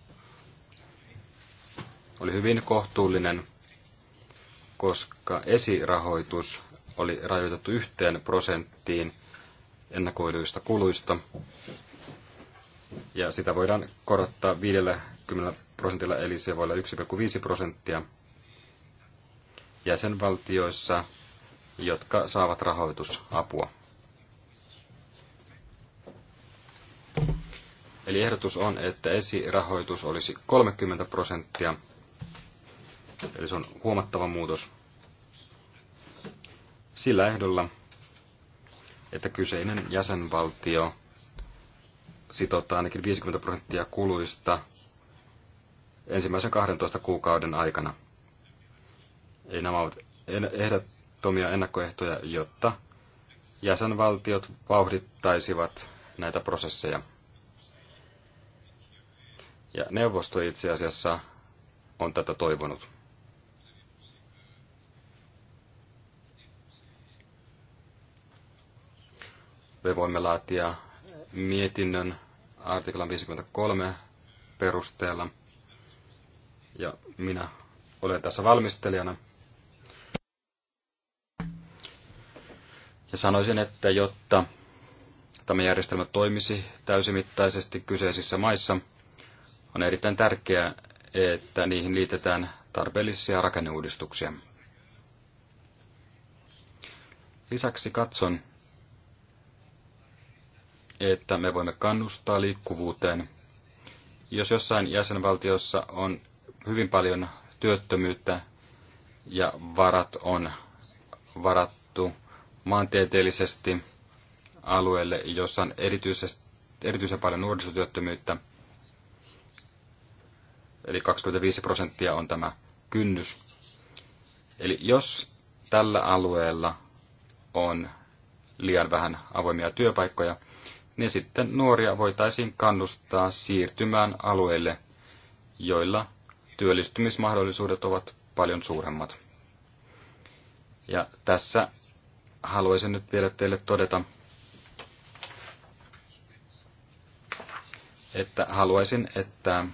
oli hyvin kohtuullinen – koska esirahoitus oli rajoitettu yhteen prosenttiin ennakoiduista kuluista, ja sitä voidaan korottaa 50 prosentilla, eli se voi olla 1,5 prosenttia jäsenvaltioissa, jotka saavat rahoitusapua. Eli ehdotus on, että esirahoitus olisi 30 prosenttia Eli se on huomattava muutos sillä ehdolla, että kyseinen jäsenvaltio sitouttaa ainakin 50 prosenttia kuluista ensimmäisen 12 kuukauden aikana. Eli nämä ovat ehdottomia ennakkoehtoja, jotta jäsenvaltiot vauhdittaisivat näitä prosesseja. Ja neuvosto itse asiassa on tätä toivonut. Me voimme laatia mietinnön artiklan 53 perusteella. Ja minä olen tässä valmistelijana. Ja sanoisin, että jotta tämä järjestelmä toimisi täysimittaisesti kyseisissä maissa, on erittäin tärkeää, että niihin liitetään tarpeellisia rakenneuudistuksia. Lisäksi katson, että me voimme kannustaa liikkuvuuteen. Jos jossain jäsenvaltiossa on hyvin paljon työttömyyttä ja varat on varattu maantieteellisesti alueelle, jossa on erityisen paljon nuorisotyöttömyyttä, eli 25 prosenttia on tämä kynnys. Eli jos tällä alueella on liian vähän avoimia työpaikkoja, niin sitten nuoria voitaisiin kannustaa siirtymään alueille, joilla työllistymismahdollisuudet ovat paljon suuremmat. Ja tässä haluaisin nyt vielä teille todeta, että haluaisin, että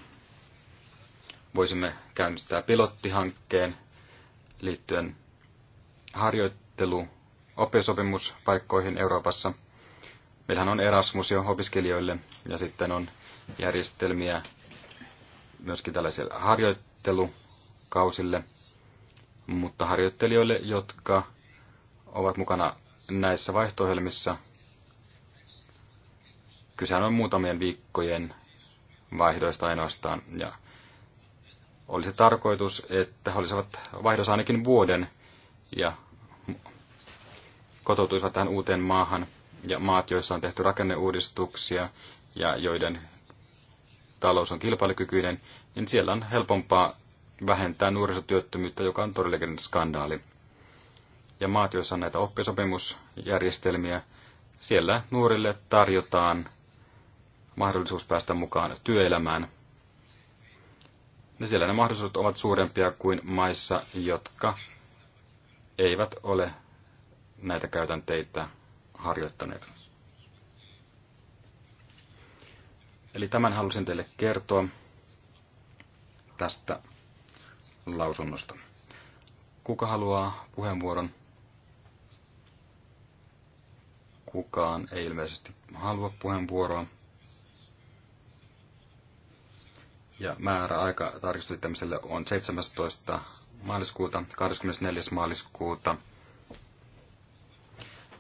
voisimme käynnistää pilottihankkeen liittyen harjoittelu oppisopimuspaikkoihin Euroopassa – Meillähän on Erasmus jo opiskelijoille ja sitten on järjestelmiä myöskin tällaisille harjoittelukausille, mutta harjoittelijoille, jotka ovat mukana näissä vaihtoehdelmissa, kysehän on muutamien viikkojen vaihdoista ainoastaan. Ja olisi tarkoitus, että he olisivat vaihdossa ainakin vuoden ja kotoutuisivat tähän uuteen maahan – ja maat, joissa on tehty rakenneuudistuksia ja joiden talous on kilpailukykyinen, niin siellä on helpompaa vähentää nuorisotyöttömyyttä, joka on todellinen skandaali. Ja maat, joissa on näitä oppisopimusjärjestelmiä, siellä nuorille tarjotaan mahdollisuus päästä mukaan työelämään. Ja siellä ne mahdollisuudet ovat suurempia kuin maissa, jotka eivät ole näitä käytänteitä harjoittaneet. Eli tämän halusin teille kertoa tästä lausunnosta. Kuka haluaa puheenvuoron? Kukaan ei ilmeisesti halua puheenvuoroa. Ja määräaika tarkistuttamiselle on 17. maaliskuuta, 24. maaliskuuta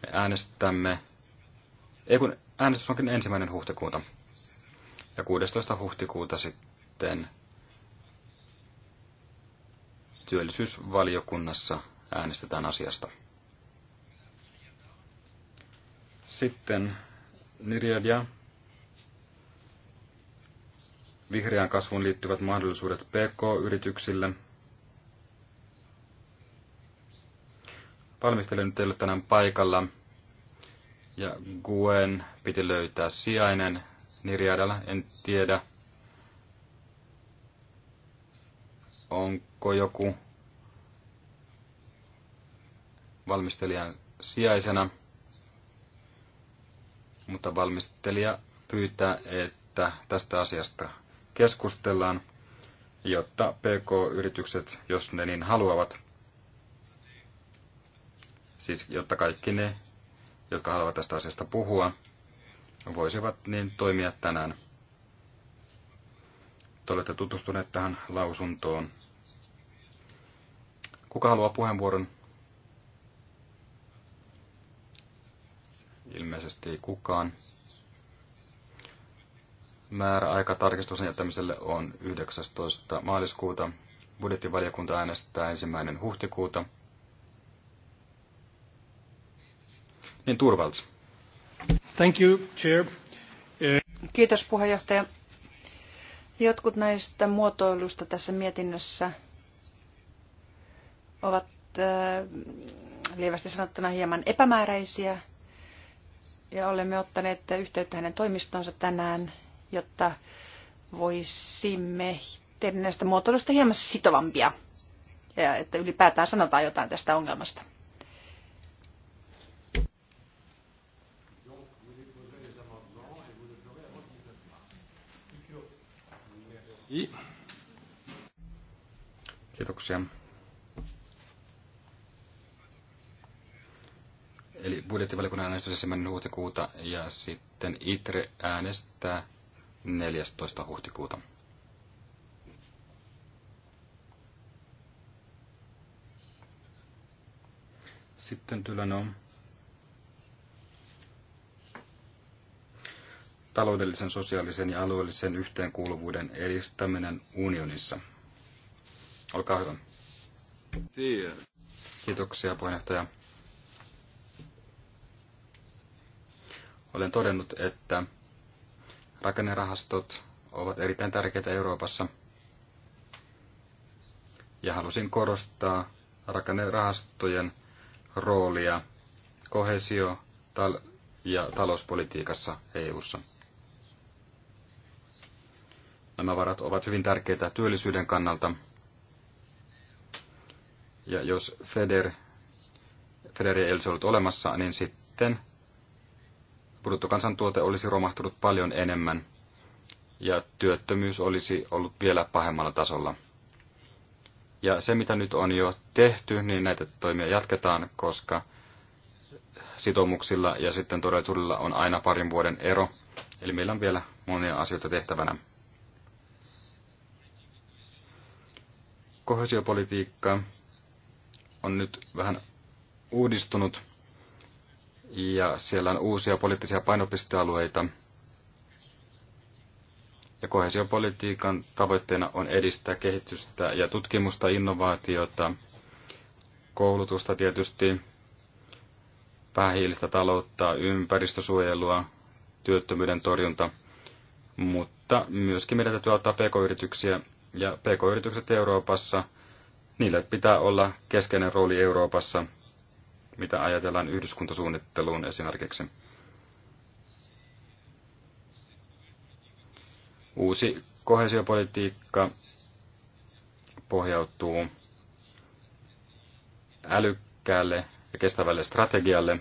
me äänestämme, ei kun äänestys onkin ensimmäinen huhtikuuta. Ja 16. huhtikuuta sitten työllisyysvaliokunnassa äänestetään asiasta. Sitten Nirjadia. Vihreään kasvun liittyvät mahdollisuudet PK-yrityksille – valmistelija nyt tänään paikalla. Ja Guen piti löytää sijainen Nirjadalla. En tiedä, onko joku valmistelijan sijaisena, mutta valmistelija pyytää, että tästä asiasta keskustellaan, jotta PK-yritykset, jos ne niin haluavat, Siis jotta kaikki ne, jotka haluavat tästä asiasta puhua, voisivat niin toimia tänään. Te olette tutustuneet tähän lausuntoon. Kuka haluaa puheenvuoron? Ilmeisesti ei kukaan. Määräaika tarkistuksen jättämiselle on 19. maaliskuuta. Budjettivaliokunta äänestää ensimmäinen huhtikuuta Niin Turvalds. Thank you, Chair. Kiitos puheenjohtaja. Jotkut näistä muotoiluista tässä mietinnössä ovat äh, lievästi sanottuna hieman epämääräisiä ja olemme ottaneet yhteyttä hänen toimistonsa tänään, jotta voisimme tehdä näistä muotoiluista hieman sitovampia ja että ylipäätään sanotaan jotain tästä ongelmasta. Kiitoksia. Eli budjettivaliokunnan äänestys 1. huhtikuuta ja sitten ITRE äänestää 14. huhtikuuta. Sitten Dylano. taloudellisen, sosiaalisen ja alueellisen yhteenkuuluvuuden edistäminen unionissa. Olkaa hyvä. Kiitoksia puheenjohtaja. Olen todennut, että rakennerahastot ovat erittäin tärkeitä Euroopassa. Ja halusin korostaa rakennerahastojen roolia kohesio- ja talouspolitiikassa EU:ssa. ssa Nämä varat ovat hyvin tärkeitä työllisyyden kannalta. Ja jos Feder, Federi ei olisi ollut olemassa, niin sitten bruttokansantuote olisi romahtunut paljon enemmän ja työttömyys olisi ollut vielä pahemmalla tasolla. Ja se, mitä nyt on jo tehty, niin näitä toimia jatketaan, koska sitoumuksilla ja sitten todellisuudella on aina parin vuoden ero. Eli meillä on vielä monia asioita tehtävänä. kohesiopolitiikka on nyt vähän uudistunut ja siellä on uusia poliittisia painopistealueita. Ja kohesiopolitiikan tavoitteena on edistää kehitystä ja tutkimusta, innovaatiota, koulutusta tietysti, vähähiilistä taloutta, ympäristösuojelua, työttömyyden torjunta, mutta myöskin meidän täytyy auttaa pk-yrityksiä ja PK-yritykset Euroopassa, niillä pitää olla keskeinen rooli Euroopassa, mitä ajatellaan yhdyskuntasuunnitteluun esimerkiksi. Uusi kohesiopolitiikka pohjautuu älykkäälle ja kestävälle strategialle.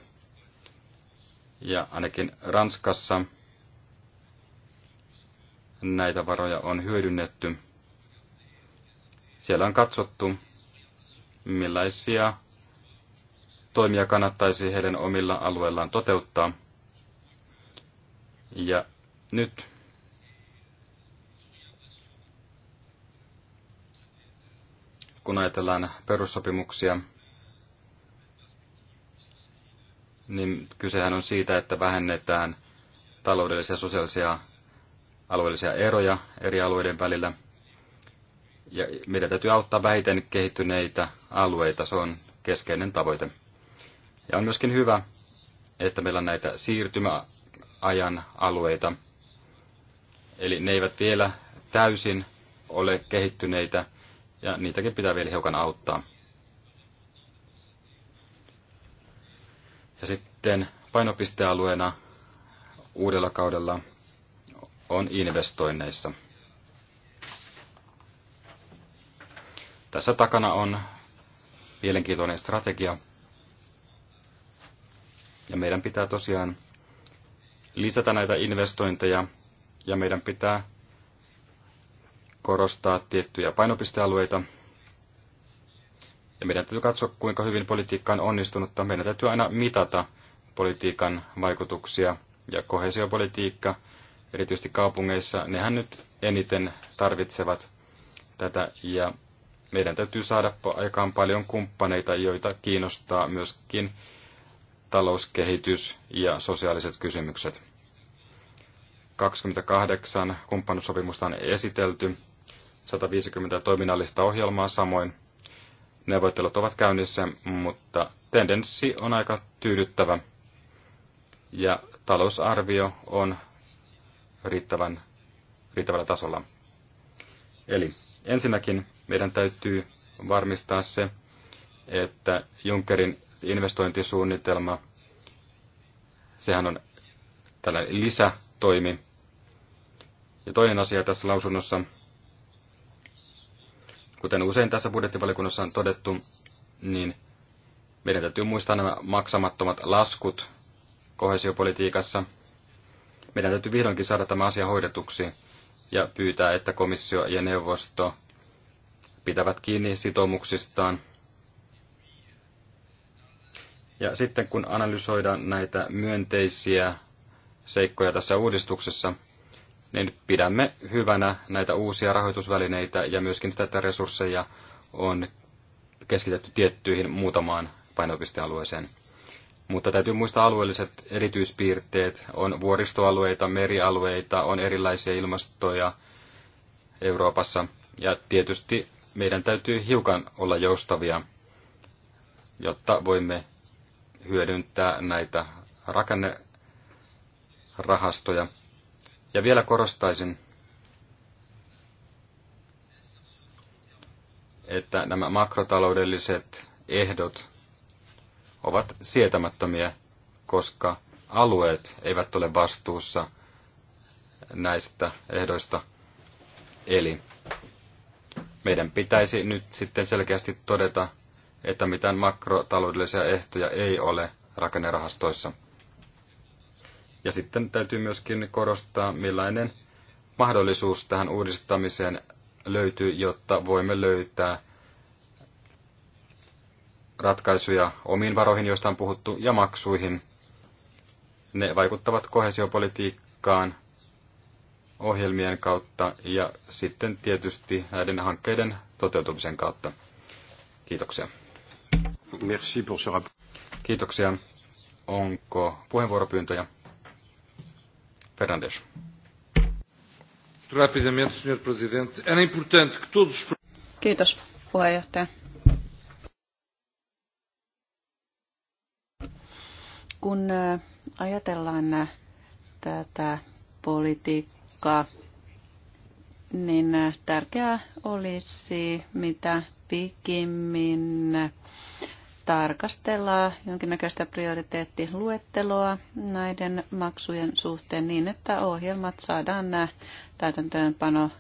Ja ainakin Ranskassa näitä varoja on hyödynnetty – siellä on katsottu, millaisia toimia kannattaisi heidän omilla alueillaan toteuttaa. Ja nyt kun ajatellaan perussopimuksia, niin kysehän on siitä, että vähennetään taloudellisia, sosiaalisia, alueellisia eroja eri alueiden välillä – ja meidän täytyy auttaa vähiten kehittyneitä alueita, se on keskeinen tavoite. Ja on myöskin hyvä, että meillä on näitä siirtymäajan alueita, eli ne eivät vielä täysin ole kehittyneitä, ja niitäkin pitää vielä hiukan auttaa. Ja sitten painopistealueena uudella kaudella on investoinneissa – Tässä takana on mielenkiintoinen strategia. Ja meidän pitää tosiaan lisätä näitä investointeja ja meidän pitää korostaa tiettyjä painopistealueita. Ja meidän täytyy katsoa, kuinka hyvin politiikka on onnistunutta. Meidän täytyy aina mitata politiikan vaikutuksia ja kohesiopolitiikka, erityisesti kaupungeissa, nehän nyt eniten tarvitsevat tätä ja meidän täytyy saada aikaan paljon kumppaneita, joita kiinnostaa myöskin talouskehitys ja sosiaaliset kysymykset. 28 kumppanussopimusta on esitelty, 150 toiminnallista ohjelmaa samoin. Neuvottelut ovat käynnissä, mutta tendenssi on aika tyydyttävä ja talousarvio on riittävän, riittävällä tasolla. Eli ensinnäkin meidän täytyy varmistaa se, että Junckerin investointisuunnitelma, sehän on tällä lisätoimi. Ja toinen asia tässä lausunnossa, kuten usein tässä budjettivalikunnassa on todettu, niin meidän täytyy muistaa nämä maksamattomat laskut kohesiopolitiikassa. Meidän täytyy vihdoinkin saada tämä asia hoidetuksi ja pyytää, että komissio ja neuvosto – pitävät kiinni sitoumuksistaan. Ja sitten kun analysoidaan näitä myönteisiä seikkoja tässä uudistuksessa, niin pidämme hyvänä näitä uusia rahoitusvälineitä ja myöskin sitä, että resursseja on keskitetty tiettyihin muutamaan painopistealueeseen. Mutta täytyy muistaa alueelliset erityispiirteet. On vuoristoalueita, merialueita, on erilaisia ilmastoja Euroopassa. Ja tietysti meidän täytyy hiukan olla joustavia, jotta voimme hyödyntää näitä rakennerahastoja. Ja vielä korostaisin, että nämä makrotaloudelliset ehdot ovat sietämättömiä, koska alueet eivät ole vastuussa näistä ehdoista. Eli meidän pitäisi nyt sitten selkeästi todeta, että mitään makrotaloudellisia ehtoja ei ole rakennerahastoissa. Ja sitten täytyy myöskin korostaa, millainen mahdollisuus tähän uudistamiseen löytyy, jotta voimme löytää ratkaisuja omiin varoihin, joista on puhuttu, ja maksuihin. Ne vaikuttavat kohesiopolitiikkaan ohjelmien kautta ja sitten tietysti näiden hankkeiden toteutumisen kautta. Kiitoksia. Merci pour ce Kiitoksia. Onko puheenvuoropyyntöjä? Fernandes. Kiitos, puheenjohtaja. Kun äh, ajatellaan äh, tätä politiikkaa, uhkaa, niin äh, tärkeää olisi mitä pikimmin tarkastella jonkinnäköistä prioriteettiluetteloa näiden maksujen suhteen niin, että ohjelmat saadaan äh, täytäntöönpano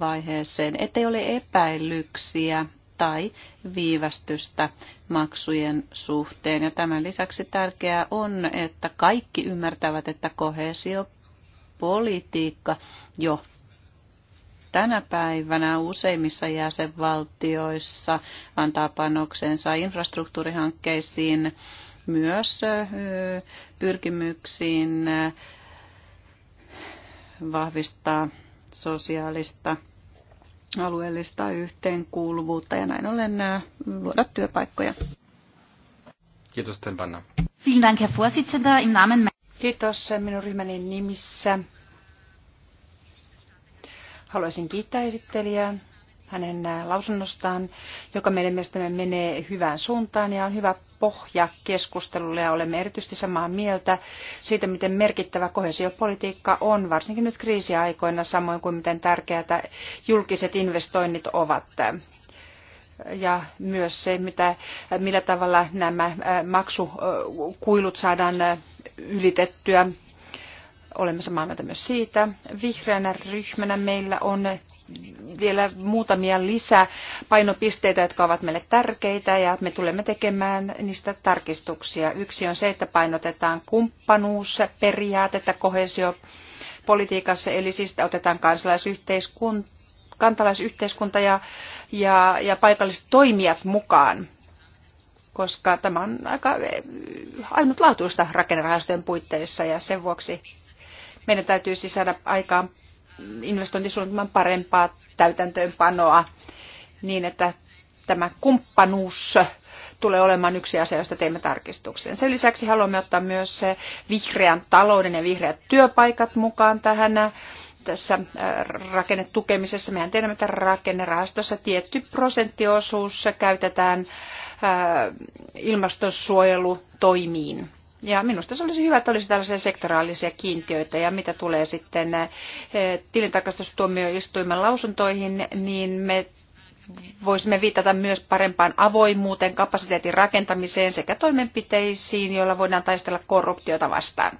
vaiheeseen, ettei ole epäilyksiä tai viivästystä maksujen suhteen. Ja tämän lisäksi tärkeää on, että kaikki ymmärtävät, että kohesio politiikka jo tänä päivänä useimmissa jäsenvaltioissa antaa panoksensa infrastruktuurihankkeisiin, myös pyrkimyksiin vahvistaa sosiaalista alueellista yhteenkuuluvuutta ja näin ollen luoda työpaikkoja. Kiitos, Tenpanna. Vielen Dank, Herr Vorsitzender. Im Namen Kiitos minun ryhmäni nimissä. Haluaisin kiittää esittelijää hänen lausunnostaan, joka meidän mielestämme menee hyvään suuntaan ja on hyvä pohja keskustelulle ja olemme erityisesti samaa mieltä siitä, miten merkittävä kohesiopolitiikka on, varsinkin nyt kriisiaikoina, samoin kuin miten tärkeätä julkiset investoinnit ovat ja myös se, mitä, millä tavalla nämä maksukuilut saadaan ylitettyä. Olemme samaa mieltä myös siitä. Vihreänä ryhmänä meillä on vielä muutamia lisäpainopisteitä, jotka ovat meille tärkeitä ja me tulemme tekemään niistä tarkistuksia. Yksi on se, että painotetaan kumppanuusperiaatetta kohesiopolitiikassa, eli siis otetaan kansalaisyhteiskunta kantalaisyhteiskunta ja ja, ja paikalliset toimijat mukaan, koska tämä on aika eh, ainutlaatuista rakennerahastojen puitteissa ja sen vuoksi meidän täytyy siis saada aikaan investointisuunnitelman parempaa täytäntöönpanoa niin, että tämä kumppanuus tulee olemaan yksi asia, josta teemme tarkistuksen. Sen lisäksi haluamme ottaa myös vihreän talouden ja vihreät työpaikat mukaan tähän tässä rakennetukemisessa. Mehän tiedämme, että rakennerahastossa tietty prosenttiosuus käytetään ilmastonsuojelutoimiin. Ja minusta se olisi hyvä, että olisi tällaisia sektoraalisia kiintiöitä. Ja mitä tulee sitten tilintarkastustuomioistuimen lausuntoihin, niin me voisimme viitata myös parempaan avoimuuteen, kapasiteetin rakentamiseen sekä toimenpiteisiin, joilla voidaan taistella korruptiota vastaan.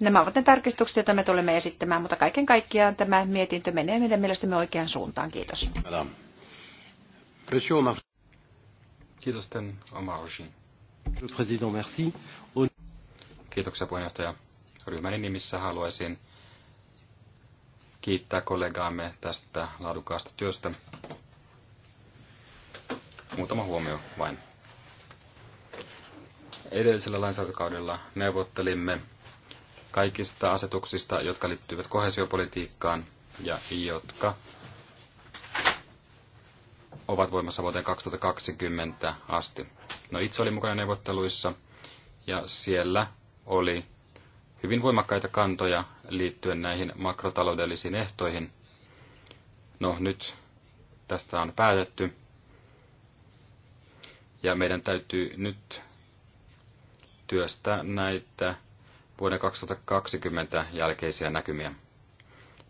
Nämä ovat ne tarkistukset, joita me tulemme esittämään, mutta kaiken kaikkiaan tämä mietintö menee meidän mielestämme oikeaan suuntaan. Kiitos. Kiitos Kiitoksia puheenjohtaja. Ryhmäni nimissä haluaisin kiittää kollegaamme tästä laadukkaasta työstä. Muutama huomio vain. Edellisellä lainsäädäntökaudella neuvottelimme kaikista asetuksista, jotka liittyvät kohesiopolitiikkaan ja jotka ovat voimassa vuoteen 2020 asti. No itse olin mukana neuvotteluissa ja siellä oli hyvin voimakkaita kantoja liittyen näihin makrotaloudellisiin ehtoihin. No nyt tästä on päätetty ja meidän täytyy nyt työstää näitä vuoden 2020 jälkeisiä näkymiä.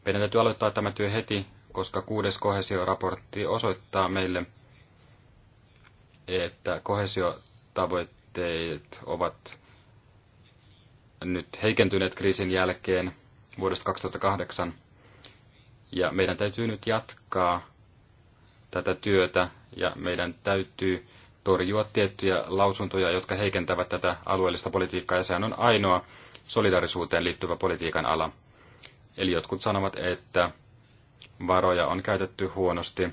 Meidän täytyy aloittaa tämä työ heti, koska kuudes kohesioraportti osoittaa meille, että kohesiotavoitteet ovat nyt heikentyneet kriisin jälkeen vuodesta 2008. Ja meidän täytyy nyt jatkaa tätä työtä ja meidän täytyy torjua tiettyjä lausuntoja, jotka heikentävät tätä alueellista politiikkaa. Ja sehän on ainoa solidarisuuteen liittyvä politiikan ala. Eli jotkut sanovat, että varoja on käytetty huonosti.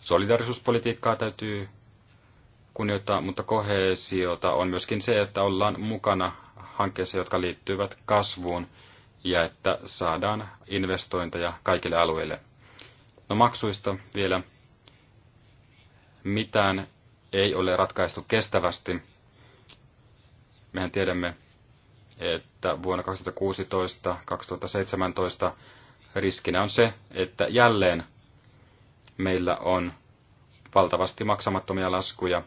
Solidarisuuspolitiikkaa täytyy kunnioittaa, mutta kohesiota on myöskin se, että ollaan mukana hankkeissa, jotka liittyvät kasvuun ja että saadaan investointeja kaikille alueille. No maksuista vielä. Mitään ei ole ratkaistu kestävästi. Mehän tiedämme, että vuonna 2016-2017 riskinä on se, että jälleen meillä on valtavasti maksamattomia laskuja.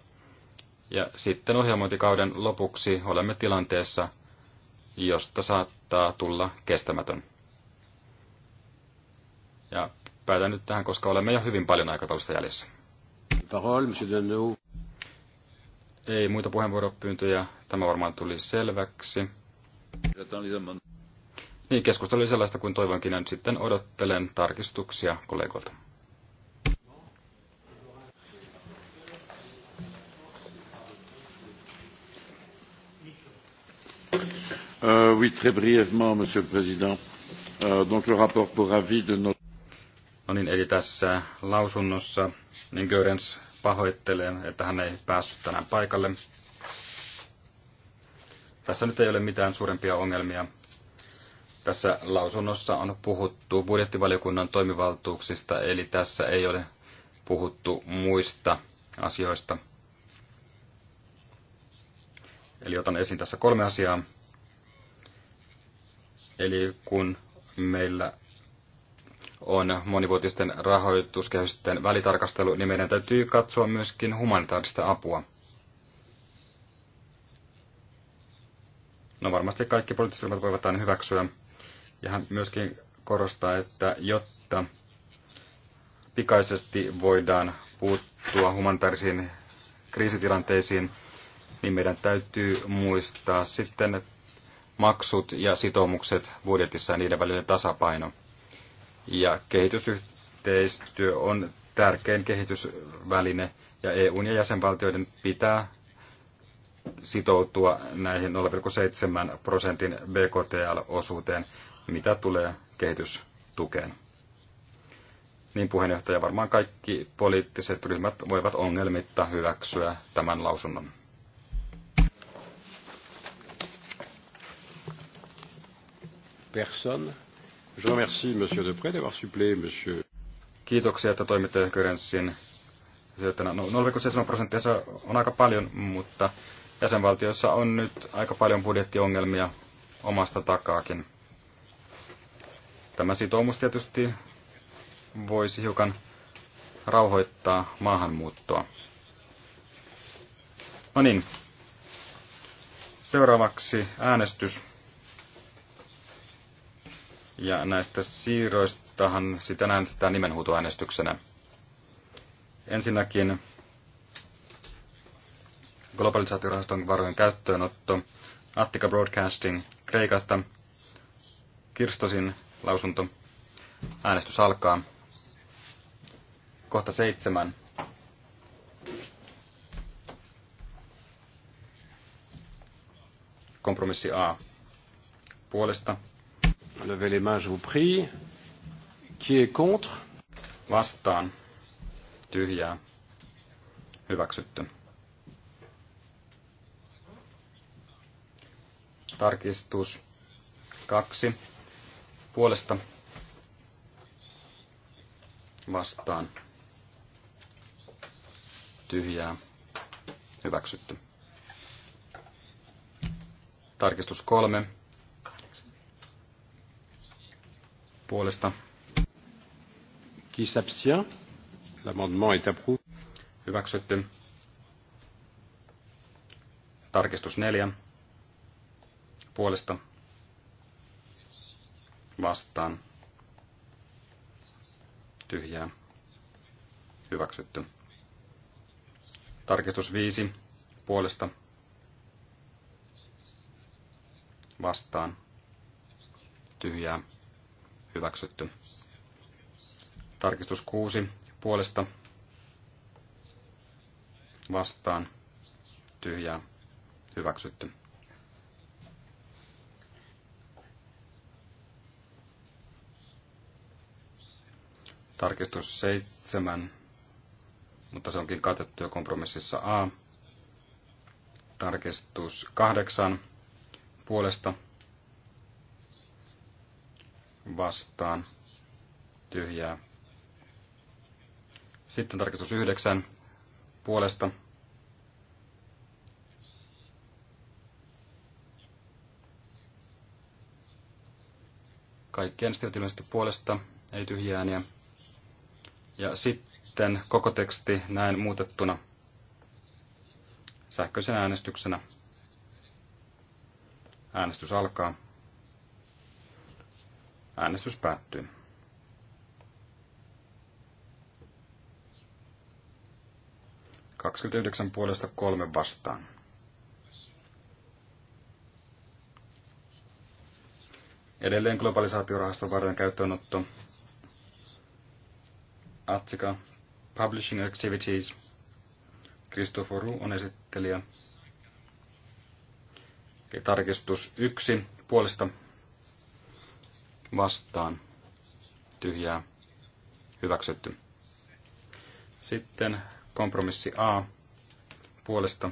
Ja sitten ohjelmointikauden lopuksi olemme tilanteessa, josta saattaa tulla kestämätön. Ja päätän nyt tähän, koska olemme jo hyvin paljon aikataulusta jäljessä. Parole, Ei muita puheenvuoropyyntöjä. Tämä varmaan tuli selväksi. Niin, keskustelu oli sellaista kuin toivonkin, ja nyt sitten odottelen tarkistuksia kollegoilta. Uh, oui, très brièvement, Monsieur le Président. Uh, donc le rapport pour avis de notre... No niin, eli tässä lausunnossa niin Görens pahoittelee, että hän ei päässyt tänään paikalle. Tässä nyt ei ole mitään suurempia ongelmia. Tässä lausunnossa on puhuttu budjettivaliokunnan toimivaltuuksista, eli tässä ei ole puhuttu muista asioista. Eli otan esiin tässä kolme asiaa. Eli kun meillä on monivuotisten rahoituskehysten välitarkastelu, niin meidän täytyy katsoa myöskin humanitaarista apua. No varmasti kaikki poliittiset ryhmät voivat aina hyväksyä. Ja hän myöskin korostaa, että jotta pikaisesti voidaan puuttua humanitaarisiin kriisitilanteisiin, niin meidän täytyy muistaa sitten maksut ja sitoumukset budjetissa ja niiden välinen tasapaino. Ja kehitysyhteistyö on tärkein kehitysväline ja EUn ja jäsenvaltioiden pitää sitoutua näihin 0,7 prosentin BKTL-osuuteen, mitä tulee kehitystukeen. Niin puheenjohtaja, varmaan kaikki poliittiset ryhmät voivat ongelmitta hyväksyä tämän lausunnon. Personne, Je remercie Monsieur Depré d'avoir suppléé Monsieur. Kiitoksia, että toimitte Körensin 0,7 no, prosenttia se on aika paljon, mutta jäsenvaltioissa on nyt aika paljon budjettiongelmia omasta takaakin. Tämä sitoumus tietysti voisi hiukan rauhoittaa maahanmuuttoa. No niin, seuraavaksi äänestys. Ja näistä siirroistahan sitä äänestetään nimenhuutoäänestyksenä. Ensinnäkin globalisaatiorahaston varojen käyttöönotto, Attica Broadcasting Kreikasta, Kirstosin lausunto, äänestys alkaa. Kohta seitsemän. Kompromissi A. Puolesta. Levez les mains, je vous prie. Qui est contre? Vastaan. Tyhjää. Hyväksytty. Tarkistus kaksi puolesta vastaan tyhjää hyväksytty. Tarkistus kolme puolesta. Qui s'abstient? L'amendement est approuvé. Hyväksytty. Tarkistus neljä puolesta vastaan tyhjää hyväksytty. Tarkistus 5 puolesta vastaan tyhjää hyväksytty. Tarkistus 6 puolesta vastaan tyhjää hyväksytty. Tarkistus 7, mutta se onkin katettu jo kompromississa A. Tarkistus 8 puolesta vastaan tyhjää. Sitten tarkistus 9 puolesta kaikki äänestivät ilmeisesti puolesta, ei tyhjään Niin ja sitten koko teksti näin muutettuna sähköisen äänestyksenä. Äänestys alkaa. Äänestys päättyy. Kaksikymmentäyhdeksän puolesta kolme vastaan. Edelleen globalisaatiorahaston varojen käyttöönotto Atsika Publishing Activities. Kristoforu on esittelijä. Ja tarkistus yksi puolesta vastaan tyhjää hyväksytty. Sitten kompromissi A puolesta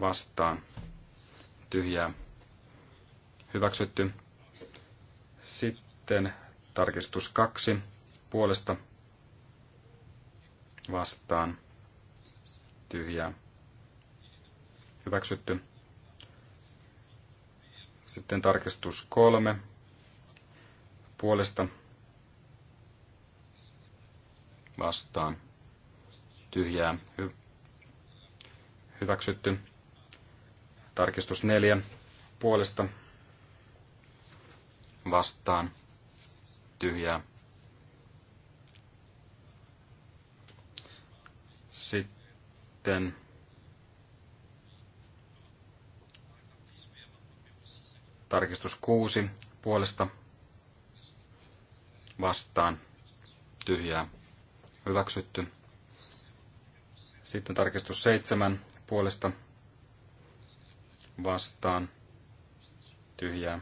vastaan tyhjää hyväksytty. Sitten tarkistus kaksi puolesta vastaan tyhjää hyväksytty. Sitten tarkistus kolme puolesta vastaan tyhjää hy- hyväksytty. Tarkistus neljä puolesta vastaan tyhjää Sitten tarkistus 6 puolesta vastaan tyhjää hyväksytty. Sitten tarkistus 7 puolesta vastaan tyhjää.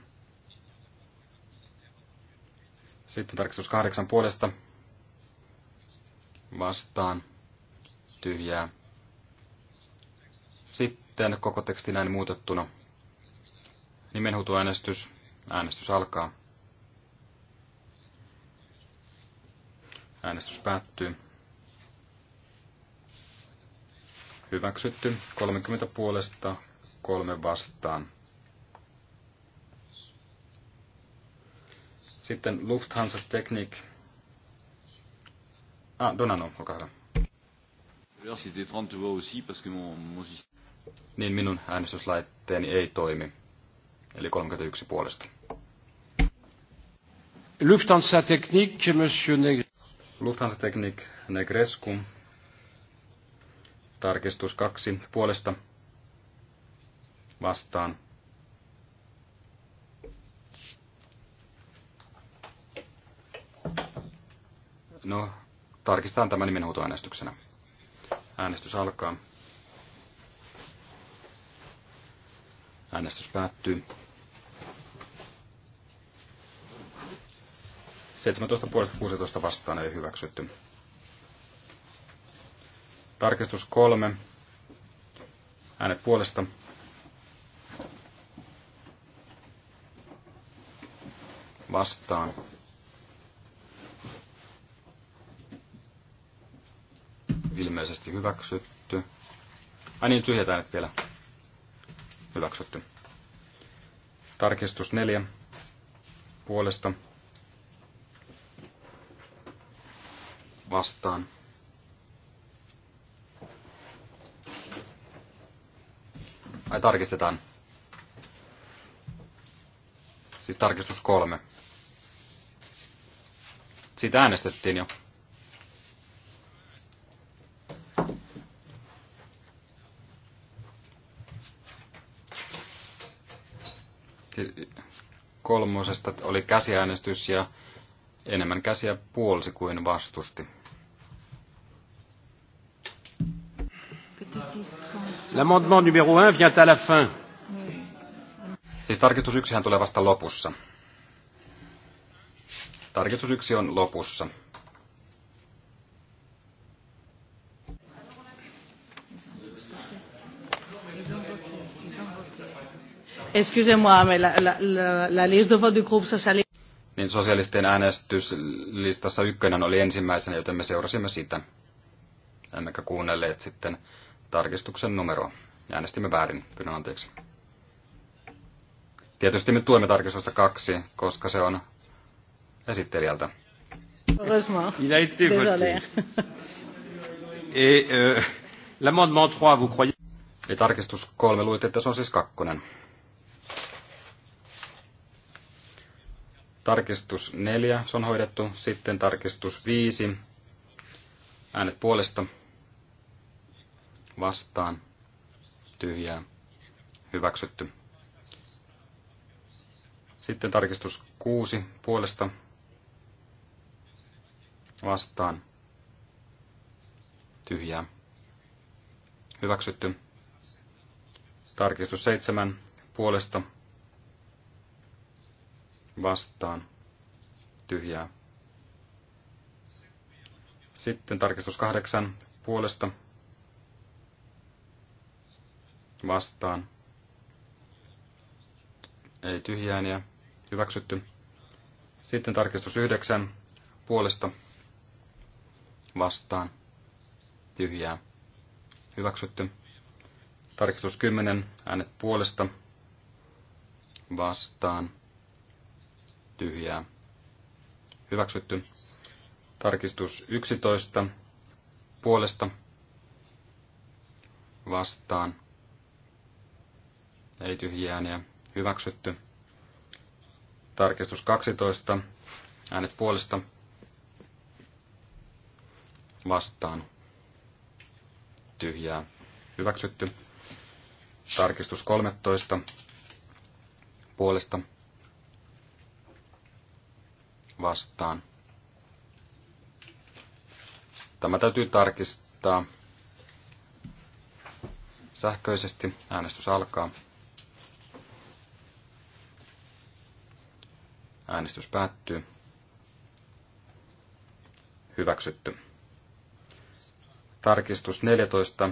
Sitten tarkistus 8 puolesta vastaan tyhjää. Sitten koko teksti näin muutettuna. Nimenhuutoäänestys. Äänestys alkaa. Äänestys päättyy. Hyväksytty 30 puolesta, kolme vastaan. Sitten Lufthansa Technik. Ah, Donano, olkaa hyvä. Niin minun äänestyslaitteeni ei toimi. Eli 31 puolesta. Lufthansa Technik, Monsieur Negre. Lufthansa Technik, Negrescu. Tarkistus kaksi puolesta vastaan. No, tarkistetaan tämä nimenhuutoäänestyksenä. Äänestys alkaa. Äänestys päättyy. 17 puolesta 16 vastaan ei hyväksytty. Tarkistus 3. Äänet puolesta. Vastaan. ilmeisesti hyväksytty. Ai niin, tyhjätään nyt vielä. Hyväksytty. Tarkistus neljä puolesta vastaan. Ai tarkistetaan. Siis tarkistus kolme. Siitä äänestettiin jo. kolmosesta oli käsiäänestys ja enemmän käsiä puolsi kuin vastusti. L'amendement numéro 1 vient à la fin. Siis tarkistus yksihän tulee vasta lopussa. Tarkistus yksi on lopussa. Excusez-moi, mais la, la, la, la liste de vote du groupe socialiste... Niin sosialistien äänestyslistassa ykkönen oli ensimmäisenä, joten me seurasimme sitä. Emmekä kuunnelleet sitten tarkistuksen numeroa. Äänestimme väärin, pyydän anteeksi. Tietysti me tuemme tarkistusta kaksi, koska se on esittelijältä. Il a été voté. Et euh, l'amendement 3, vous croyez... tarkistus kolme, luulitte, että se on siis kakkonen. Tarkistus 4, se on hoidettu. Sitten tarkistus 5, äänet puolesta vastaan, tyhjää, hyväksytty. Sitten tarkistus 6 puolesta vastaan, tyhjää, hyväksytty. Tarkistus 7 puolesta vastaan vastaan tyhjää. Sitten tarkistus kahdeksan puolesta vastaan. Ei ja Hyväksytty. Sitten tarkistus yhdeksän puolesta vastaan. Tyhjää. Hyväksytty. Tarkistus 10. Äänet puolesta vastaan tyhjää hyväksytty. Tarkistus 11 puolesta vastaan ei tyhjiä ääniä hyväksytty. Tarkistus 12 äänet puolesta vastaan tyhjää hyväksytty. Tarkistus 13 puolesta vastaan vastaan. Tämä täytyy tarkistaa sähköisesti. Äänestys alkaa. Äänestys päättyy. Hyväksytty. Tarkistus 14.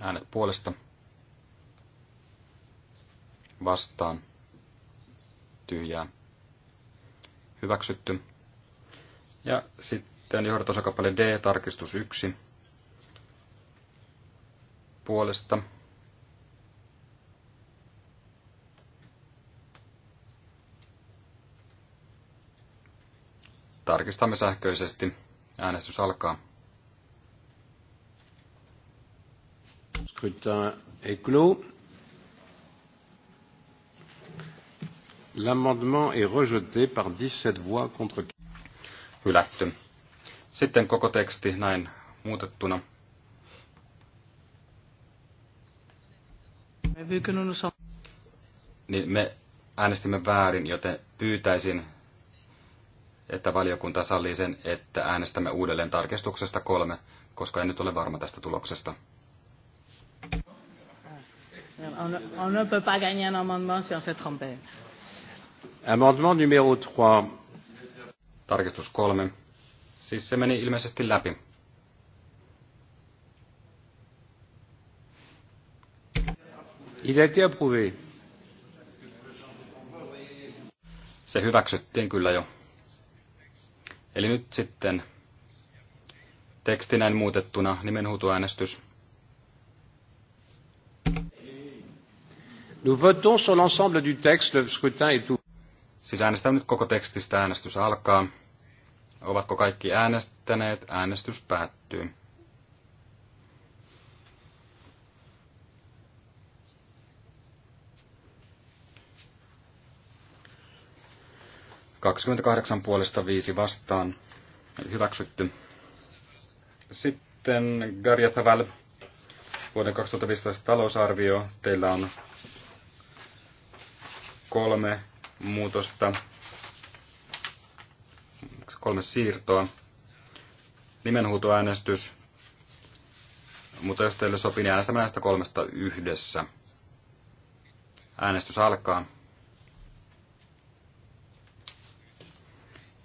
Äänet puolesta. Vastaan. Tyhjää hyväksytty. Ja sitten johdatusosakappale D, tarkistus 1 puolesta. Tarkistamme sähköisesti. Äänestys alkaa. Scrutin est clos. L'amendement est rejeté par 17 voix contre... Hylätty. Sitten koko teksti näin muutettuna. Niin me äänestimme väärin, joten pyytäisin, että valiokunta sallii sen, että äänestämme uudelleen tarkistuksesta kolme, koska en nyt ole varma tästä tuloksesta. On, ne peut pas gagner un amendement si on se trompe. Amendement numero 3. Tarkistus 3. Siis se meni ilmeisesti läpi. Il a été approuvé. Se hyväksyttiin kyllä jo. Eli nyt sitten teksti näin muutettuna nimenhuutoäänestys. Nous votons sur l'ensemble du texte, le scrutin est tout. Siis äänestää nyt koko tekstistä. Äänestys alkaa. Ovatko kaikki äänestäneet? Äänestys päättyy. Kaksikymmentäkahdeksan puolesta viisi vastaan. Eli hyväksytty. Sitten Garja Taval, vuoden 2015 talousarvio. Teillä on kolme muutosta, kolme siirtoa, nimenhuutoäänestys, mutta jos teille sopii, niin äänestämme näistä kolmesta yhdessä. Äänestys alkaa.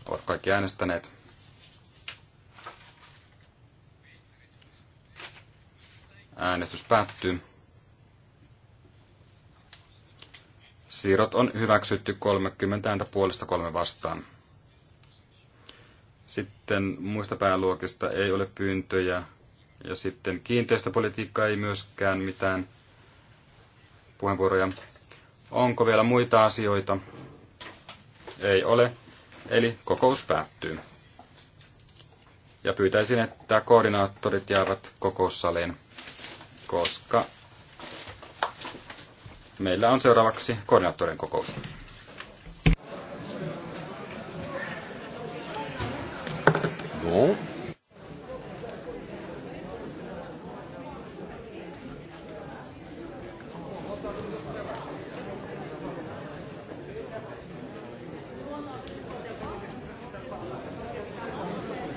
Ovat kaikki äänestäneet. Äänestys päättyy. Siirrot on hyväksytty 30 ääntä puolesta kolme vastaan. Sitten muista pääluokista ei ole pyyntöjä. Ja sitten kiinteistöpolitiikka ei myöskään mitään puheenvuoroja. Onko vielä muita asioita? Ei ole. Eli kokous päättyy. Ja pyytäisin, että koordinaattorit jäävät kokoussaliin, koska Meillä on seuraavaksi koordinaattorin kokous. Bon.